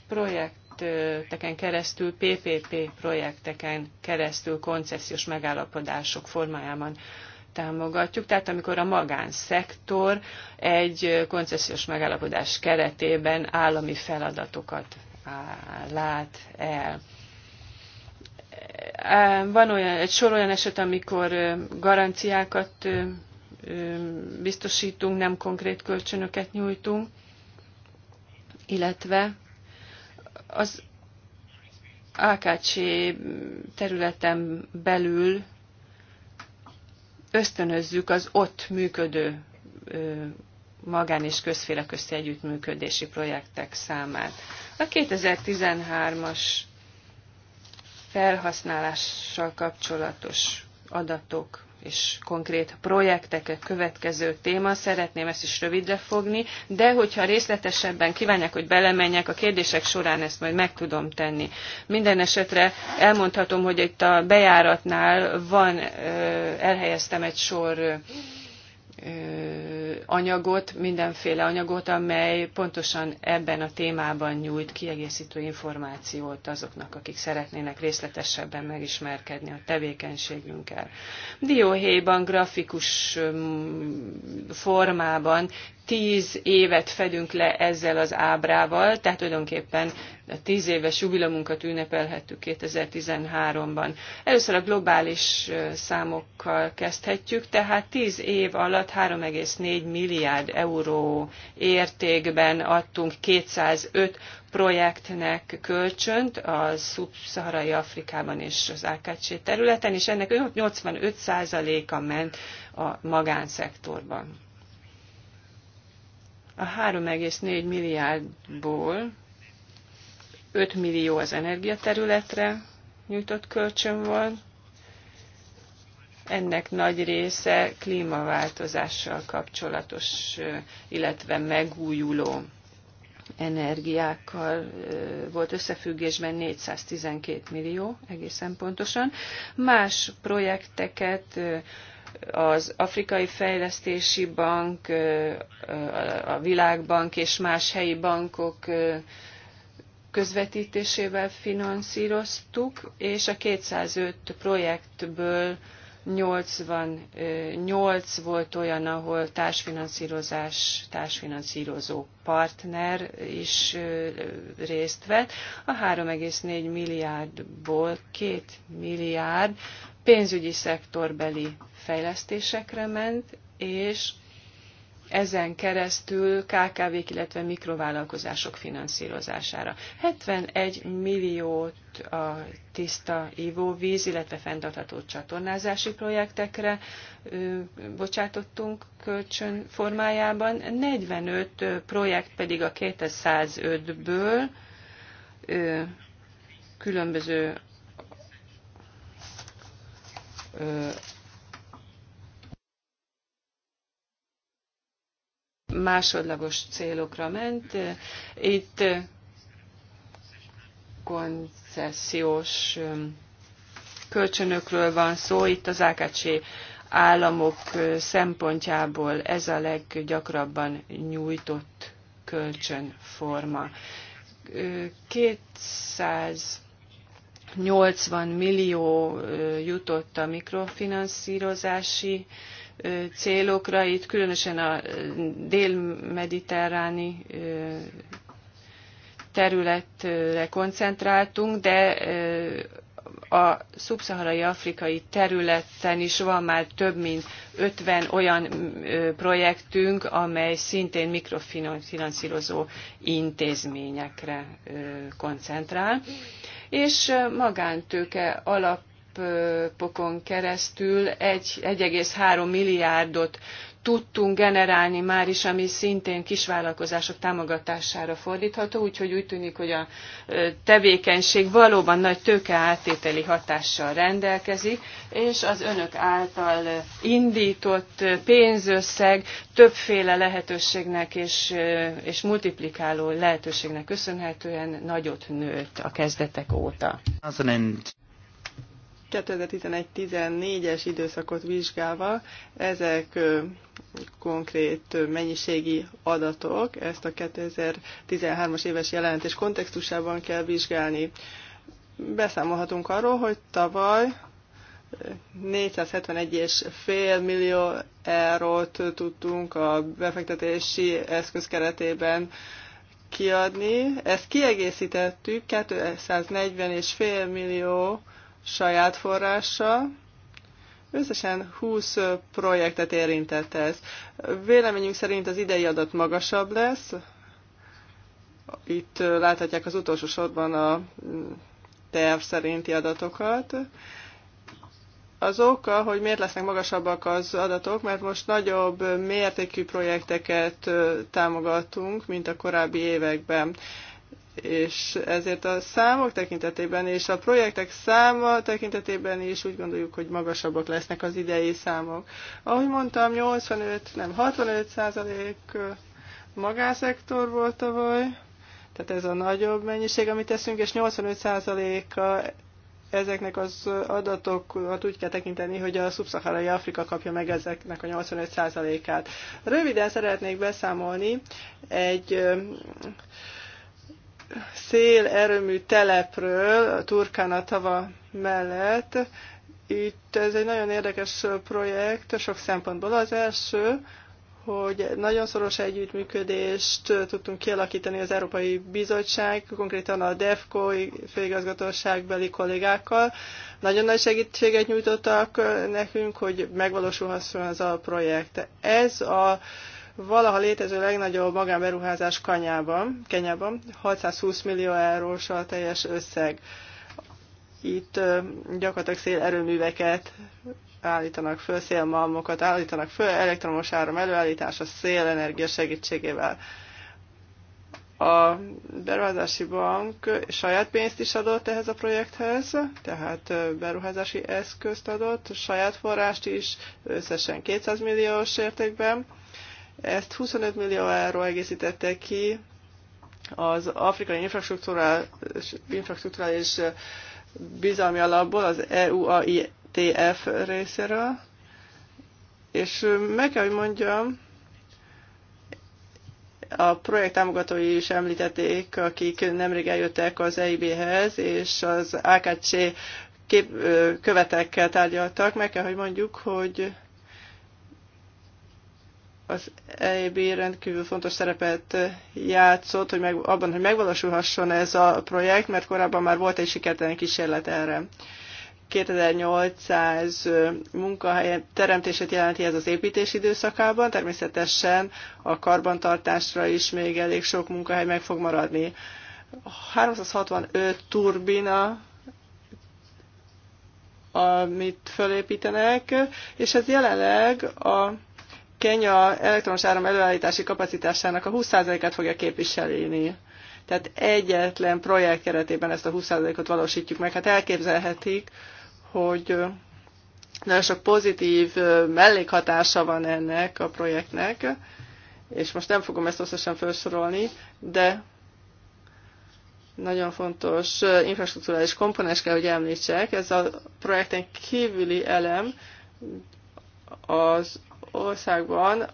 projekteken keresztül, PPP projekteken keresztül koncesziós megállapodások formájában támogatjuk. Tehát amikor a magánszektor egy koncesziós megállapodás keretében állami feladatokat lát el. Van olyan, egy sor olyan eset, amikor garanciákat biztosítunk, nem konkrét kölcsönöket nyújtunk, illetve az AKC területen belül ösztönözzük az ott működő magán és közféle közti együttműködési projektek számát. A 2013-as felhasználással kapcsolatos adatok és konkrét projektek következő téma, szeretném ezt is rövidre fogni, de hogyha részletesebben kívánják, hogy belemenjek, a kérdések során ezt majd meg tudom tenni. Minden esetre elmondhatom, hogy itt a bejáratnál van, elhelyeztem egy sor anyagot, mindenféle anyagot, amely pontosan ebben a témában nyújt kiegészítő információt azoknak, akik szeretnének részletesebben megismerkedni a tevékenységünkkel. Dióhéjban grafikus formában tíz évet fedünk le ezzel az ábrával, tehát tulajdonképpen tíz éves jubileumunkat ünnepelhettük 2013-ban. Először a globális számokkal kezdhetjük, tehát tíz év alatt 3,4 milliárd euró értékben adtunk 205 projektnek kölcsönt a szubszaharai Afrikában és az AKC területen, és ennek 85%-a ment a magánszektorban. A 3,4 milliárdból 5 millió az energiaterületre nyújtott kölcsön van, ennek nagy része klímaváltozással kapcsolatos, illetve megújuló energiákkal volt összefüggésben 412 millió egészen pontosan. Más projekteket az Afrikai Fejlesztési Bank, a Világbank és más helyi bankok közvetítésével finanszíroztuk, és a 205 projektből 88 volt olyan, ahol társfinanszírozás, társfinanszírozó partner is részt vett. A 3,4 milliárdból 2 milliárd pénzügyi szektorbeli fejlesztésekre ment, és ezen keresztül KKV-k, illetve mikrovállalkozások finanszírozására. 71 milliót a tiszta ivóvíz, illetve fenntartható csatornázási projektekre bocsátottunk kölcsön formájában, 45 projekt pedig a 205-ből különböző másodlagos célokra ment. Itt koncesziós um, kölcsönökről van szó, itt az AKC államok uh, szempontjából ez a leggyakrabban nyújtott kölcsönforma. 280 uh, millió uh, jutott a mikrofinanszírozási célokra, itt különösen a dél-mediterráni területre koncentráltunk, de a szubszaharai afrikai területen is van már több mint 50 olyan projektünk, amely szintén mikrofinanszírozó intézményekre koncentrál és magántőke alap alapokon keresztül 1,3 milliárdot tudtunk generálni már is, ami szintén kisvállalkozások támogatására fordítható, úgyhogy úgy tűnik, hogy a tevékenység valóban nagy tőke áttételi hatással rendelkezik, és az önök által indított pénzösszeg többféle lehetőségnek és, és multiplikáló lehetőségnek köszönhetően nagyot nőtt a kezdetek óta. 2011-14-es időszakot vizsgálva, ezek konkrét mennyiségi adatok, ezt a 2013-as éves jelentés kontextusában kell vizsgálni. Beszámolhatunk arról, hogy tavaly 471,5 millió eurót tudtunk a befektetési eszköz keretében kiadni. Ezt kiegészítettük 240,5 millió saját forrása, Összesen 20 projektet érintett ez. Véleményünk szerint az idei adat magasabb lesz. Itt láthatják az utolsó sorban a terv szerinti adatokat. Az oka, hogy miért lesznek magasabbak az adatok, mert most nagyobb mértékű projekteket támogatunk, mint a korábbi években és ezért a számok tekintetében és a projektek száma tekintetében is úgy gondoljuk, hogy magasabbak lesznek az idei számok. Ahogy mondtam, 85, nem 65 százalék magánszektor volt tavaly, tehát ez a nagyobb mennyiség, amit teszünk, és 85 százaléka ezeknek az adatokat úgy kell tekinteni, hogy a szubszaharai Afrika kapja meg ezeknek a 85 százalékát. Röviden szeretnék beszámolni egy szélerőmű telepről, Turkana tava mellett. Itt ez egy nagyon érdekes projekt sok szempontból. Az első, hogy nagyon szoros együttműködést tudtunk kialakítani az Európai Bizottság, konkrétan a DEFCO főigazgatóságbeli kollégákkal. Nagyon nagy segítséget nyújtottak nekünk, hogy megvalósulhasson ez a projekt. Ez a valaha létező legnagyobb magánberuházás Kanyában, Kenyában, 620 millió eurós a teljes összeg. Itt gyakorlatilag szélerőműveket állítanak föl, szélmalmokat állítanak föl, elektromos áram előállítása szélenergia segítségével. A beruházási bank saját pénzt is adott ehhez a projekthez, tehát beruházási eszközt adott, saját forrást is, összesen 200 milliós értékben ezt 25 millió euró egészítette ki az afrikai infrastruktúrális, bizalmi alapból, az EUAITF részéről, és meg kell, hogy mondjam, a projekt támogatói is említették, akik nemrég eljöttek az EIB-hez, és az AKC kép, követekkel tárgyaltak. Meg kell, hogy mondjuk, hogy az EIB rendkívül fontos szerepet játszott hogy meg, abban, hogy megvalósulhasson ez a projekt, mert korábban már volt egy sikertelen kísérlet erre. 2800 munkahely teremtését jelenti ez az építés időszakában, természetesen a karbantartásra is még elég sok munkahely meg fog maradni. 365 turbina amit fölépítenek, és ez jelenleg a Kenya elektromos áram előállítási kapacitásának a 20%-át fogja képviselni. Tehát egyetlen projekt keretében ezt a 20%-ot valósítjuk meg. Hát elképzelhetik, hogy nagyon sok pozitív mellékhatása van ennek a projektnek, és most nem fogom ezt hosszasan felsorolni, de nagyon fontos infrastruktúrális komponens kell, hogy említsek. Ez a projekten kívüli elem az országban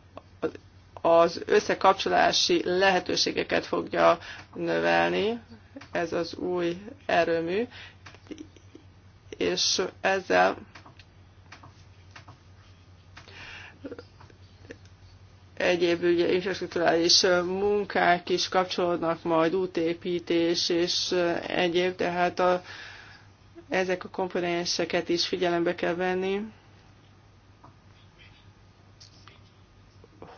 az összekapcsolási lehetőségeket fogja növelni ez az új erőmű, és ezzel egyéb ugye, infrastruktúrális munkák is kapcsolódnak majd, útépítés és egyéb, tehát a, ezek a komponenseket is figyelembe kell venni.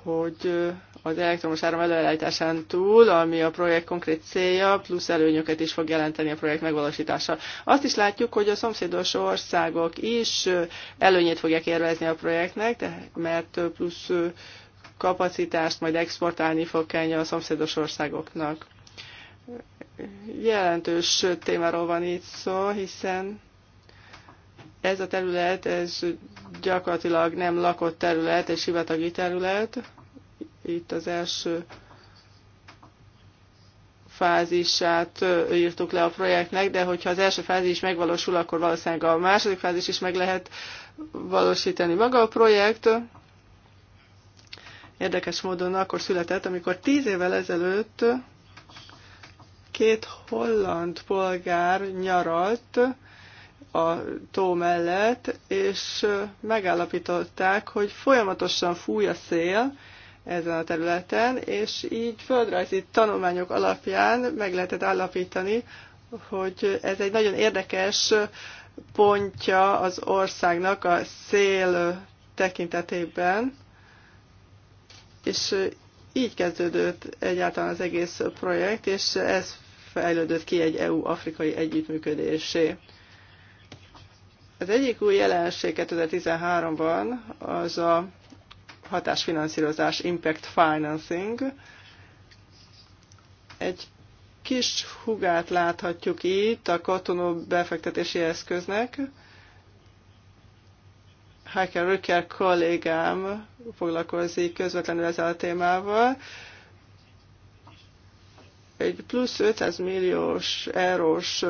hogy az elektromos áram előállításán túl, ami a projekt konkrét célja, plusz előnyöket is fog jelenteni a projekt megvalósítása. Azt is látjuk, hogy a szomszédos országok is előnyét fogják érvezni a projektnek, de, mert plusz kapacitást majd exportálni fog Kenya a szomszédos országoknak. Jelentős témáról van itt szó, hiszen ez a terület, ez gyakorlatilag nem lakott terület, egy sivatagi terület, itt az első fázisát írtuk le a projektnek, de hogyha az első fázis megvalósul, akkor valószínűleg a második fázis is meg lehet valósítani. Maga a projekt érdekes módon akkor született, amikor tíz évvel ezelőtt két holland polgár nyaralt a tó mellett, és megállapították, hogy folyamatosan fúj a szél, ezen a területen, és így földrajzi tanulmányok alapján meg lehetett állapítani, hogy ez egy nagyon érdekes pontja az országnak a szél tekintetében, és így kezdődött egyáltalán az egész projekt, és ez fejlődött ki egy EU-afrikai együttműködésé. Az egyik új jelenség 2013-ban az a hatásfinanszírozás, impact financing. Egy kis hugát láthatjuk itt a katonó befektetési eszköznek. Hacker Rücker kollégám foglalkozik közvetlenül ezzel a témával. Egy plusz 500 milliós eurós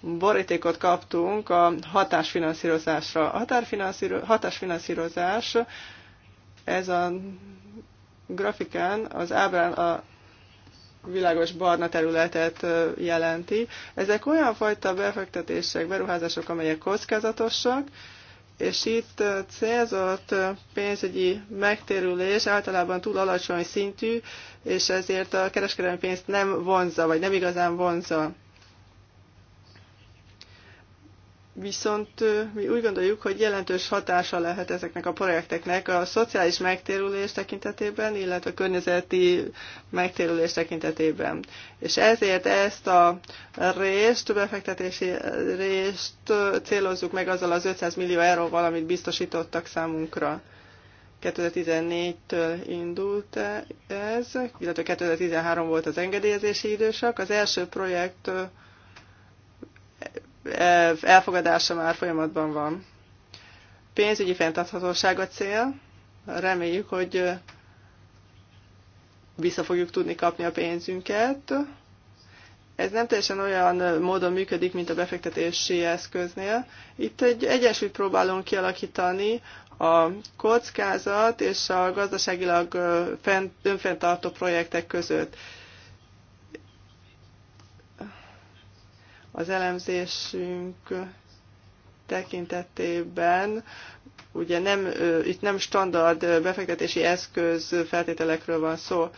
borítékot kaptunk a hatásfinanszírozásra. A hatásfinanszírozás ez a grafikán, az ábrán a világos barna területet jelenti. Ezek olyan fajta befektetések, beruházások, amelyek kockázatosak, és itt célzott pénzügyi megtérülés általában túl alacsony szintű, és ezért a kereskedelmi pénzt nem vonza, vagy nem igazán vonza. Viszont mi úgy gondoljuk, hogy jelentős hatása lehet ezeknek a projekteknek a szociális megtérülés tekintetében, illetve a környezeti megtérülés tekintetében. És ezért ezt a részt, befektetési részt célozzuk meg azzal az 500 millió euróval, amit biztosítottak számunkra. 2014-től indult e- ez, illetve 2013 volt az engedélyezési időszak. Az első projekt Eh, elfogadása már folyamatban van. Pénzügyi fenntarthatóság a cél. Reméljük, hogy eh, vissza fogjuk tudni kapni a pénzünket. Ez nem teljesen olyan módon működik, mint a befektetési eszköznél. Itt egy egyensúlyt próbálunk kialakítani a kockázat és a gazdaságilag eh, önfenntartó projektek között. Az elemzésünk tekintetében ugye nem, itt nem standard befektetési eszköz feltételekről van szó,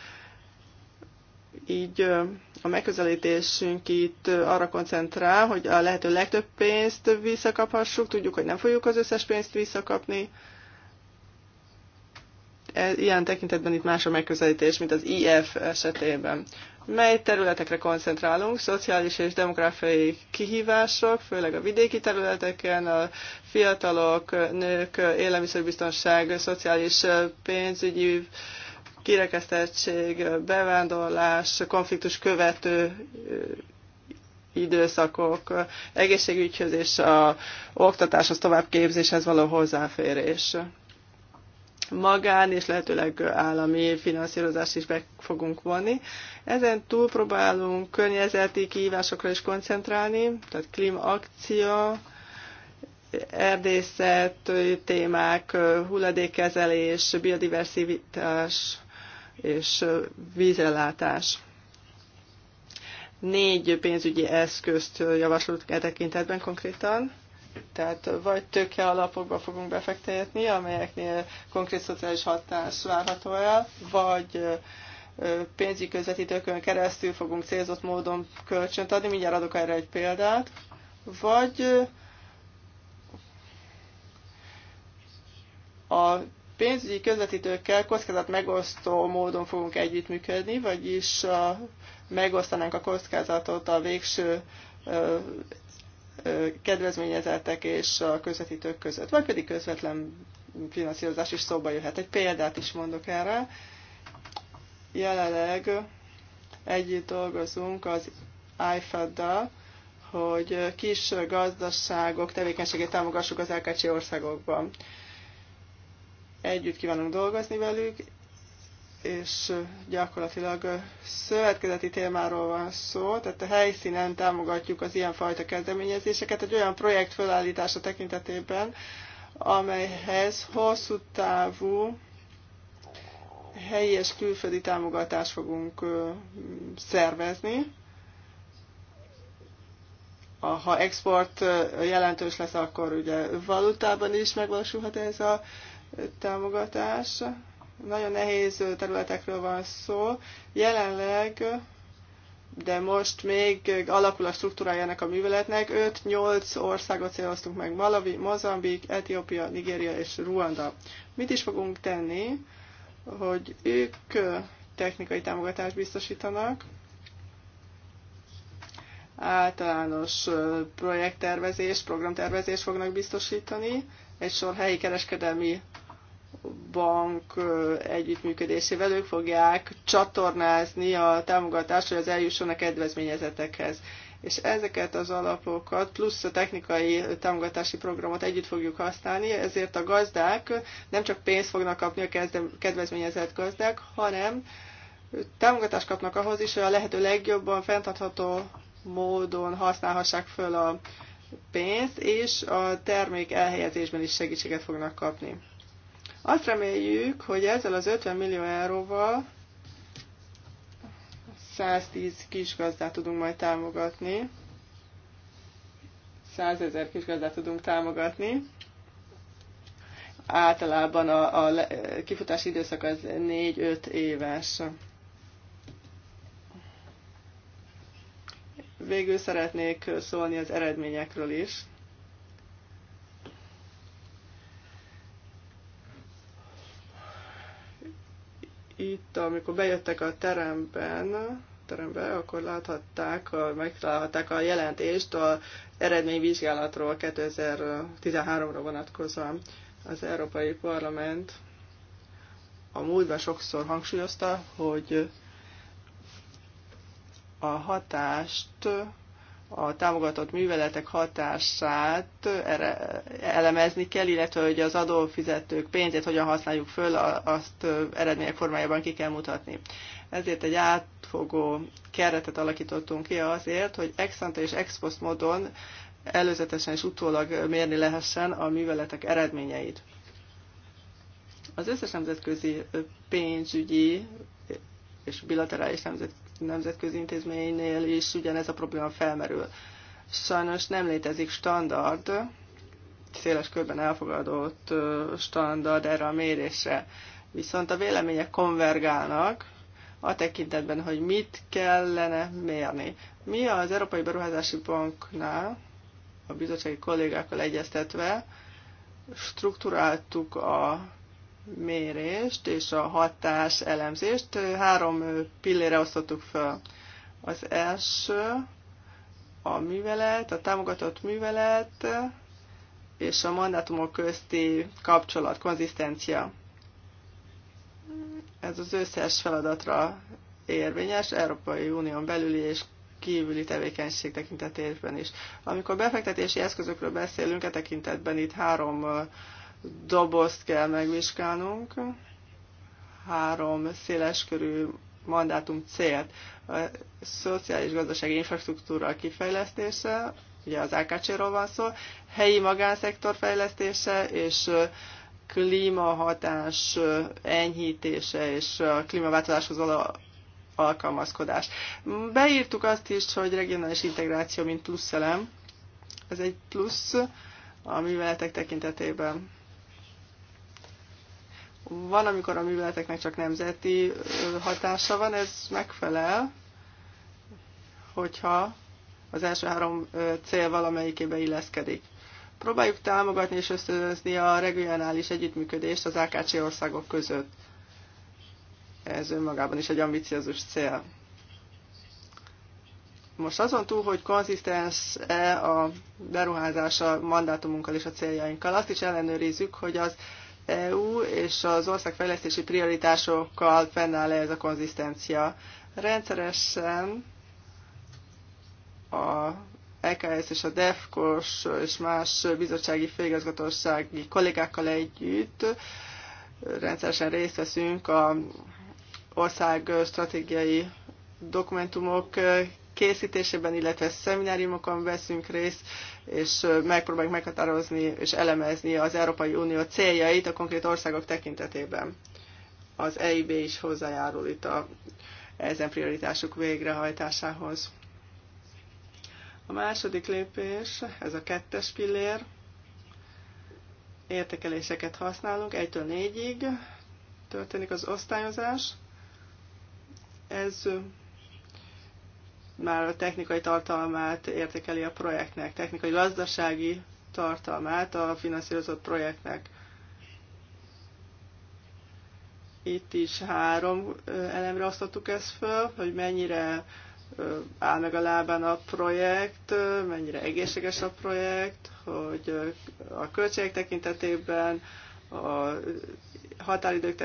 így a megközelítésünk itt arra koncentrál, hogy a lehető legtöbb pénzt visszakaphassuk, tudjuk, hogy nem fogjuk az összes pénzt visszakapni, E, ilyen tekintetben itt más a megközelítés, mint az IF esetében. Mely területekre koncentrálunk? Szociális és demográfiai kihívások, főleg a vidéki területeken, a fiatalok, nők, élelmiszerbiztonság, szociális e, pénzügyi kirekesztettség, bevándorlás, konfliktus követő e, időszakok, egészségügyhöz és a oktatáshoz, továbbképzéshez való hozzáférés magán és lehetőleg állami finanszírozást is be fogunk vonni. Ezen túl próbálunk környezeti kihívásokra is koncentrálni, tehát klímaakció, erdészet témák, hulladékkezelés, biodiversitás és vízellátás. Négy pénzügyi eszközt javaslott e tekintetben konkrétan tehát vagy tőke alapokba fogunk befektetni, amelyeknél konkrét szociális hatás várható el, vagy pénzügyi közvetítőkön keresztül fogunk célzott módon kölcsönt adni, mindjárt adok erre egy példát, vagy a pénzügyi közvetítőkkel kockázat megosztó módon fogunk együttműködni, vagyis megosztanánk a kockázatot a végső kedvezményezettek és a közvetítők között, vagy pedig közvetlen finanszírozás is szóba jöhet. Egy példát is mondok erre. Jelenleg együtt dolgozunk az IFAD-dal, hogy kis gazdaságok tevékenységét támogassuk az LKC országokban. Együtt kívánunk dolgozni velük, és gyakorlatilag szövetkezeti témáról van szó, tehát a helyszínen támogatjuk az ilyenfajta kezdeményezéseket egy olyan projekt felállítása tekintetében, amelyhez hosszú távú helyi és külföldi támogatást fogunk szervezni. Ha export jelentős lesz, akkor ugye valutában is megvalósulhat ez a támogatás. Nagyon nehéz területekről van szó. Jelenleg, de most még alakul a struktúrájának a műveletnek. 5-8 országot céloztunk meg. Malawi, Mozambik, Etiópia, Nigéria és Ruanda. Mit is fogunk tenni, hogy ők technikai támogatást biztosítanak, általános projekttervezés, programtervezés fognak biztosítani, egy sor helyi kereskedelmi bank együttműködésével ők fogják csatornázni a támogatást, hogy az eljusson a kedvezményezetekhez. És ezeket az alapokat plusz a technikai támogatási programot együtt fogjuk használni, ezért a gazdák nem csak pénzt fognak kapni a kedvezményezett gazdák, hanem támogatást kapnak ahhoz is, hogy a lehető legjobban fenntartható módon használhassák föl a pénzt, és a termék elhelyezésben is segítséget fognak kapni. Azt reméljük, hogy ezzel az 50 millió euróval 110 kisgazdát tudunk majd támogatni, 100 ezer kisgazdát tudunk támogatni. Általában a, a kifutási időszak az 4-5 éves. Végül szeretnék szólni az eredményekről is. itt, amikor bejöttek a teremben, terembe, akkor láthatták, megtalálhatták a jelentést a eredményvizsgálatról 2013-ra vonatkozóan. Az Európai Parlament a múltban sokszor hangsúlyozta, hogy a hatást a támogatott műveletek hatását erre elemezni kell, illetve hogy az adófizetők pénzét hogyan használjuk föl, azt eredmények formájában ki kell mutatni. Ezért egy átfogó keretet alakítottunk ki azért, hogy ex ante és ex post módon előzetesen és utólag mérni lehessen a műveletek eredményeit. Az összes nemzetközi pénzügyi és bilaterális nemzetközi nemzetközi intézménynél is ugyanez a probléma felmerül. Sajnos nem létezik standard, széles körben elfogadott standard erre a mérésre. Viszont a vélemények konvergálnak a tekintetben, hogy mit kellene mérni. Mi az Európai Beruházási Banknál, a bizottsági kollégákkal egyeztetve, strukturáltuk a mérést és a hatás elemzést. Három pillére osztottuk fel. Az első a művelet, a támogatott művelet és a mandátumok közti kapcsolat, konzisztencia. Ez az összes feladatra érvényes, Európai Unión belüli és kívüli tevékenység tekintetében is. Amikor befektetési eszközökről beszélünk, e tekintetben itt három dobozt kell megvizsgálnunk, három széleskörű mandátum célt. A szociális gazdasági infrastruktúra kifejlesztése, ugye az AKC-ról van szó, helyi magánszektor fejlesztése és klímahatás enyhítése és a klímaváltozáshoz való alkalmazkodás. Beírtuk azt is, hogy regionális integráció, mint plusz elem. Ez egy plusz a műveletek tekintetében. Van, amikor a műveleteknek csak nemzeti hatása van, ez megfelel, hogyha az első három cél valamelyikébe illeszkedik. Próbáljuk támogatni és ösztönözni a regionális együttműködést az AKC országok között. Ez önmagában is egy ambiciózus cél. Most azon túl, hogy konzisztens-e a beruházása mandátumunkkal és a céljainkkal, azt is ellenőrizzük, hogy az EU és az országfejlesztési prioritásokkal fennáll-e ez a konzisztencia. Rendszeresen a EKS és a DEFKOS és más bizottsági főigazgatósági kollégákkal együtt rendszeresen részt veszünk a ország stratégiai dokumentumok készítésében, illetve szemináriumokon veszünk részt, és megpróbáljuk meghatározni és elemezni az Európai Unió céljait a konkrét országok tekintetében. Az EIB is hozzájárul itt a, ezen prioritások végrehajtásához. A második lépés, ez a kettes pillér, értékeléseket használunk, 1-től 4-ig történik az osztályozás. Ez már a technikai tartalmát értékeli a projektnek, technikai gazdasági tartalmát a finanszírozott projektnek. Itt is három elemre osztottuk ezt föl, hogy mennyire áll meg a lábán a projekt, mennyire egészséges a projekt, hogy a költségek tekintetében, a határidők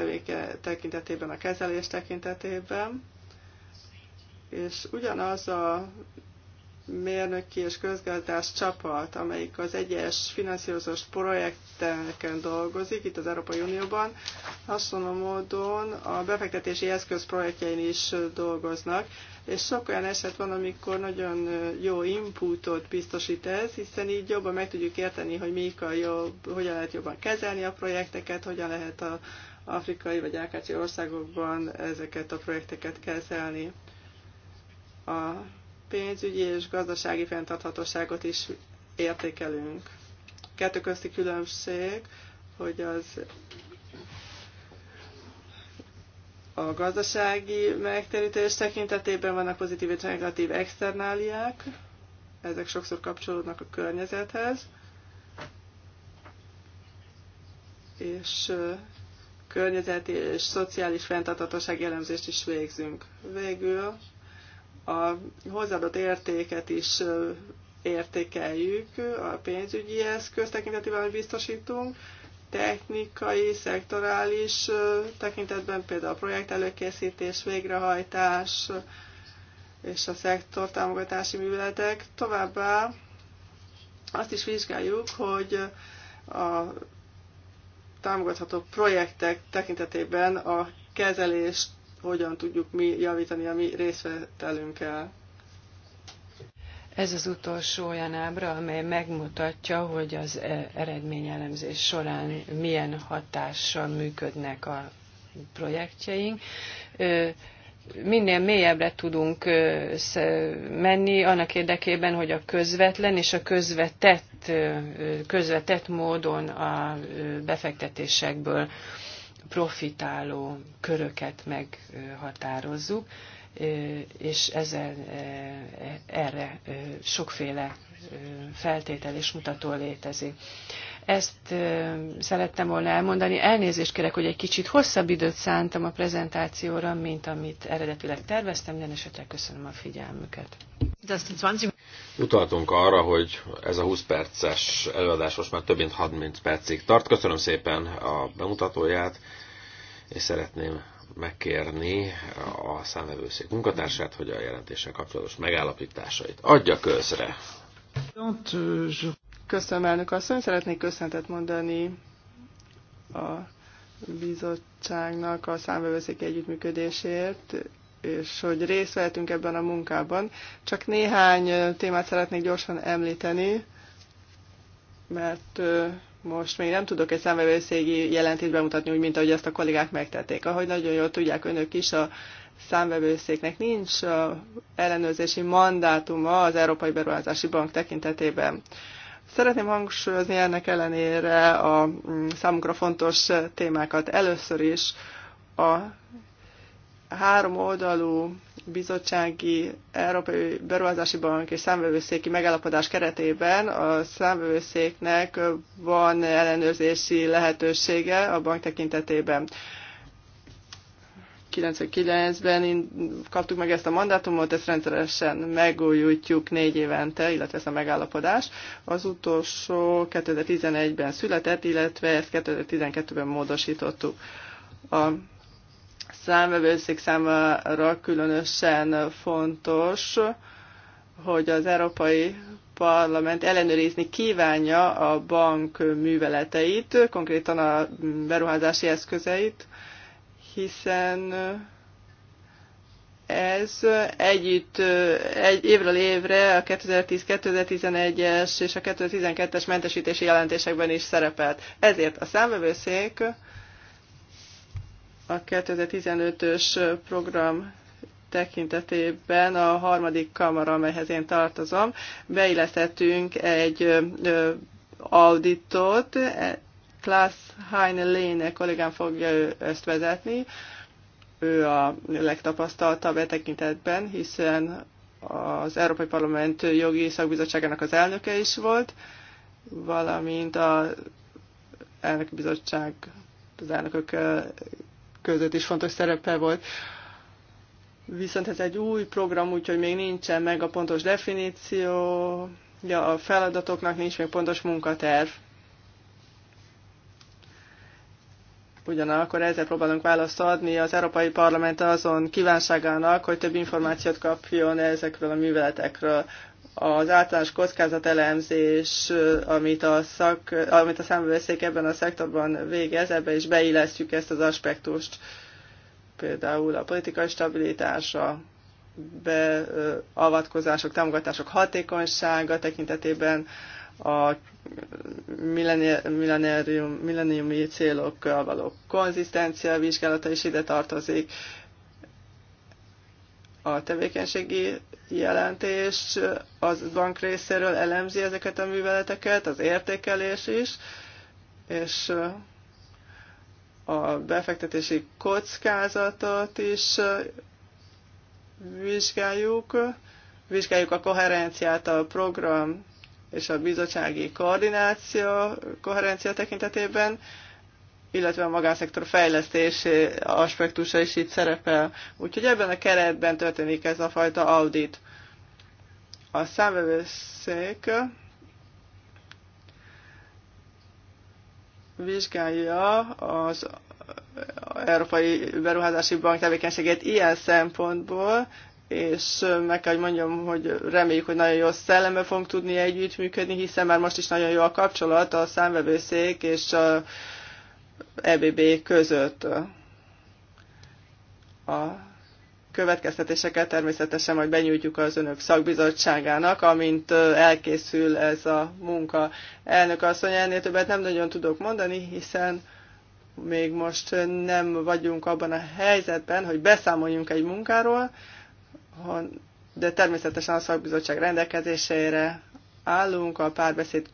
tekintetében, a kezelés tekintetében és ugyanaz a mérnöki és közgazdás csapat, amelyik az egyes finanszírozós projekteken dolgozik itt az Európai Unióban, hasonló módon a befektetési eszköz projektjein is dolgoznak, és sok olyan eset van, amikor nagyon jó inputot biztosít ez, hiszen így jobban meg tudjuk érteni, hogy mik a jobb, hogyan lehet jobban kezelni a projekteket, hogyan lehet a afrikai vagy ákácsi országokban ezeket a projekteket kezelni a pénzügyi és gazdasági fenntarthatóságot is értékelünk. Kettő közti különbség, hogy az a gazdasági megterítés tekintetében vannak pozitív és negatív externáliák, ezek sokszor kapcsolódnak a környezethez, és környezeti és szociális fenntarthatóság jellemzést is végzünk. Végül a hozzáadott értéket is értékeljük, a pénzügyi eszköz tekintetében biztosítunk, technikai, szektorális tekintetben például a projekt előkészítés, végrehajtás és a szektor támogatási műveletek. Továbbá azt is vizsgáljuk, hogy a támogatható projektek tekintetében a kezelést hogyan tudjuk mi javítani a mi részvételünkkel. Ez az utolsó olyan ábra, amely megmutatja, hogy az e- eredményelemzés során milyen hatással működnek a projektjeink. Minél mélyebbre tudunk menni annak érdekében, hogy a közvetlen és a közvetett, közvetett módon a befektetésekből profitáló köröket meghatározzuk, és ezzel erre sokféle feltétel és mutató létezik. Ezt szerettem volna elmondani. Elnézést kérek, hogy egy kicsit hosszabb időt szántam a prezentációra, mint amit eredetileg terveztem, de esetleg köszönöm a figyelmüket. Utaltunk arra, hogy ez a 20 perces előadás most már több mint 30 percig tart. Köszönöm szépen a bemutatóját, és szeretném megkérni a számvevőszék munkatársát, hogy a jelentéssel kapcsolatos megállapításait adja közre. Euh, Köszönöm, elnök asszony. Szeretnék köszöntet mondani a bizottságnak a számbevőszék együttműködésért, és hogy részt vehetünk ebben a munkában. Csak néhány témát szeretnék gyorsan említeni, mert most még nem tudok egy számvevőszégi jelentést bemutatni, úgy, mint ahogy ezt a kollégák megtették. Ahogy nagyon jól tudják önök is, a számvevőszéknek nincs ellenőrzési mandátuma az Európai Beruházási Bank tekintetében. Szeretném hangsúlyozni ennek ellenére a mm, számunkra fontos témákat. Először is a három oldalú bizottsági Európai Beruházási Bank és számvevőszéki megállapodás keretében a számvevőszéknek van ellenőrzési lehetősége a bank tekintetében. 99-ben kaptuk meg ezt a mandátumot, ezt rendszeresen megújítjuk négy évente, illetve ez a megállapodás. Az utolsó 2011-ben született, illetve ezt 2012-ben módosítottuk. A számvevőszék számára különösen fontos, hogy az Európai Parlament ellenőrizni kívánja a bank műveleteit, konkrétan a beruházási eszközeit, hiszen ez együtt egy évről évre a 2010-2011-es és a 2012-es mentesítési jelentésekben is szerepelt. Ezért a számvevőszék a 2015-ös program tekintetében a harmadik kamara, amelyhez én tartozom, beillesztettünk egy auditot, Klaas Heine Léne kollégám fogja ezt vezetni. Ő a legtapasztaltabb e tekintetben, hiszen az Európai Parlament jogi szakbizottságának az elnöke is volt, valamint a elnöki bizottság az elnökök között is fontos szerepe volt. Viszont ez egy új program, úgyhogy még nincsen meg a pontos definíció, ja, a feladatoknak nincs még pontos munkaterv. Ugyanakkor ezzel próbálunk választ adni az Európai Parlament azon kívánságának, hogy több információt kapjon ezekről a műveletekről. Az általános elemzés, amit a, szak, amit a számbeveszék ebben a szektorban végez, ebbe is beillesztjük ezt az aspektust. Például a politikai stabilitása, beavatkozások, támogatások hatékonysága tekintetében a millennium, millenniumi célokkal való konzisztencia vizsgálata is ide tartozik. A tevékenységi jelentés az bank részéről elemzi ezeket a műveleteket, az értékelés is, és a befektetési kockázatot is vizsgáljuk, vizsgáljuk a koherenciát a program és a bizottsági koordináció, koherencia tekintetében, illetve a magánszektor fejlesztési aspektusa is itt szerepel. Úgyhogy ebben a keretben történik ez a fajta audit. A számvevőszék vizsgálja az Európai Beruházási Bank tevékenységét ilyen szempontból, és meg kell, hogy mondjam, hogy reméljük, hogy nagyon jó szellemben fogunk tudni együttműködni, hiszen már most is nagyon jó a kapcsolat a számvevőszék és a EBB között. A következtetéseket természetesen majd benyújtjuk az önök szakbizottságának, amint elkészül ez a munka. Elnök asszony, ennél többet nem nagyon tudok mondani, hiszen még most nem vagyunk abban a helyzetben, hogy beszámoljunk egy munkáról, de természetesen a szakbizottság rendelkezésére állunk a párbeszéd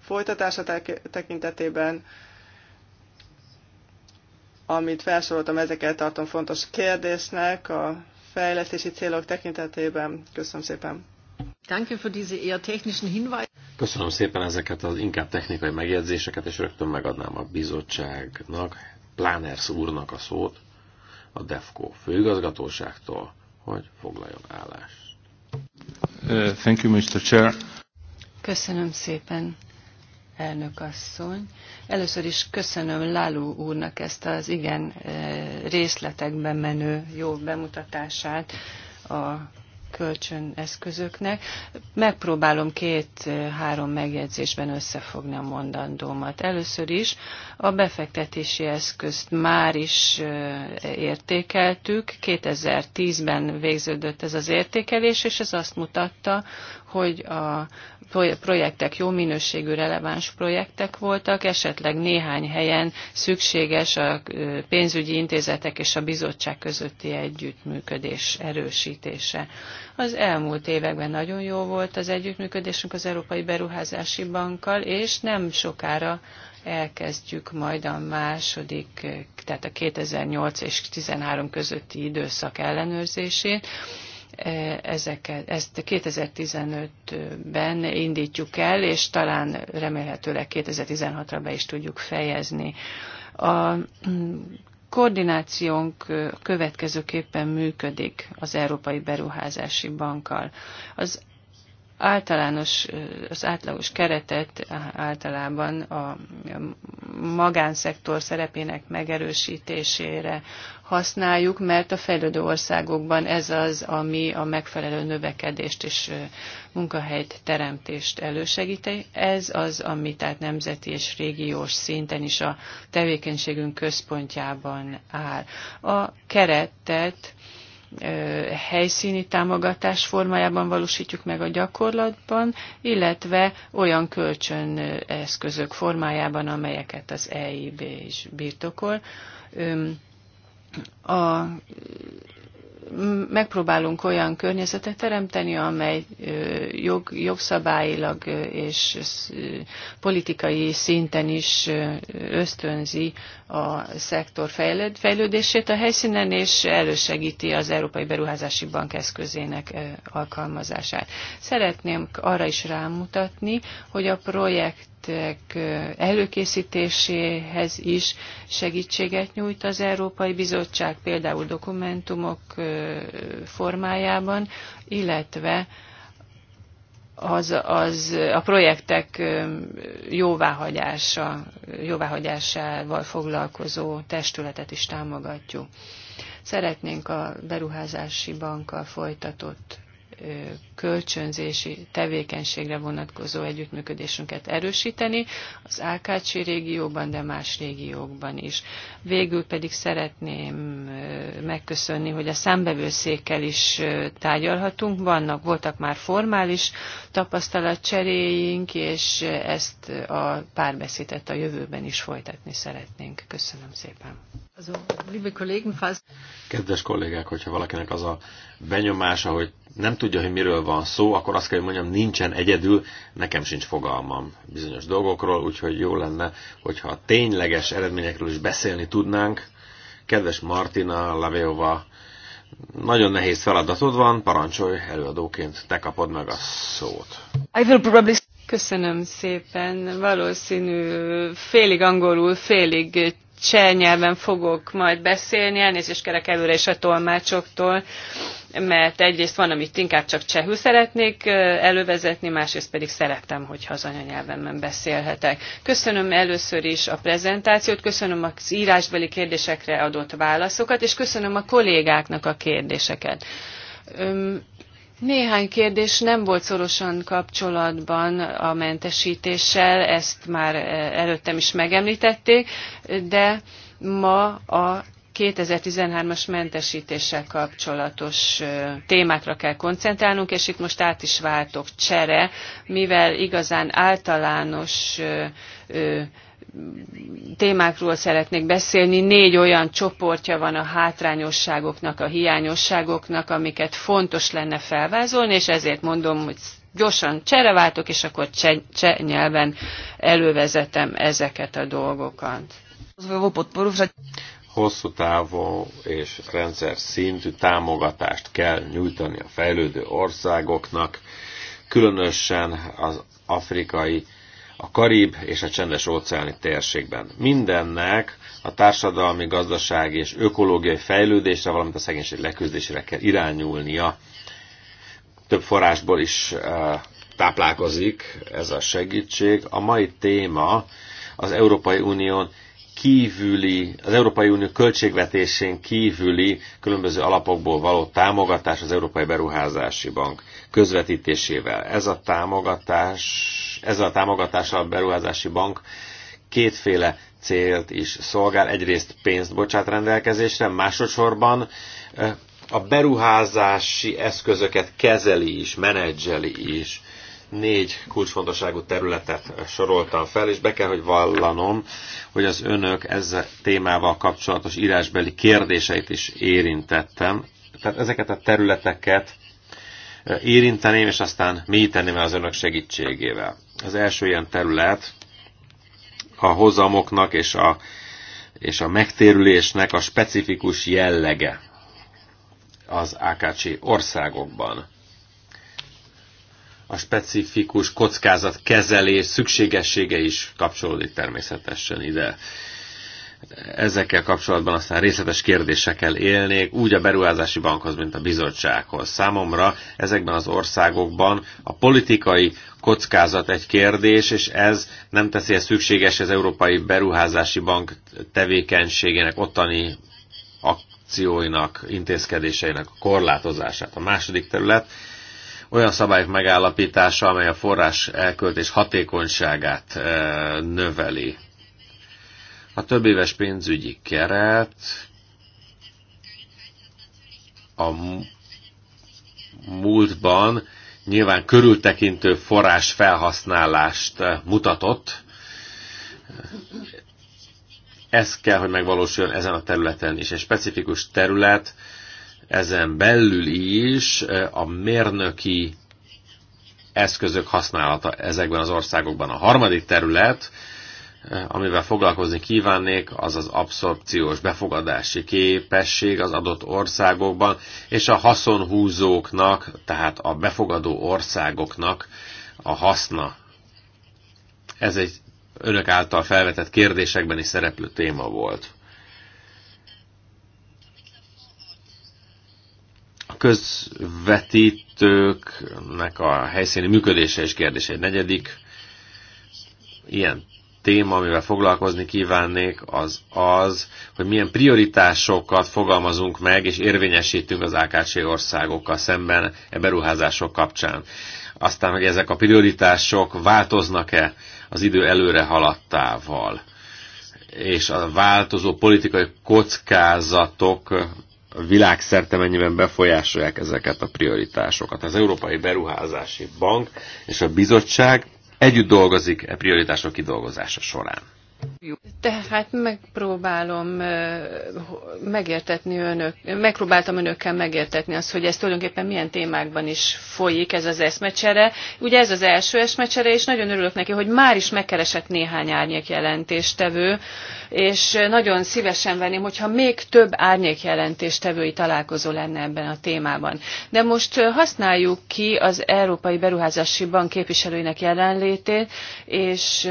folytatása tekintetében, amit felsoroltam, ezeket tartom fontos kérdésnek a fejlesztési célok tekintetében. Köszönöm szépen! Köszönöm szépen ezeket az inkább technikai megjegyzéseket, és rögtön megadnám a bizottságnak, Pláners úrnak a szót a DEFCO főigazgatóságtól hogy foglaljon állást. Uh, thank you, Mr. Chair. Köszönöm szépen, elnök asszony. Először is köszönöm lálu úrnak ezt az igen uh, részletekben menő jó bemutatását a kölcsöneszközöknek. Megpróbálom két-három megjegyzésben összefogni a mondandómat. Először is a befektetési eszközt már is értékeltük. 2010-ben végződött ez az értékelés, és ez azt mutatta, hogy a projektek jó minőségű, releváns projektek voltak, esetleg néhány helyen szükséges a pénzügyi intézetek és a bizottság közötti együttműködés erősítése. Az elmúlt években nagyon jó volt az együttműködésünk az Európai Beruházási Bankkal, és nem sokára elkezdjük majd a második, tehát a 2008 és 2013 közötti időszak ellenőrzését. E, ezeket, ezt 2015-ben indítjuk el, és talán remélhetőleg 2016-ra be is tudjuk fejezni. A koordinációnk következőképpen működik az Európai Beruházási Bankkal. Az általános, az átlagos keretet általában a magánszektor szerepének megerősítésére használjuk, mert a fejlődő országokban ez az, ami a megfelelő növekedést és munkahelyt teremtést elősegíti. Ez az, ami tehát nemzeti és régiós szinten is a tevékenységünk központjában áll. A keretet helyszíni támogatás formájában valósítjuk meg a gyakorlatban, illetve olyan kölcsöneszközök formájában, amelyeket az EIB is birtokol. A, megpróbálunk olyan környezetet teremteni, amely jog, jogszabályilag és politikai szinten is ösztönzi a szektor fejlődését a helyszínen, és elősegíti az Európai Beruházási Bank eszközének alkalmazását. Szeretném arra is rámutatni, hogy a projekt előkészítéséhez is segítséget nyújt az Európai Bizottság, például dokumentumok formájában, illetve az, az a projektek jóváhagyása, jóváhagyásával foglalkozó testületet is támogatjuk. Szeretnénk a beruházási bankkal folytatott kölcsönzési tevékenységre vonatkozó együttműködésünket erősíteni az Ákácsi régióban, de más régiókban is. Végül pedig szeretném megköszönni, hogy a számbevőszékkel is tárgyalhatunk. Vannak, voltak már formális tapasztalatcseréink, és ezt a párbeszédet a jövőben is folytatni szeretnénk. Köszönöm szépen. Kedves kollégák, hogyha valakinek az a benyomása, hogy nem tudja, hogy miről van szó, akkor azt kell, hogy mondjam, nincsen egyedül, nekem sincs fogalmam bizonyos dolgokról, úgyhogy jó lenne, hogyha a tényleges eredményekről is beszélni tudnánk. Kedves Martina Laveova, nagyon nehéz feladatod van, parancsolj előadóként, te kapod meg a szót. I will probably... Köszönöm szépen, valószínű félig angolul, félig cseh nyelven fogok majd beszélni, elnézést kerek előre is a tolmácsoktól, mert egyrészt van, amit inkább csak csehül szeretnék elővezetni, másrészt pedig szeretem, hogy az anyanyelvemben beszélhetek. Köszönöm először is a prezentációt, köszönöm az írásbeli kérdésekre adott válaszokat, és köszönöm a kollégáknak a kérdéseket. Néhány kérdés nem volt szorosan kapcsolatban a mentesítéssel, ezt már e, előttem is megemlítették, de ma a 2013-as mentesítéssel kapcsolatos e, témákra kell koncentrálnunk, és itt most át is váltok csere, mivel igazán általános e, témákról szeretnék beszélni. Négy olyan csoportja van a hátrányosságoknak, a hiányosságoknak, amiket fontos lenne felvázolni, és ezért mondom, hogy gyorsan csereváltok, és akkor cseh, nyelven elővezetem ezeket a dolgokat. Hosszú távú és rendszer szintű támogatást kell nyújtani a fejlődő országoknak, különösen az afrikai a Karib és a csendes óceáni térségben. Mindennek a társadalmi, gazdasági és ökológiai fejlődésre, valamint a szegénység leküzdésére kell irányulnia. Több forrásból is eh, táplálkozik ez a segítség. A mai téma az Európai Unión kívüli, az Európai Unió költségvetésén kívüli különböző alapokból való támogatás az Európai Beruházási Bank közvetítésével. Ez a támogatás, ezzel a támogatással a beruházási bank kétféle célt is szolgál. Egyrészt pénzt bocsát rendelkezésre, másodszorban eh, a beruházási eszközöket kezeli is, menedzseli is. Négy kulcsfontosságú területet soroltam fel, és be kell, hogy vallanom, hogy az önök ezzel témával kapcsolatos írásbeli kérdéseit is érintettem. Tehát ezeket a területeket érinteném, és aztán mélyíteném el az önök segítségével. Az első ilyen terület a hozamoknak és a, és a megtérülésnek a specifikus jellege az AKC országokban. A specifikus kezelés szükségessége is kapcsolódik természetesen ide. Ezekkel kapcsolatban aztán részletes kérdésekkel élnék, úgy a beruházási bankhoz, mint a bizottsághoz. Számomra ezekben az országokban a politikai kockázat egy kérdés, és ez nem teszi ezt szükséges az Európai Beruházási Bank tevékenységének, ottani akcióinak, intézkedéseinek a korlátozását. A második terület olyan szabályok megállapítása, amely a forrás elköltés hatékonyságát eh, növeli a több éves pénzügyi keret a múltban nyilván körültekintő forrás felhasználást mutatott. Ez kell, hogy megvalósuljon ezen a területen is. Egy specifikus terület, ezen belül is a mérnöki eszközök használata ezekben az országokban. A harmadik terület Eh, amivel foglalkozni kívánnék, az az abszorpciós befogadási képesség az adott országokban, és a haszonhúzóknak, tehát a befogadó országoknak a haszna. Ez egy önök által felvetett kérdésekben is szereplő téma volt. A közvetítőknek a helyszíni működése is kérdés egy negyedik ilyen téma, amivel foglalkozni kívánnék, az az, hogy milyen prioritásokat fogalmazunk meg és érvényesítünk az AKC országokkal szemben e beruházások kapcsán. Aztán, hogy ezek a prioritások változnak-e az idő előre haladtával, és a változó politikai kockázatok világszerte mennyiben befolyásolják ezeket a prioritásokat. Az Európai Beruházási Bank és a Bizottság együtt dolgozik e prioritások kidolgozása során. Tehát megpróbálom megértetni önök, megpróbáltam önökkel megértetni azt, hogy ez tulajdonképpen milyen témákban is folyik ez az eszmecsere. Ugye ez az első eszmecsere, és nagyon örülök neki, hogy már is megkeresett néhány árnyék jelentéstevő, és nagyon szívesen venném, hogyha még több árnyék jelentéstevői találkozó lenne ebben a témában. De most használjuk ki az Európai Beruházási Bank képviselőinek jelenlétét, és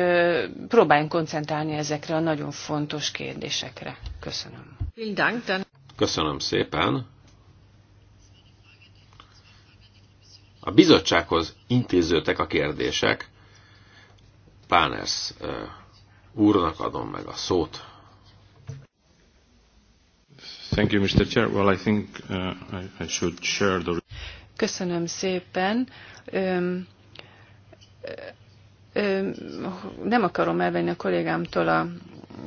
próbáljunk koncentrálni koncentrálni ezekre a nagyon fontos kérdésekre. Köszönöm. Köszönöm szépen. A bizottsághoz intéződtek a kérdések. Páners úrnak adom meg a szót. Thank you, Mr. Chair. Well, I think uh, I, I should share the... Köszönöm szépen. Um, uh, nem akarom elvenni a kollégámtól a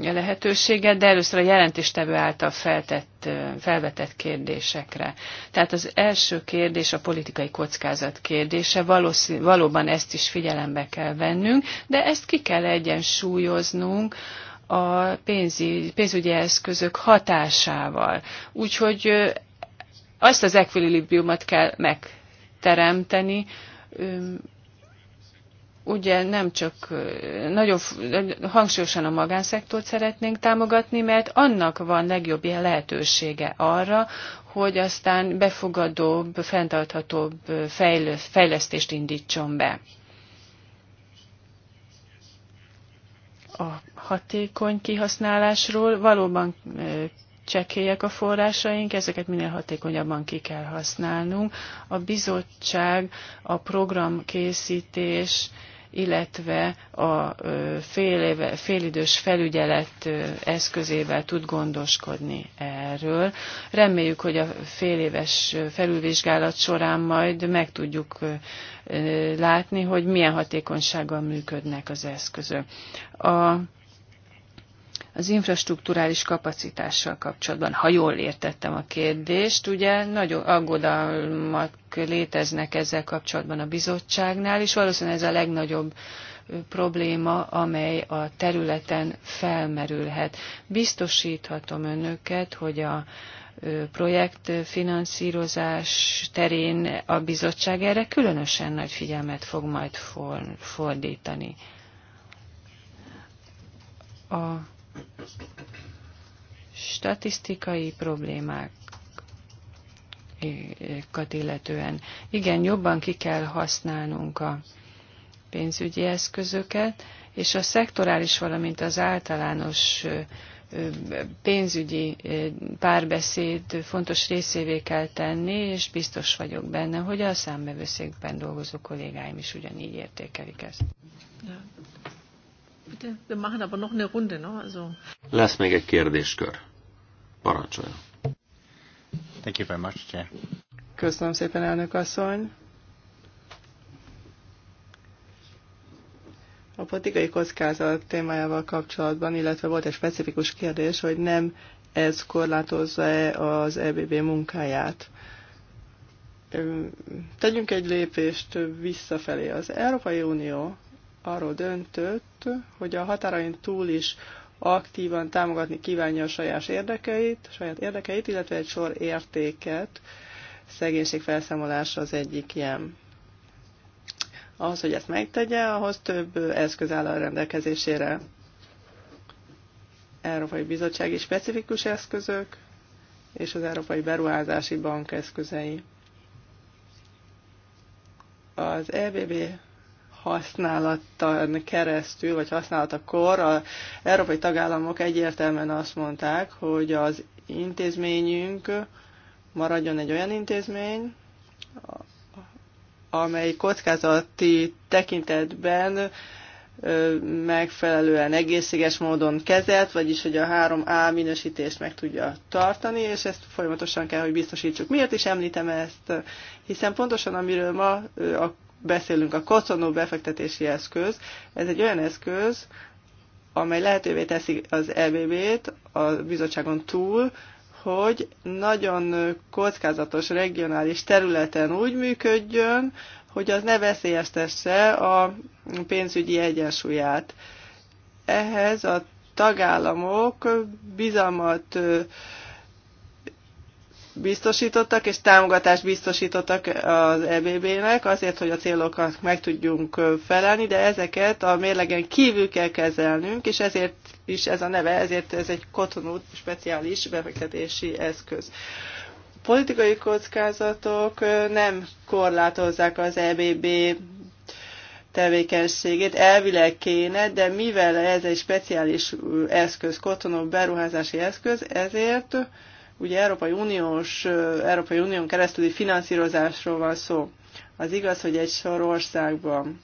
lehetőséget, de először a jelentéstevő által feltett, felvetett kérdésekre. Tehát az első kérdés a politikai kockázat kérdése, Valószín, valóban ezt is figyelembe kell vennünk, de ezt ki kell egyensúlyoznunk a pénzi, pénzügyi eszközök hatásával. Úgyhogy azt az equilibriumot kell megteremteni, ugye nem csak nagyon hangsúlyosan a magánszektort szeretnénk támogatni, mert annak van legjobb ilyen lehetősége arra, hogy aztán befogadóbb, fenntarthatóbb fejlesztést indítson be. A hatékony kihasználásról valóban csekélyek a forrásaink, ezeket minél hatékonyabban ki kell használnunk. A bizottság, a programkészítés, illetve a fél éve, félidős felügyelet eszközével tud gondoskodni erről. Reméljük, hogy a féléves felülvizsgálat során majd meg tudjuk látni, hogy milyen hatékonysággal működnek az eszközök. A az infrastruktúrális kapacitással kapcsolatban, ha jól értettem a kérdést, ugye nagyon aggodalmak léteznek ezzel kapcsolatban a bizottságnál, és valószínűleg ez a legnagyobb probléma, amely a területen felmerülhet. Biztosíthatom önöket, hogy a projektfinanszírozás terén a bizottság erre különösen nagy figyelmet fog majd fordítani. A Statisztikai problémákat illetően. Igen, jobban ki kell használnunk a pénzügyi eszközöket, és a szektorális, valamint az általános pénzügyi párbeszéd fontos részévé kell tenni, és biztos vagyok benne, hogy a számbevőszékben dolgozó kollégáim is ugyanígy értékelik ezt. Lesz még egy kérdéskör. Parancsoljon. Thank you very much, Chair. Köszönöm szépen, elnök asszony. A politikai kockázat témájával kapcsolatban, illetve volt egy specifikus kérdés, hogy nem ez korlátozza-e az EBB munkáját. Tegyünk egy lépést visszafelé. Az Európai Unió arról döntött, hogy a határain túl is aktívan támogatni kívánja a saját érdekeit, saját érdekeit, illetve egy sor értéket, szegénység felszámolása az egyik ilyen. Ahhoz, hogy ezt megtegye, ahhoz több eszköz áll a rendelkezésére. Európai Bizottsági specifikus eszközök és az Európai Beruházási Bank eszközei. Az EBB használatán keresztül, vagy használatakor az európai tagállamok egyértelműen azt mondták, hogy az intézményünk maradjon egy olyan intézmény, amely kockázati tekintetben megfelelően egészséges módon kezelt, vagyis hogy a 3A minősítést meg tudja tartani, és ezt folyamatosan kell, hogy biztosítsuk. Miért is említem ezt? Hiszen pontosan amiről ma a beszélünk, a koszonó befektetési eszköz, ez egy olyan eszköz, amely lehetővé teszi az EBB-t a bizottságon túl, hogy nagyon kockázatos regionális területen úgy működjön, hogy az ne veszélyeztesse a pénzügyi egyensúlyát. Ehhez a tagállamok bizalmat biztosítottak, és támogatást biztosítottak az EBB-nek azért, hogy a célokat meg tudjunk felelni, de ezeket a mérlegen kívül kell kezelnünk, és ezért is ez a neve, ezért ez egy kotonú speciális befektetési eszköz. Politikai kockázatok nem korlátozzák az EBB tevékenységét elvileg kéne, de mivel ez egy speciális eszköz, kotonó beruházási eszköz, ezért Ugye Európai Uniós, Európai Unión keresztüli finanszírozásról van szó. Az igaz, hogy egy sor országban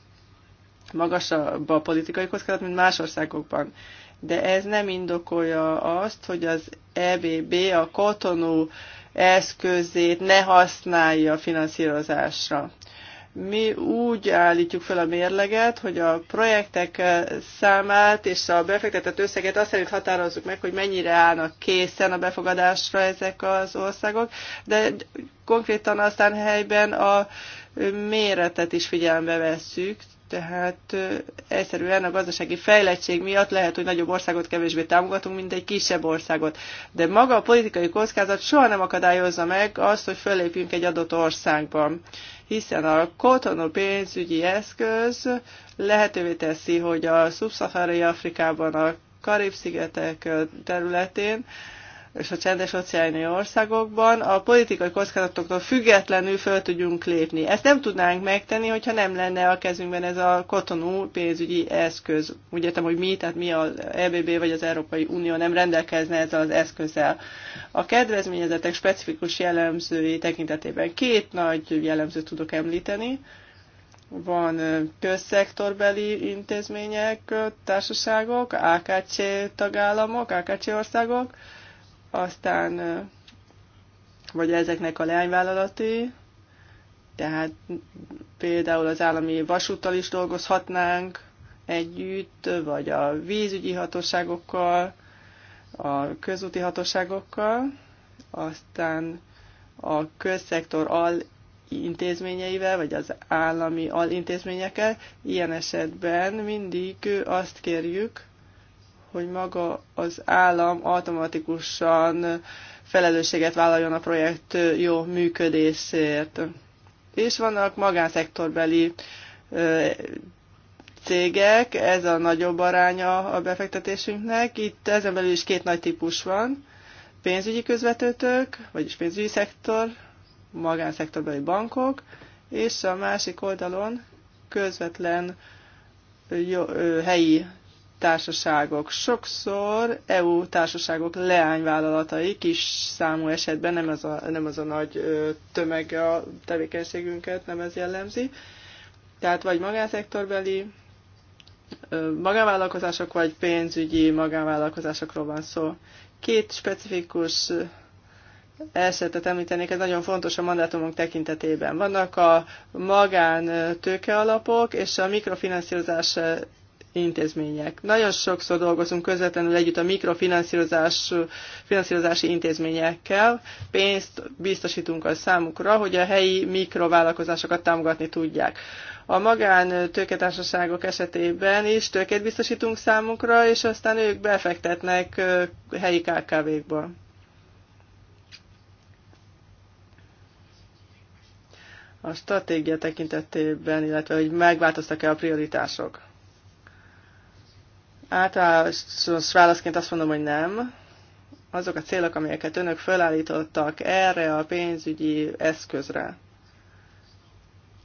magasabb a politikai kockázat, mint más országokban. De ez nem indokolja azt, hogy az EBB a kotonú eszközét ne használja finanszírozásra. Mi úgy állítjuk fel a mérleget, hogy a projektek számát és a befektetett összeget azt szerint határozzuk meg, hogy mennyire állnak készen a befogadásra ezek az országok, de konkrétan aztán helyben a méretet is figyelembe vesszük, tehát egyszerűen a gazdasági fejlettség miatt lehet, hogy nagyobb országot kevésbé támogatunk, mint egy kisebb országot. De maga a politikai kockázat soha nem akadályozza meg azt, hogy fölépjünk egy adott országban. Hiszen a kotonó pénzügyi eszköz lehetővé teszi, hogy a szubszaharai Afrikában, a Karib-szigetek területén és a csendes oceáni országokban a politikai kockázatoktól függetlenül föl tudjunk lépni. Ezt nem tudnánk megtenni, hogyha nem lenne a kezünkben ez a kotonú pénzügyi eszköz. Úgy értem, hogy mi, tehát mi az EBB vagy az Európai Unió nem rendelkezne ezzel az eszközzel. A kedvezményezetek specifikus jellemzői tekintetében két nagy jellemzőt tudok említeni. Van közszektorbeli intézmények, társaságok, AKC tagállamok, AKC országok, aztán vagy ezeknek a leányvállalati, tehát például az állami vasúttal is dolgozhatnánk együtt, vagy a vízügyi hatóságokkal, a közúti hatóságokkal, aztán a közszektor al intézményeivel, vagy az állami alintézményekkel. Ilyen esetben mindig azt kérjük, hogy maga az állam automatikusan felelősséget vállaljon a projekt jó működésért. És vannak magánszektorbeli cégek, ez a nagyobb aránya a befektetésünknek. Itt ezen belül is két nagy típus van. Pénzügyi közvetőtök vagyis pénzügyi szektor, magánszektorbeli bankok, és a másik oldalon közvetlen helyi társaságok. Sokszor EU társaságok leányvállalatai kis számú esetben, nem az a, nem az a nagy tömeg a tevékenységünket, nem ez jellemzi. Tehát vagy magánszektorbeli magánvállalkozások, vagy pénzügyi magánvállalkozásokról van szó. Két specifikus esetet említenék, ez nagyon fontos a mandátumunk tekintetében. Vannak a magán tőkealapok és a mikrofinanszírozás intézmények. Nagyon sokszor dolgozunk közvetlenül együtt a mikrofinanszírozás finanszírozási intézményekkel. Pénzt biztosítunk a számukra, hogy a helyi mikrovállalkozásokat támogatni tudják. A magán tőketársaságok esetében is tőkét biztosítunk számukra, és aztán ők befektetnek helyi KKV-kba. A stratégia tekintetében, illetve hogy megváltoztak-e a prioritások. Általános válaszként azt mondom, hogy nem. Azok a célok, amelyeket önök felállítottak erre a pénzügyi eszközre.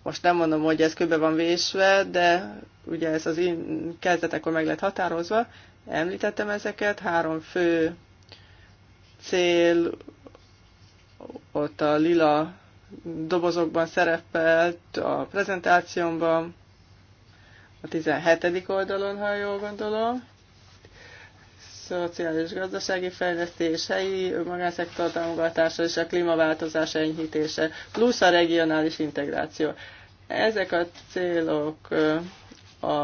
Most nem mondom, hogy ez köbe van vésve, de ugye ez az én kezdetekor meg lett határozva. Említettem ezeket, három fő cél, ott a lila dobozokban szerepelt a prezentációmban, a 17. oldalon, ha jól gondolom, szociális gazdasági fejlesztés, helyi magánszektor támogatása és a klímaváltozás enyhítése, plusz a regionális integráció. Ezek a célok, a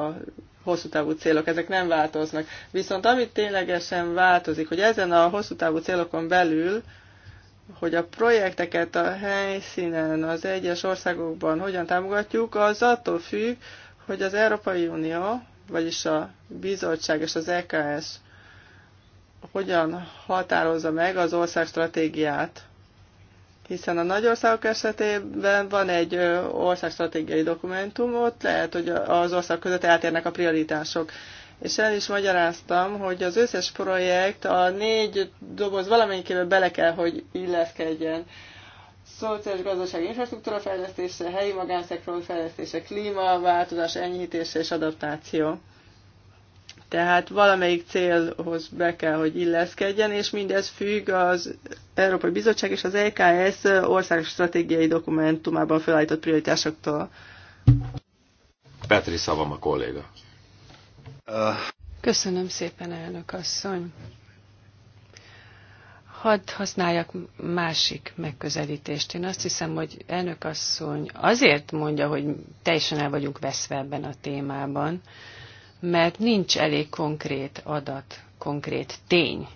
hosszú távú célok, ezek nem változnak. Viszont amit ténylegesen változik, hogy ezen a hosszú távú célokon belül, hogy a projekteket a helyszínen, az egyes országokban hogyan támogatjuk, az attól függ, hogy az Európai Unió, vagyis a bizottság és az EKS hogyan határozza meg az ország stratégiát. Hiszen a nagy országok esetében van egy országstratégiai dokumentum, ott lehet, hogy az ország között eltérnek a prioritások. És el is magyaráztam, hogy az összes projekt a négy doboz valamelyikébe bele kell, hogy illeszkedjen szociális gazdasági infrastruktúra fejlesztése, helyi magánszektor fejlesztése, klímaváltozás enyhítése és adaptáció. Tehát valamelyik célhoz be kell, hogy illeszkedjen, és mindez függ az Európai Bizottság és az EKS országos stratégiai dokumentumában felállított prioritásoktól. Petri Szavam a kolléga. Köszönöm szépen, elnök asszony hadd használjak másik megközelítést. Én azt hiszem, hogy elnök asszony azért mondja, hogy teljesen el vagyunk veszve ebben a témában, mert nincs elég konkrét adat, konkrét tény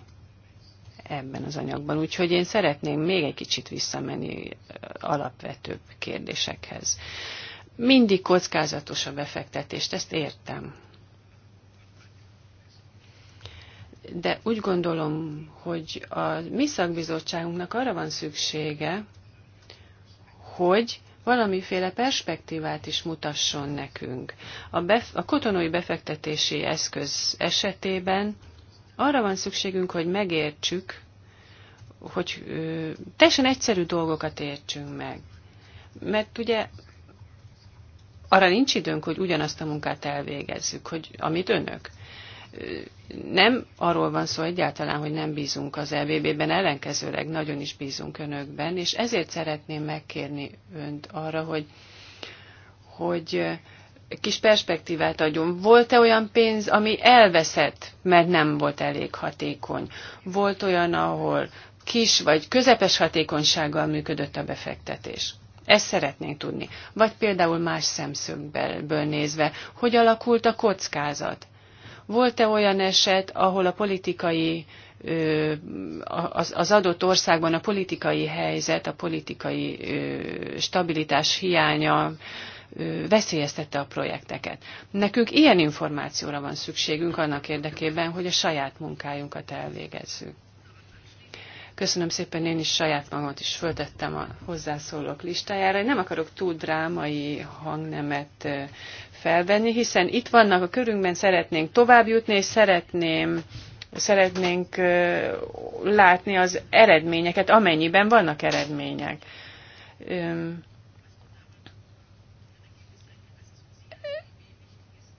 ebben az anyagban. Úgyhogy én szeretném még egy kicsit visszamenni alapvetőbb kérdésekhez. Mindig kockázatos a befektetést, ezt értem. de úgy gondolom, hogy a mi szakbizottságunknak arra van szüksége, hogy valamiféle perspektívát is mutasson nekünk. A, bef- a kotonói befektetési eszköz esetében arra van szükségünk, hogy megértsük, hogy ö, teljesen egyszerű dolgokat értsünk meg. Mert ugye arra nincs időnk, hogy ugyanazt a munkát elvégezzük, hogy amit önök nem arról van szó egyáltalán, hogy nem bízunk az LVB-ben, e ellenkezőleg nagyon is bízunk önökben, és ezért szeretném megkérni önt arra, hogy, hogy kis perspektívát adjon. Volt-e olyan pénz, ami elveszett, mert nem volt elég hatékony? Volt olyan, ahol kis vagy közepes hatékonysággal működött a befektetés? Ezt szeretnénk tudni. Vagy például más szemszögből nézve, hogy alakult a kockázat? Volt-e olyan eset, ahol a politikai az adott országban a politikai helyzet, a politikai stabilitás hiánya veszélyeztette a projekteket. Nekünk ilyen információra van szükségünk annak érdekében, hogy a saját munkájunkat elvégezzük. Köszönöm szépen, én is saját magamat is föltettem a hozzászólók listájára. Nem akarok túl drámai hangnemet felvenni, hiszen itt vannak a körünkben, szeretnénk tovább jutni, és szeretném szeretnénk látni az eredményeket, amennyiben vannak eredmények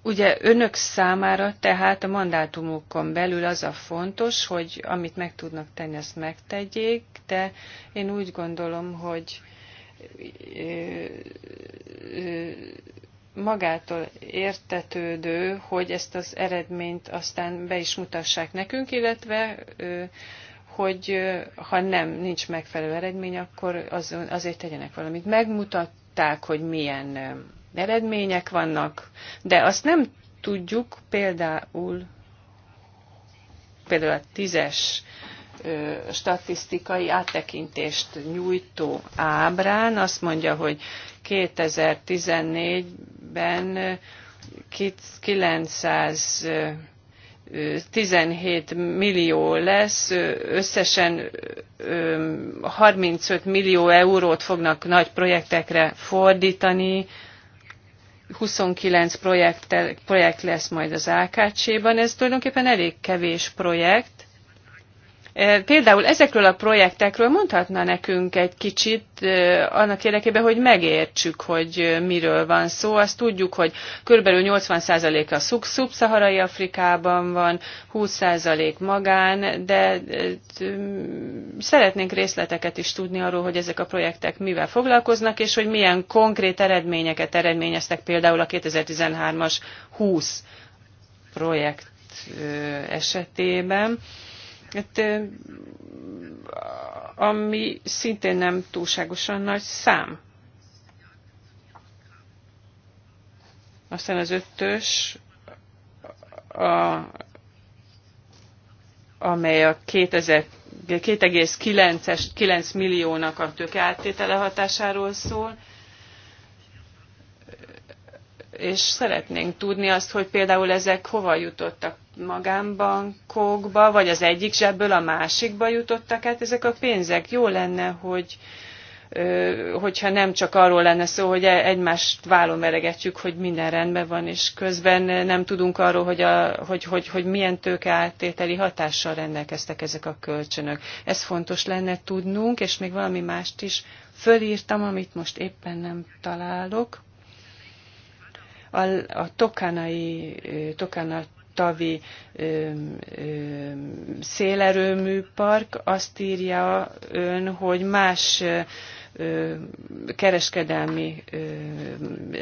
Ugye önök számára tehát a mandátumokon belül az a fontos, hogy amit meg tudnak tenni, azt megtegyék, de én úgy gondolom, hogy magától értetődő, hogy ezt az eredményt aztán be is mutassák nekünk, illetve hogy ha nem, nincs megfelelő eredmény, akkor az, azért tegyenek valamit. Megmutatták, hogy milyen eredmények vannak, de azt nem tudjuk például, például a tízes statisztikai áttekintést nyújtó ábrán azt mondja, hogy 2014-ben 900 17 millió lesz, összesen 35 millió eurót fognak nagy projektekre fordítani, 29 projekt, projekt lesz majd az AKC-ban. Ez tulajdonképpen elég kevés projekt, Például ezekről a projektekről mondhatna nekünk egy kicsit annak érdekében, hogy megértsük, hogy miről van szó. Azt tudjuk, hogy kb. 80% a szubszaharai Afrikában van, 20% magán, de szeretnénk részleteket is tudni arról, hogy ezek a projektek mivel foglalkoznak, és hogy milyen konkrét eredményeket eredményeztek például a 2013-as 20 projekt esetében Hát, ami szintén nem túlságosan nagy szám. Aztán az ötös, a, amely a 2,9 milliónak a tök áttétele hatásáról szól, és szeretnénk tudni azt, hogy például ezek hova jutottak magánbankokba, vagy az egyik zsebből a másikba jutottak át ezek a pénzek. Jó lenne, hogy hogyha nem csak arról lenne szó, hogy e- egymást vállon veregetjük, hogy minden rendben van, és közben nem tudunk arról, hogy, a, hogy, hogy, hogy milyen tőkeáttételi hatással rendelkeztek ezek a kölcsönök. Ez fontos lenne tudnunk, és még valami mást is fölírtam, amit most éppen nem találok. A, a tokanai, tokana tavi szélerőmű park, azt írja ön, hogy más kereskedelmi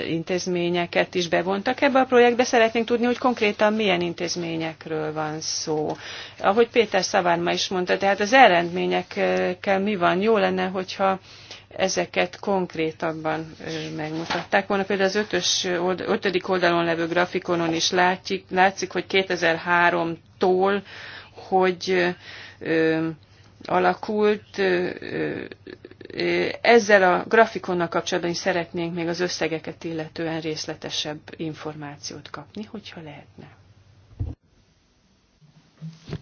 intézményeket is bevontak ebbe a projektbe. Szeretnénk tudni, hogy konkrétan milyen intézményekről van szó. Ahogy Péter Szavárma is mondta, tehát az eredményekkel mi van? Jó lenne, hogyha ezeket konkrétabban megmutatták volna. Például az ötös, ötödik oldalon levő grafikonon is látszik, látszik hogy 2003-tól, hogy ö, alakult. Ezzel a grafikonnal kapcsolatban is szeretnénk még az összegeket illetően részletesebb információt kapni, hogyha lehetne.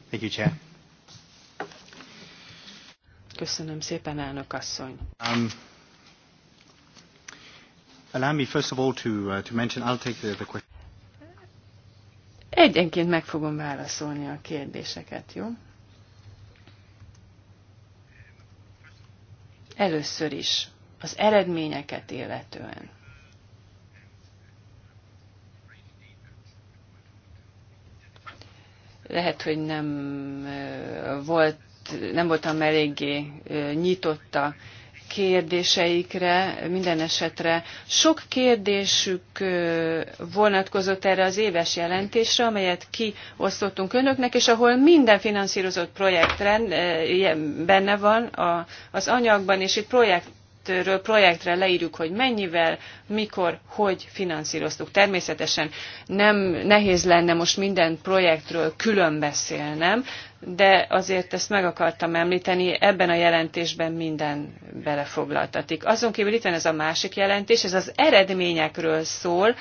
Thank you, Chair. Köszönöm szépen, elnök asszony. Um, allow me first of all to, uh, to mention, I'll take the, the question. Egyenként meg fogom válaszolni a kérdéseket, jó? Először is az eredményeket illetően. Lehet, hogy nem volt nem voltam eléggé nyitott a kérdéseikre, minden esetre. Sok kérdésük vonatkozott erre az éves jelentésre, amelyet kiosztottunk önöknek, és ahol minden finanszírozott projekt benne van az anyagban, és itt projekt projektről projektre leírjuk, hogy mennyivel, mikor, hogy finanszíroztuk. Természetesen nem nehéz lenne most minden projektről külön beszélnem, de azért ezt meg akartam említeni, ebben a jelentésben minden belefoglaltatik. Azon kívül itt van ez a másik jelentés, ez az eredményekről szól,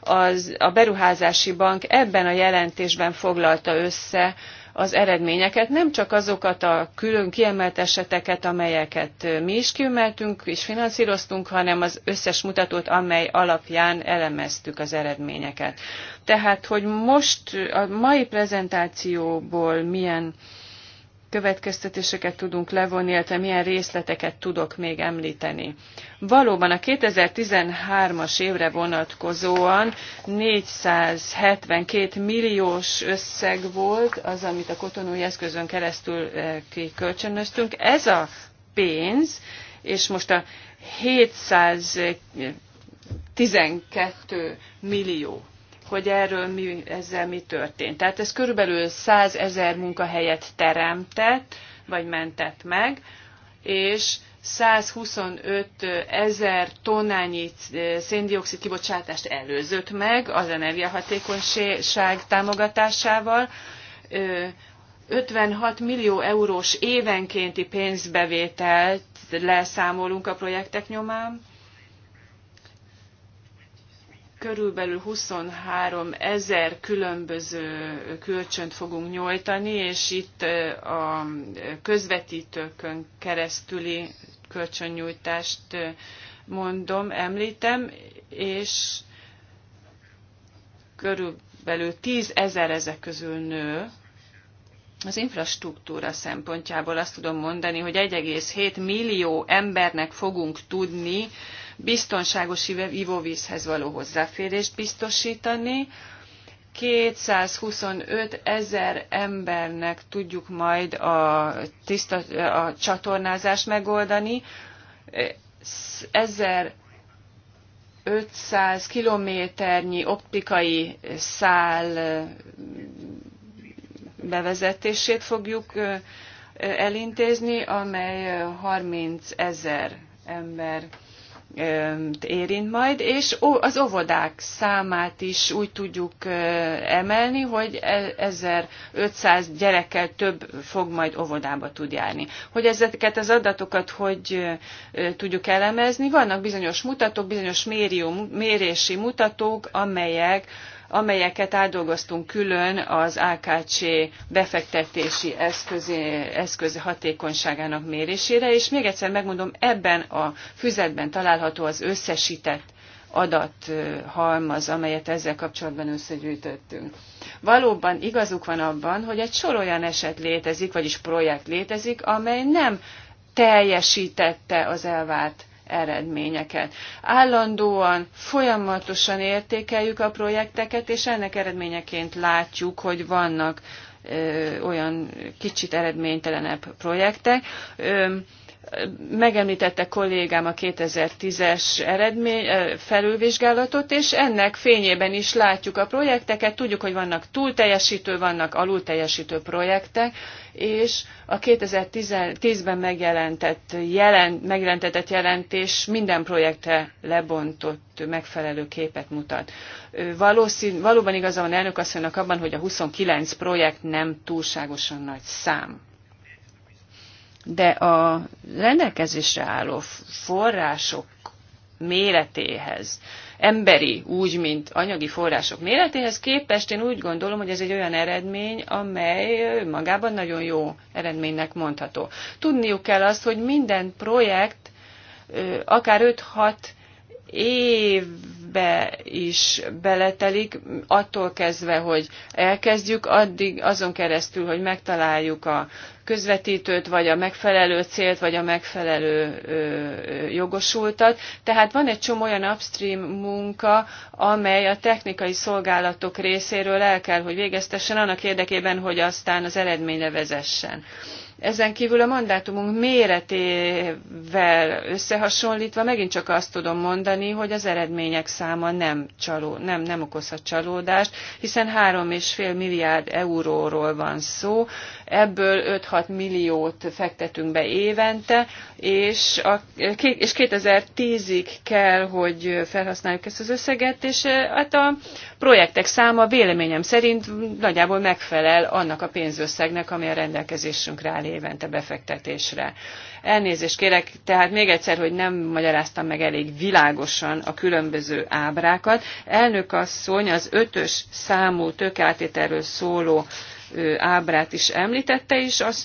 az, a beruházási bank ebben a jelentésben foglalta össze az eredményeket, nem csak azokat a külön kiemelt eseteket, amelyeket mi is kiemeltünk és finanszíroztunk, hanem az összes mutatót, amely alapján elemeztük az eredményeket. Tehát, hogy most a mai prezentációból milyen következtetéseket tudunk levonni, illetve milyen részleteket tudok még említeni. Valóban a 2013-as évre vonatkozóan 472 milliós összeg volt az, amit a kotonói eszközön keresztül eh, kölcsönöztünk. Ez a pénz, és most a 712 millió hogy erről mi, ezzel mi történt. Tehát ez körülbelül 100 ezer munkahelyet teremtett, vagy mentett meg, és 125 ezer tonnányi széndiokszid kibocsátást előzött meg az energiahatékonyság támogatásával, 56 millió eurós évenkénti pénzbevételt leszámolunk a projektek nyomán, körülbelül 23 ezer különböző kölcsönt fogunk nyújtani, és itt a közvetítőkön keresztüli kölcsönnyújtást mondom, említem, és körülbelül 10 ezer ezek közül nő. Az infrastruktúra szempontjából azt tudom mondani, hogy 1,7 millió embernek fogunk tudni biztonságos ivóvízhez való hozzáférést biztosítani. 225 ezer embernek tudjuk majd a, tiszta, a csatornázást megoldani, 1500 kilométernyi optikai szál bevezetését fogjuk elintézni, amely 30 ezer ember érint majd, és az óvodák számát is úgy tudjuk emelni, hogy 1500 e, gyerekkel több fog majd óvodába tud járni. Hogy ezeket az adatokat hogy tudjuk elemezni, vannak bizonyos mutatók, bizonyos mérési mutatók, amelyek amelyeket átdolgoztunk külön az AKC befektetési eszközé, eszköz hatékonyságának mérésére, és még egyszer megmondom, ebben a füzetben található az összesített adathalmaz, amelyet ezzel kapcsolatban összegyűjtöttünk. Valóban igazuk van abban, hogy egy sor olyan eset létezik, vagyis projekt létezik, amely nem teljesítette az elvárt eredményeket. Állandóan, folyamatosan értékeljük a projekteket, és ennek eredményeként látjuk, hogy vannak olyan kicsit eredménytelenebb projektek megemlítette kollégám a 2010-es eredmény, felülvizsgálatot, és ennek fényében is látjuk a projekteket, tudjuk, hogy vannak túlteljesítő, vannak alulteljesítő projektek, és a 2010-ben megjelentett, jelent, megjelentetett jelentés minden projekte lebontott megfelelő képet mutat. Valószín, valóban igaza van elnök asszonynak abban, hogy a 29 projekt nem túlságosan nagy szám de a rendelkezésre álló források méretéhez, emberi, úgy, mint anyagi források méretéhez képest én úgy gondolom, hogy ez egy olyan eredmény, amely magában nagyon jó eredménynek mondható. Tudniuk kell azt, hogy minden projekt akár 5-6 év be is beletelik, attól kezdve, hogy elkezdjük, addig azon keresztül, hogy megtaláljuk a közvetítőt, vagy a megfelelő célt, vagy a megfelelő jogosultat. Tehát van egy csomó olyan upstream munka, amely a technikai szolgálatok részéről el kell, hogy végeztessen annak érdekében, hogy aztán az eredményre vezessen. Ezen kívül a mandátumunk méretével összehasonlítva megint csak azt tudom mondani, hogy az eredmények száma nem, csaló, nem, nem okozhat csalódást, hiszen 3,5 milliárd euróról van szó, ebből 5-6 milliót fektetünk be évente, és, a, és 2010-ig kell, hogy felhasználjuk ezt az összeget, és eh, hát a projektek száma véleményem szerint nagyjából megfelel annak a pénzösszegnek, ami a rendelkezésünkre áll évente befektetésre. Elnézést kérek, tehát még egyszer, hogy nem magyaráztam meg elég világosan a különböző ábrákat. Elnök asszony az ötös számú tökátételről szóló ábrát is említette, és azt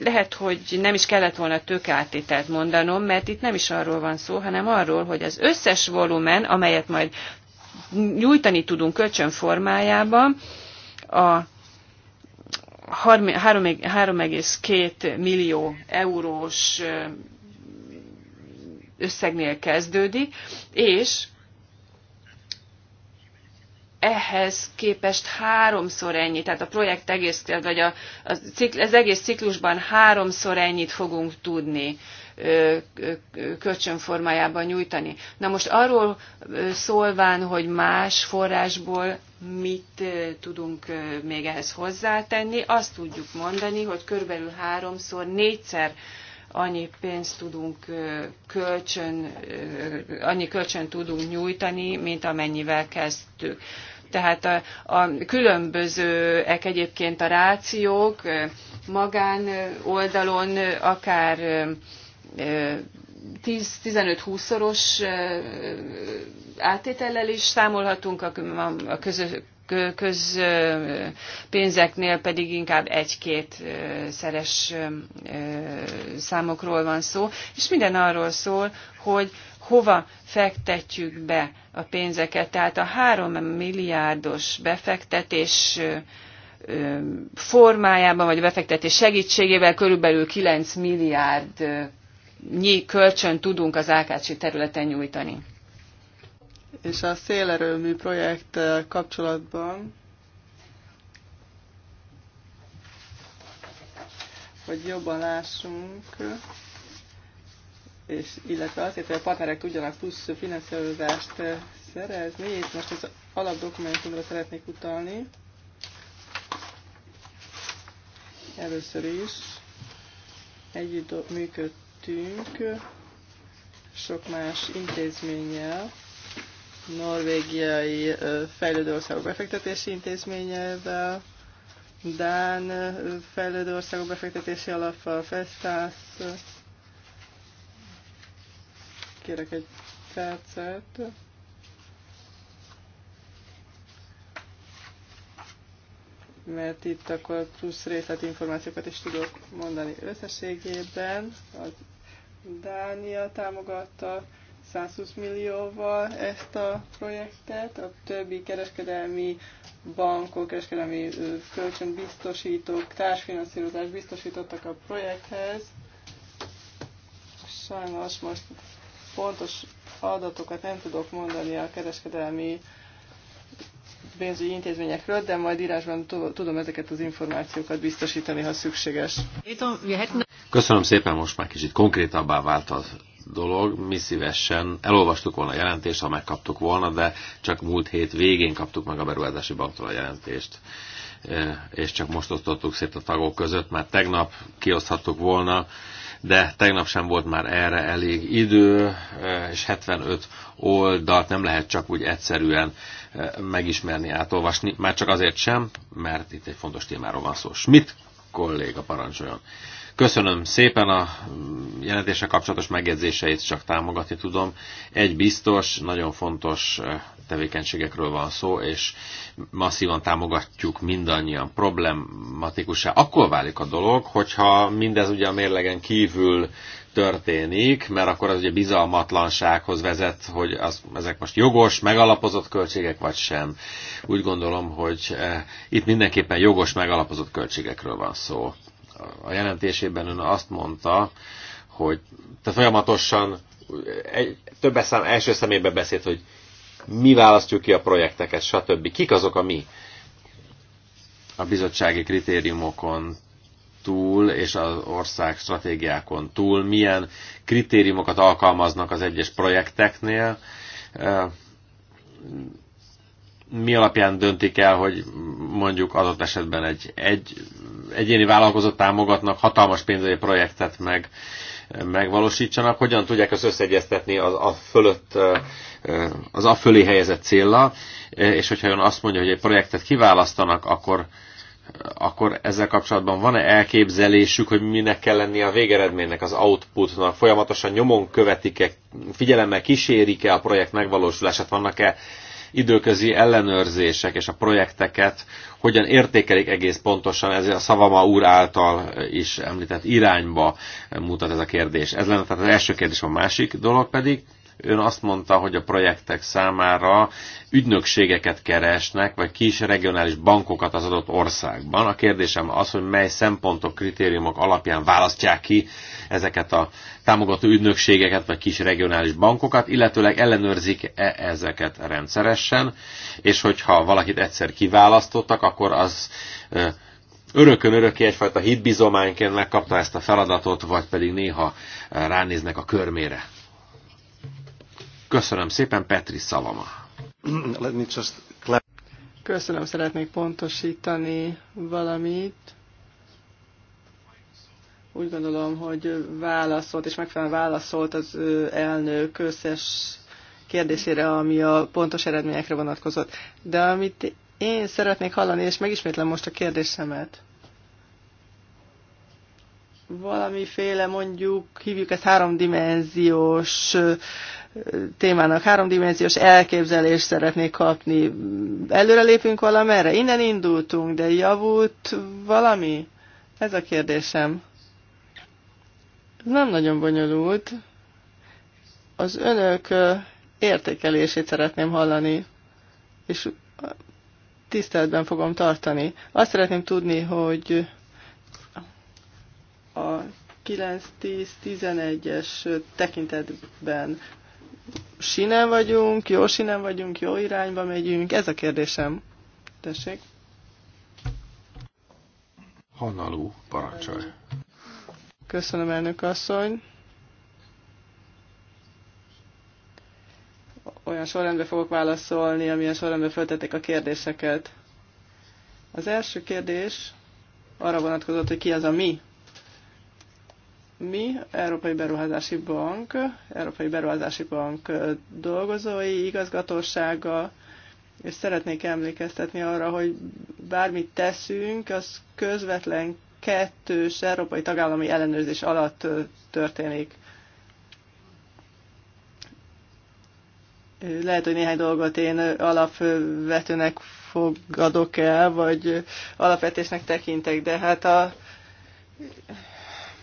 lehet, hogy nem is kellett volna átételt mondanom, mert itt nem is arról van szó, hanem arról, hogy az összes volumen, amelyet majd nyújtani tudunk kölcsön formájában, a 3,2 millió eurós összegnél kezdődik, és ehhez képest háromszor ennyi, tehát a projekt egész, vagy a, a cikl, az egész ciklusban háromszor ennyit fogunk tudni kölcsönformájában nyújtani. Na most arról szólván, hogy más forrásból mit tudunk még ehhez hozzátenni, azt tudjuk mondani, hogy körülbelül háromszor, négyszer annyi pénzt tudunk kölcsön, annyi kölcsön tudunk nyújtani, mint amennyivel kezdtük. Tehát a, a különbözőek egyébként a rációk magán oldalon akár 10-15-20-szoros átétellel is számolhatunk, a közpénzeknél pedig inkább egy-két szeres számokról van szó, és minden arról szól, hogy hova fektetjük be a pénzeket. Tehát a három milliárdos befektetés formájában, vagy a befektetés segítségével körülbelül 9 milliárd nyi kölcsön tudunk az Ákácsi területen nyújtani és a szélerőmű projekt kapcsolatban, hogy jobban lássunk, és illetve azért, hogy a partnerek tudjanak plusz finanszírozást szerezni. Itt most az alapdokumentumra szeretnék utalni. Először is együtt működtünk sok más intézménnyel, norvégiai fejlődő országok befektetési intézményevel, Dán fejlődő országok befektetési alapval, Festász. Kérek egy percet. mert itt akkor plusz részletinformációkat is tudok mondani összességében. A Dánia támogatta 120 millióval ezt a projektet, a többi kereskedelmi bankok, kereskedelmi kölcsönbiztosítók, társfinanszírozást biztosítottak a projekthez. Sajnos most pontos adatokat nem tudok mondani a kereskedelmi pénzügyi intézményekről, de majd írásban tudom ezeket az információkat biztosítani, ha szükséges. Köszönöm szépen, most már kicsit konkrétabbá vált az dolog. Mi szívesen elolvastuk volna a jelentést, ha megkaptuk volna, de csak múlt hét végén kaptuk meg a beruházási banktól a jelentést és csak most osztottuk szét a tagok között, már tegnap kioszthattuk volna, de tegnap sem volt már erre elég idő, és 75 oldalt nem lehet csak úgy egyszerűen megismerni, átolvasni, már csak azért sem, mert itt egy fontos témáról van szó. Schmidt kolléga parancsoljon. Köszönöm szépen a jelentése kapcsolatos megjegyzéseit, csak támogatni tudom. Egy biztos, nagyon fontos tevékenységekről van szó, és masszívan támogatjuk mindannyian problematikusá. Akkor válik a dolog, hogyha mindez ugye a mérlegen kívül történik, mert akkor az ugye bizalmatlansághoz vezet, hogy az, ezek most jogos, megalapozott költségek, vagy sem. Úgy gondolom, hogy itt mindenképpen jogos, megalapozott költségekről van szó a jelentésében ön azt mondta, hogy te folyamatosan egy, több szám, első szemébe beszélt, hogy mi választjuk ki a projekteket, stb. Kik azok a mi? A bizottsági kritériumokon túl és az ország stratégiákon túl milyen kritériumokat alkalmaznak az egyes projekteknél, mi alapján döntik el, hogy mondjuk adott esetben egy, egy egyéni vállalkozót támogatnak, hatalmas pénzügyi projektet meg, megvalósítsanak, hogyan tudják ezt összeegyeztetni az a fölött, az a fölé helyezett célra, és hogyha ön azt mondja, hogy egy projektet kiválasztanak, akkor, akkor ezzel kapcsolatban van-e elképzelésük, hogy minek kell lennie a végeredménynek, az outputnak? Folyamatosan nyomon követik-e, figyelemmel kísérik-e a projekt megvalósulását? Vannak-e időközi ellenőrzések és a projekteket hogyan értékelik egész pontosan, ez a Szavama úr által is említett irányba mutat ez a kérdés. Ez lenne tehát az első kérdés, a másik dolog pedig, Ön azt mondta, hogy a projektek számára ügynökségeket keresnek, vagy kis regionális bankokat az adott országban. A kérdésem az, hogy mely szempontok, kritériumok alapján választják ki ezeket a támogató ügynökségeket, vagy kis regionális bankokat, illetőleg ellenőrzik -e ezeket rendszeresen, és hogyha valakit egyszer kiválasztottak, akkor az örökön öröki egyfajta hitbizományként megkapta ezt a feladatot, vagy pedig néha ránéznek a körmére. Köszönöm szépen, Petri Szalama. Köszönöm, szeretnék pontosítani valamit. Úgy gondolom, hogy válaszolt, és megfelelően válaszolt az elnök összes kérdésére, ami a pontos eredményekre vonatkozott. De amit én szeretnék hallani, és megismétlem most a kérdésemet. Valamiféle mondjuk, hívjuk ezt háromdimenziós témának háromdimenziós elképzelést szeretnék kapni. Előre lépünk valamerre? Innen indultunk, de javult valami? Ez a kérdésem. Ez nem nagyon bonyolult. Az önök értékelését szeretném hallani, és tiszteletben fogom tartani. Azt szeretném tudni, hogy a 9-10-11-es tekintetben Sinem vagyunk, jó sinem vagyunk, jó irányba megyünk? Ez a kérdésem. Tessék. Hannalú, parancsolj. Köszönöm, elnök asszony. Olyan sorrendbe fogok válaszolni, amilyen sorrendbe föltették a kérdéseket. Az első kérdés arra vonatkozott, hogy ki az a mi mi, Európai Beruházási Bank, Európai Beruházási Bank dolgozói, igazgatósága, és szeretnék emlékeztetni arra, hogy bármit teszünk, az közvetlen kettős európai tagállami ellenőrzés alatt történik. Lehet, hogy néhány dolgot én alapvetőnek fogadok el, vagy alapvetésnek tekintek, de hát a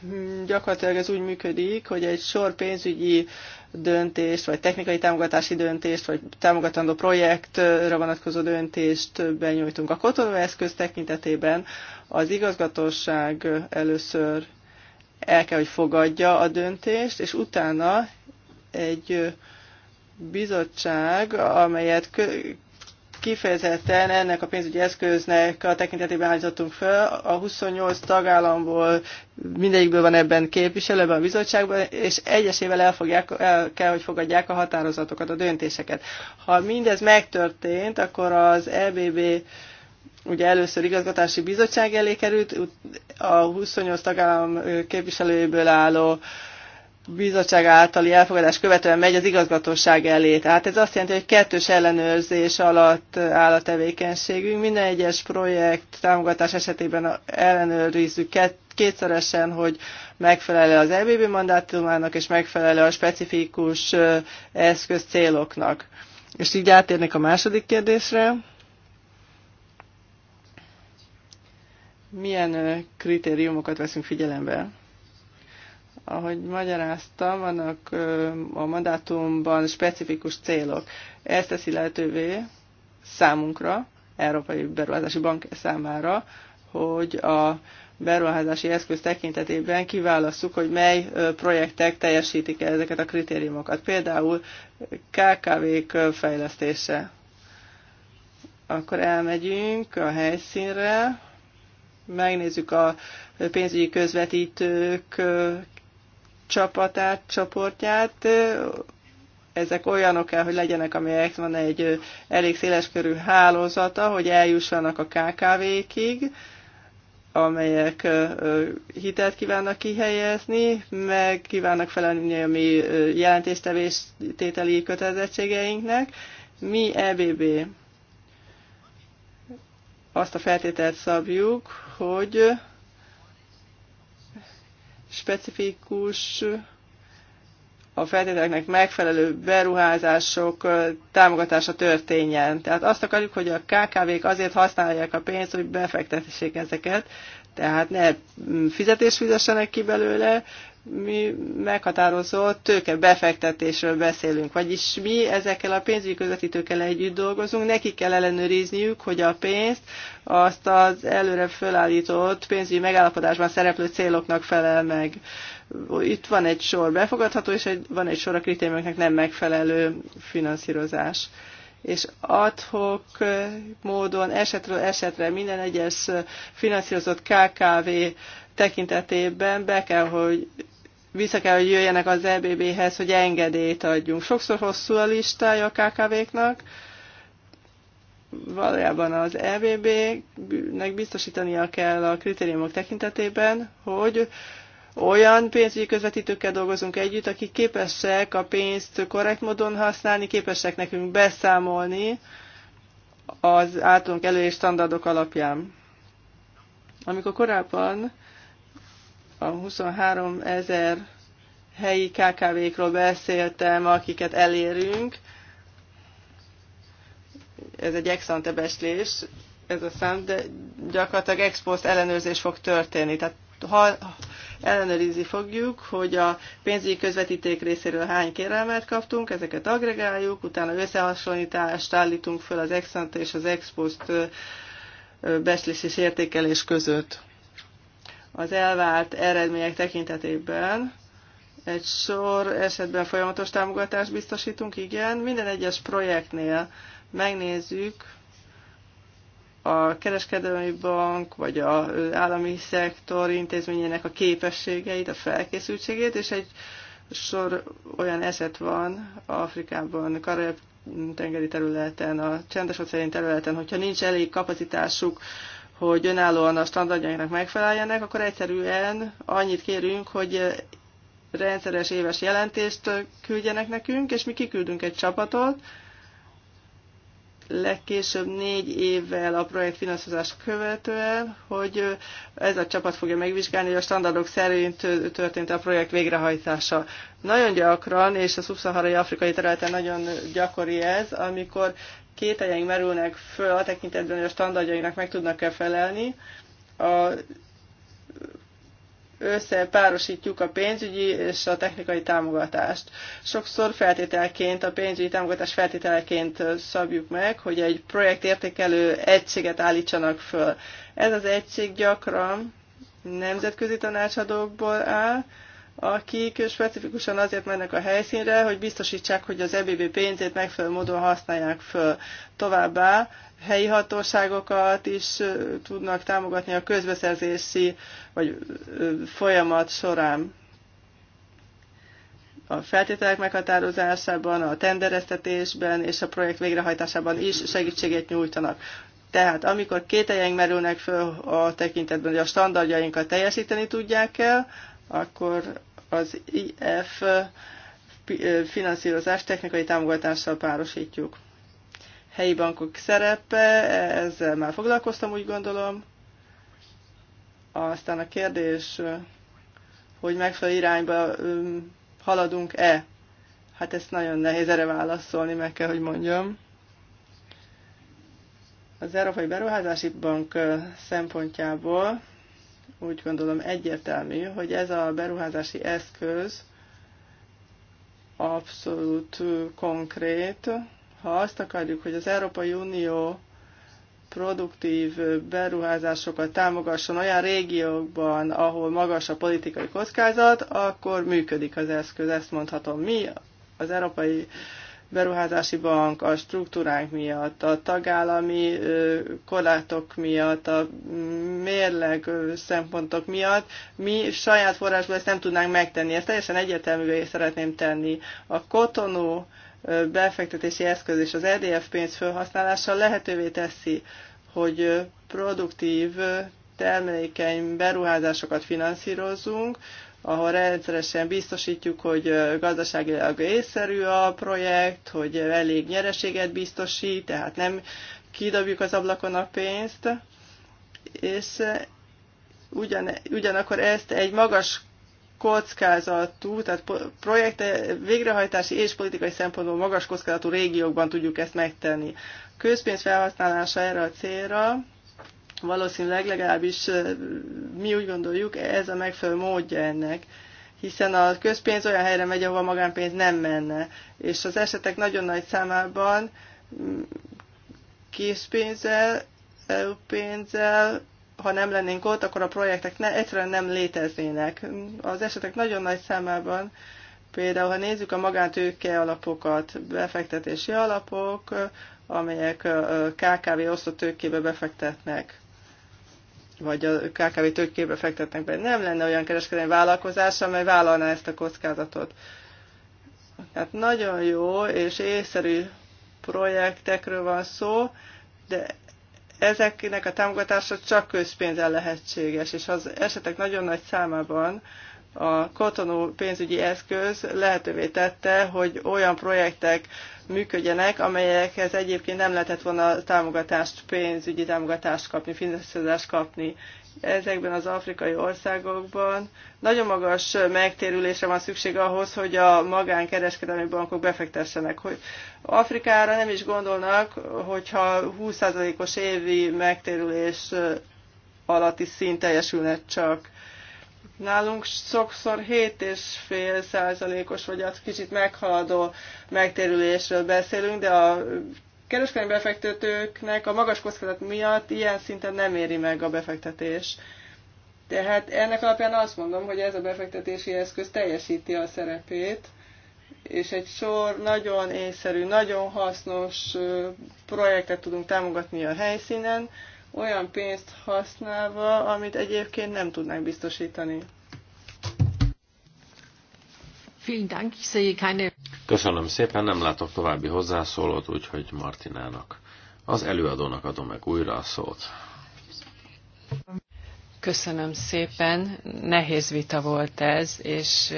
Hmm, gyakorlatilag ez úgy működik, hogy egy sor pénzügyi döntést, vagy technikai támogatási döntést, vagy támogatandó projektre vonatkozó döntést benyújtunk. A kotonó eszköz tekintetében az igazgatóság először el kell, hogy fogadja a döntést, és utána egy bizottság, amelyet kifejezetten ennek a pénzügyi eszköznek a tekintetében állítottunk fel. A 28 tagállamból mindegyikből van ebben képviselő, ebben a bizottságban, és egyesével fogják, el kell, hogy fogadják a határozatokat, a döntéseket. Ha mindez megtörtént, akkor az EBB ugye először igazgatási bizottság elé került, a 28 tagállam képviselőjéből álló bizottság általi elfogadás követően megy az igazgatóság elé. Tehát ez azt jelenti, hogy kettős ellenőrzés alatt áll a tevékenységünk. Minden egyes projekt támogatás esetében ellenőrizzük kétszeresen, hogy megfelele az EBB mandátumának, és megfelele a specifikus eszköz céloknak. És így átérnék a második kérdésre. Milyen kritériumokat veszünk figyelembe? Ahogy magyaráztam, vannak a mandátumban specifikus célok. Ezt teszi lehetővé számunkra, Európai Beruházási Bank számára, hogy a beruházási eszköz tekintetében kiválasszuk, hogy mely projektek teljesítik -e ezeket a kritériumokat. Például KKV-k fejlesztése. Akkor elmegyünk a helyszínre, megnézzük a pénzügyi közvetítők csapatát, csoportját. Ezek olyanok kell, hogy legyenek, amelyek van egy elég széleskörű hálózata, hogy eljussanak a KKV-kig, amelyek hitelt kívánnak kihelyezni, meg kívánnak felelni a mi jelentéstevéstételi kötelezettségeinknek. Mi EBB azt a feltételt szabjuk, hogy specifikus, a feltételeknek megfelelő beruházások támogatása történjen. Tehát azt akarjuk, hogy a KKV-k azért használják a pénzt, hogy befektessék ezeket, tehát ne fizetés fizessenek ki belőle, mi meghatározó tőke befektetésről beszélünk, vagyis mi ezekkel a pénzügyi közvetítőkkel együtt dolgozunk, nekik kell ellenőrizniük, hogy a pénzt azt az előre fölállított pénzügyi megállapodásban szereplő céloknak felel meg. Itt van egy sor befogadható, és egy, van egy sor a kritériumoknak nem megfelelő finanszírozás és adhok módon esetről esetre minden egyes finanszírozott KKV tekintetében be kell, hogy vissza kell, hogy jöjjenek az EBB-hez, hogy engedélyt adjunk. Sokszor hosszú a listája a KKV-knak, valójában az EBB-nek biztosítania kell a kritériumok tekintetében, hogy olyan pénzügyi közvetítőkkel dolgozunk együtt, akik képesek a pénzt korrekt módon használni, képesek nekünk beszámolni az általunk elő és standardok alapján. Amikor korábban a 23 ezer helyi KKV-król beszéltem, akiket elérünk. Ez egy exante beslés, ez a szám, de gyakorlatilag expost ellenőrzés fog történni. Tehát ha ellenőrizni fogjuk, hogy a pénzügyi közvetíték részéről hány kérelmet kaptunk, ezeket agregáljuk, utána összehasonlítást állítunk föl az exante és az expost beslés és értékelés között az elvált eredmények tekintetében. Egy sor esetben folyamatos támogatást biztosítunk, igen. Minden egyes projektnél megnézzük a kereskedelmi bank vagy az állami szektor intézményének a képességeit, a felkészültségét, és egy sor olyan eset van Afrikában, Karib tengeri területen, a csendes óceáni területen, hogyha nincs elég kapacitásuk hogy önállóan a standardjainknak megfeleljenek, akkor egyszerűen annyit kérünk, hogy rendszeres éves jelentést küldjenek nekünk, és mi kiküldünk egy csapatot, legkésőbb négy évvel a projekt finanszírozás követően, hogy ez a csapat fogja megvizsgálni, hogy a standardok szerint történt a projekt végrehajtása. Nagyon gyakran, és a szubszaharai afrikai területen nagyon gyakori ez, amikor kételjeink merülnek föl a tekintetben, hogy a standardjainak meg tudnak-e felelni, a összepárosítjuk a pénzügyi és a technikai támogatást. Sokszor feltételként, a pénzügyi támogatás feltételeként szabjuk meg, hogy egy projekt értékelő egységet állítsanak föl. Ez az egység gyakran nemzetközi tanácsadókból áll, akik specifikusan azért mennek a helyszínre, hogy biztosítsák, hogy az EBB pénzét megfelelő módon használják föl. Továbbá helyi hatóságokat is tudnak támogatni a közbeszerzési vagy folyamat során. A feltételek meghatározásában, a tendereztetésben és a projekt végrehajtásában is segítséget nyújtanak. Tehát amikor kételjeink merülnek föl a tekintetben, hogy a standardjainkat teljesíteni tudják el, akkor az IF finanszírozás technikai támogatással párosítjuk. Helyi bankok szerepe, e, ezzel már foglalkoztam, úgy gondolom. Aztán a kérdés, hogy megfelelő irányba haladunk-e. Hát ezt nagyon nehéz erre válaszolni, meg kell, hogy mondjam. Az Európai Beruházási Bank szempontjából úgy gondolom egyértelmű, hogy ez a beruházási eszköz abszolút konkrét. Ha azt akarjuk, hogy az Európai Unió produktív beruházásokat támogasson olyan régiókban, ahol magas a politikai kockázat, akkor működik az eszköz. Ezt mondhatom mi, az Európai beruházási bank a struktúránk miatt, a tagállami korlátok miatt, a mérleg szempontok miatt mi saját forrásból ezt nem tudnánk megtenni. Ezt teljesen egyértelművé szeretném tenni. A kotonó befektetési eszköz és az EDF pénz felhasználása lehetővé teszi, hogy produktív, termelékeny beruházásokat finanszírozzunk, ahol rendszeresen biztosítjuk, hogy gazdaságilag észszerű a projekt, hogy elég nyereséget biztosít, tehát nem kidobjuk az ablakon a pénzt, és ugyan, ugyanakkor ezt egy magas kockázatú, tehát projekt végrehajtási és politikai szempontból magas kockázatú régiókban tudjuk ezt megtenni. Közpénz felhasználása erre a célra Valószínűleg legalábbis mi úgy gondoljuk, ez a megfelelő módja ennek hiszen a közpénz olyan helyre megy, ahol a magánpénz nem menne. És az esetek nagyon nagy számában mm, készpénzzel, EU pénzzel, ha nem lennénk ott, akkor a projektek ne, egyszerűen nem léteznének. Az esetek nagyon nagy számában, például ha nézzük a magántőke alapokat, befektetési alapok, amelyek KKV osztott tőkébe befektetnek vagy a KKV tőkébe fektetnek be. Nem lenne olyan kereskedelmi vállalkozás, amely vállalná ezt a kockázatot. Hát nagyon jó és észszerű projektekről van szó, de ezeknek a támogatása csak közpénzzel lehetséges, és az esetek nagyon nagy számában a kotonó pénzügyi eszköz lehetővé tette, hogy olyan projektek működjenek, amelyekhez egyébként nem lehetett volna támogatást, pénzügyi támogatást kapni, finanszírozást kapni. Ezekben az afrikai országokban nagyon magas megtérülésre van szükség ahhoz, hogy a magánkereskedelmi bankok befektessenek. Hogy Afrikára nem is gondolnak, hogyha 20%-os évi megtérülés alatti szint teljesülne csak Nálunk sokszor 7,5 százalékos, vagy az kicsit meghaladó megtérülésről beszélünk, de a kereskedelmi befektetőknek a magas kockázat miatt ilyen szinten nem éri meg a befektetés. Tehát ennek alapján azt mondom, hogy ez a befektetési eszköz teljesíti a szerepét, és egy sor nagyon észszerű, nagyon hasznos projektet tudunk támogatni a helyszínen, olyan pénzt használva, amit egyébként nem tudnánk biztosítani. Köszönöm szépen, nem látok további hozzászólót, úgyhogy Martinának, az előadónak adom meg újra a szót. Köszönöm szépen, nehéz vita volt ez, és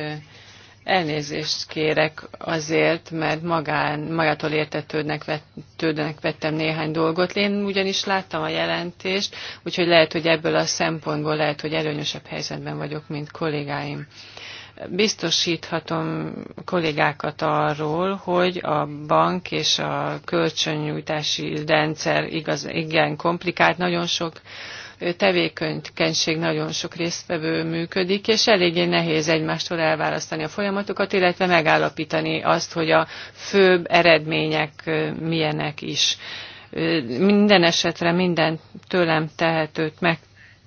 Elnézést kérek azért, mert magán, magától értetődnek vett, vettem néhány dolgot. Én ugyanis láttam a jelentést, úgyhogy lehet, hogy ebből a szempontból lehet, hogy előnyösebb helyzetben vagyok, mint kollégáim. Biztosíthatom kollégákat arról, hogy a bank és a kölcsönnyújtási rendszer igaz, igen komplikált, nagyon sok tevékenység nagyon sok résztvevő működik, és eléggé nehéz egymástól elválasztani a folyamatokat, illetve megállapítani azt, hogy a főbb eredmények milyenek is. Minden esetre minden tőlem tehetőt meg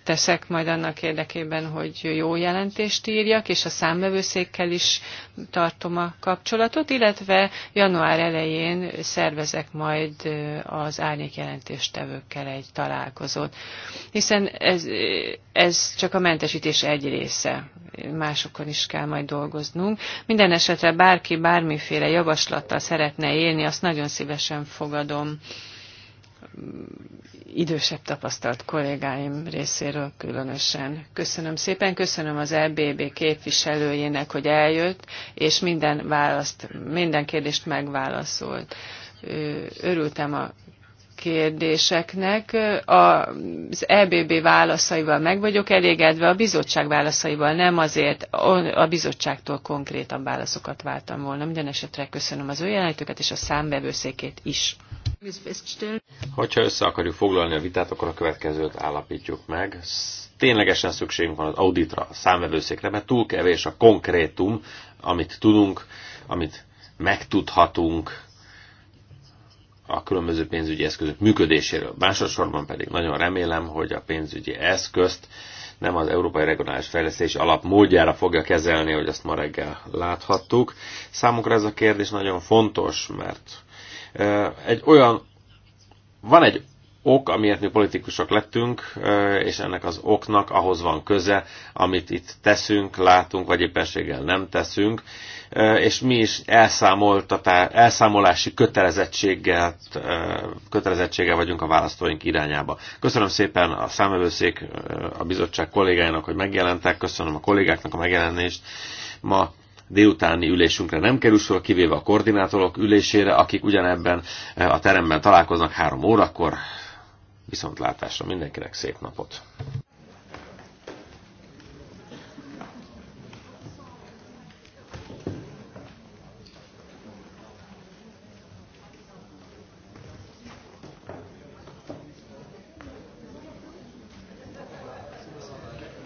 teszek majd annak érdekében, hogy jó jelentést írjak, és a számvevőszékkel is tartom a kapcsolatot, illetve január elején szervezek majd az árnyékjelentéstevőkkel egy találkozót. Hiszen ez, ez csak a mentesítés egy része, másokon is kell majd dolgoznunk. Minden esetre bárki bármiféle javaslattal szeretne élni, azt nagyon szívesen fogadom idősebb tapasztalt kollégáim részéről különösen. Köszönöm szépen, köszönöm az LBB képviselőjének, hogy eljött, és minden, választ, minden kérdést megválaszolt. Örültem a kérdéseknek. Az EBB válaszaival meg vagyok elégedve, a bizottság válaszaival nem azért, a bizottságtól konkrétabb válaszokat váltam volna. Minden esetre köszönöm az ő jelenlétüket és a számbevőszékét is. Hogyha össze akarjuk foglalni a vitát, akkor a következőt állapítjuk meg. Ténylegesen szükségünk van az auditra, a számvevőszékre, mert túl kevés a konkrétum, amit tudunk, amit megtudhatunk a különböző pénzügyi eszközök működéséről. Másodszorban pedig nagyon remélem, hogy a pénzügyi eszközt nem az Európai Regionális fejlesztés Alap módjára fogja kezelni, hogy azt ma reggel láthattuk. Számunkra ez a kérdés nagyon fontos, mert egy olyan, van egy ok, amiért mi politikusok lettünk, és ennek az oknak ahhoz van köze, amit itt teszünk, látunk, vagy éppenséggel nem teszünk, és mi is elszámolási kötelezettséggel, kötelezettséggel vagyunk a választóink irányába. Köszönöm szépen a számövőszék, a bizottság kollégáinak, hogy megjelentek, köszönöm a kollégáknak a megjelenést ma délutáni ülésünkre nem kerül sor, kivéve a koordinátorok ülésére, akik ugyanebben eh, a teremben találkoznak három órakor. Viszontlátásra mindenkinek szép napot!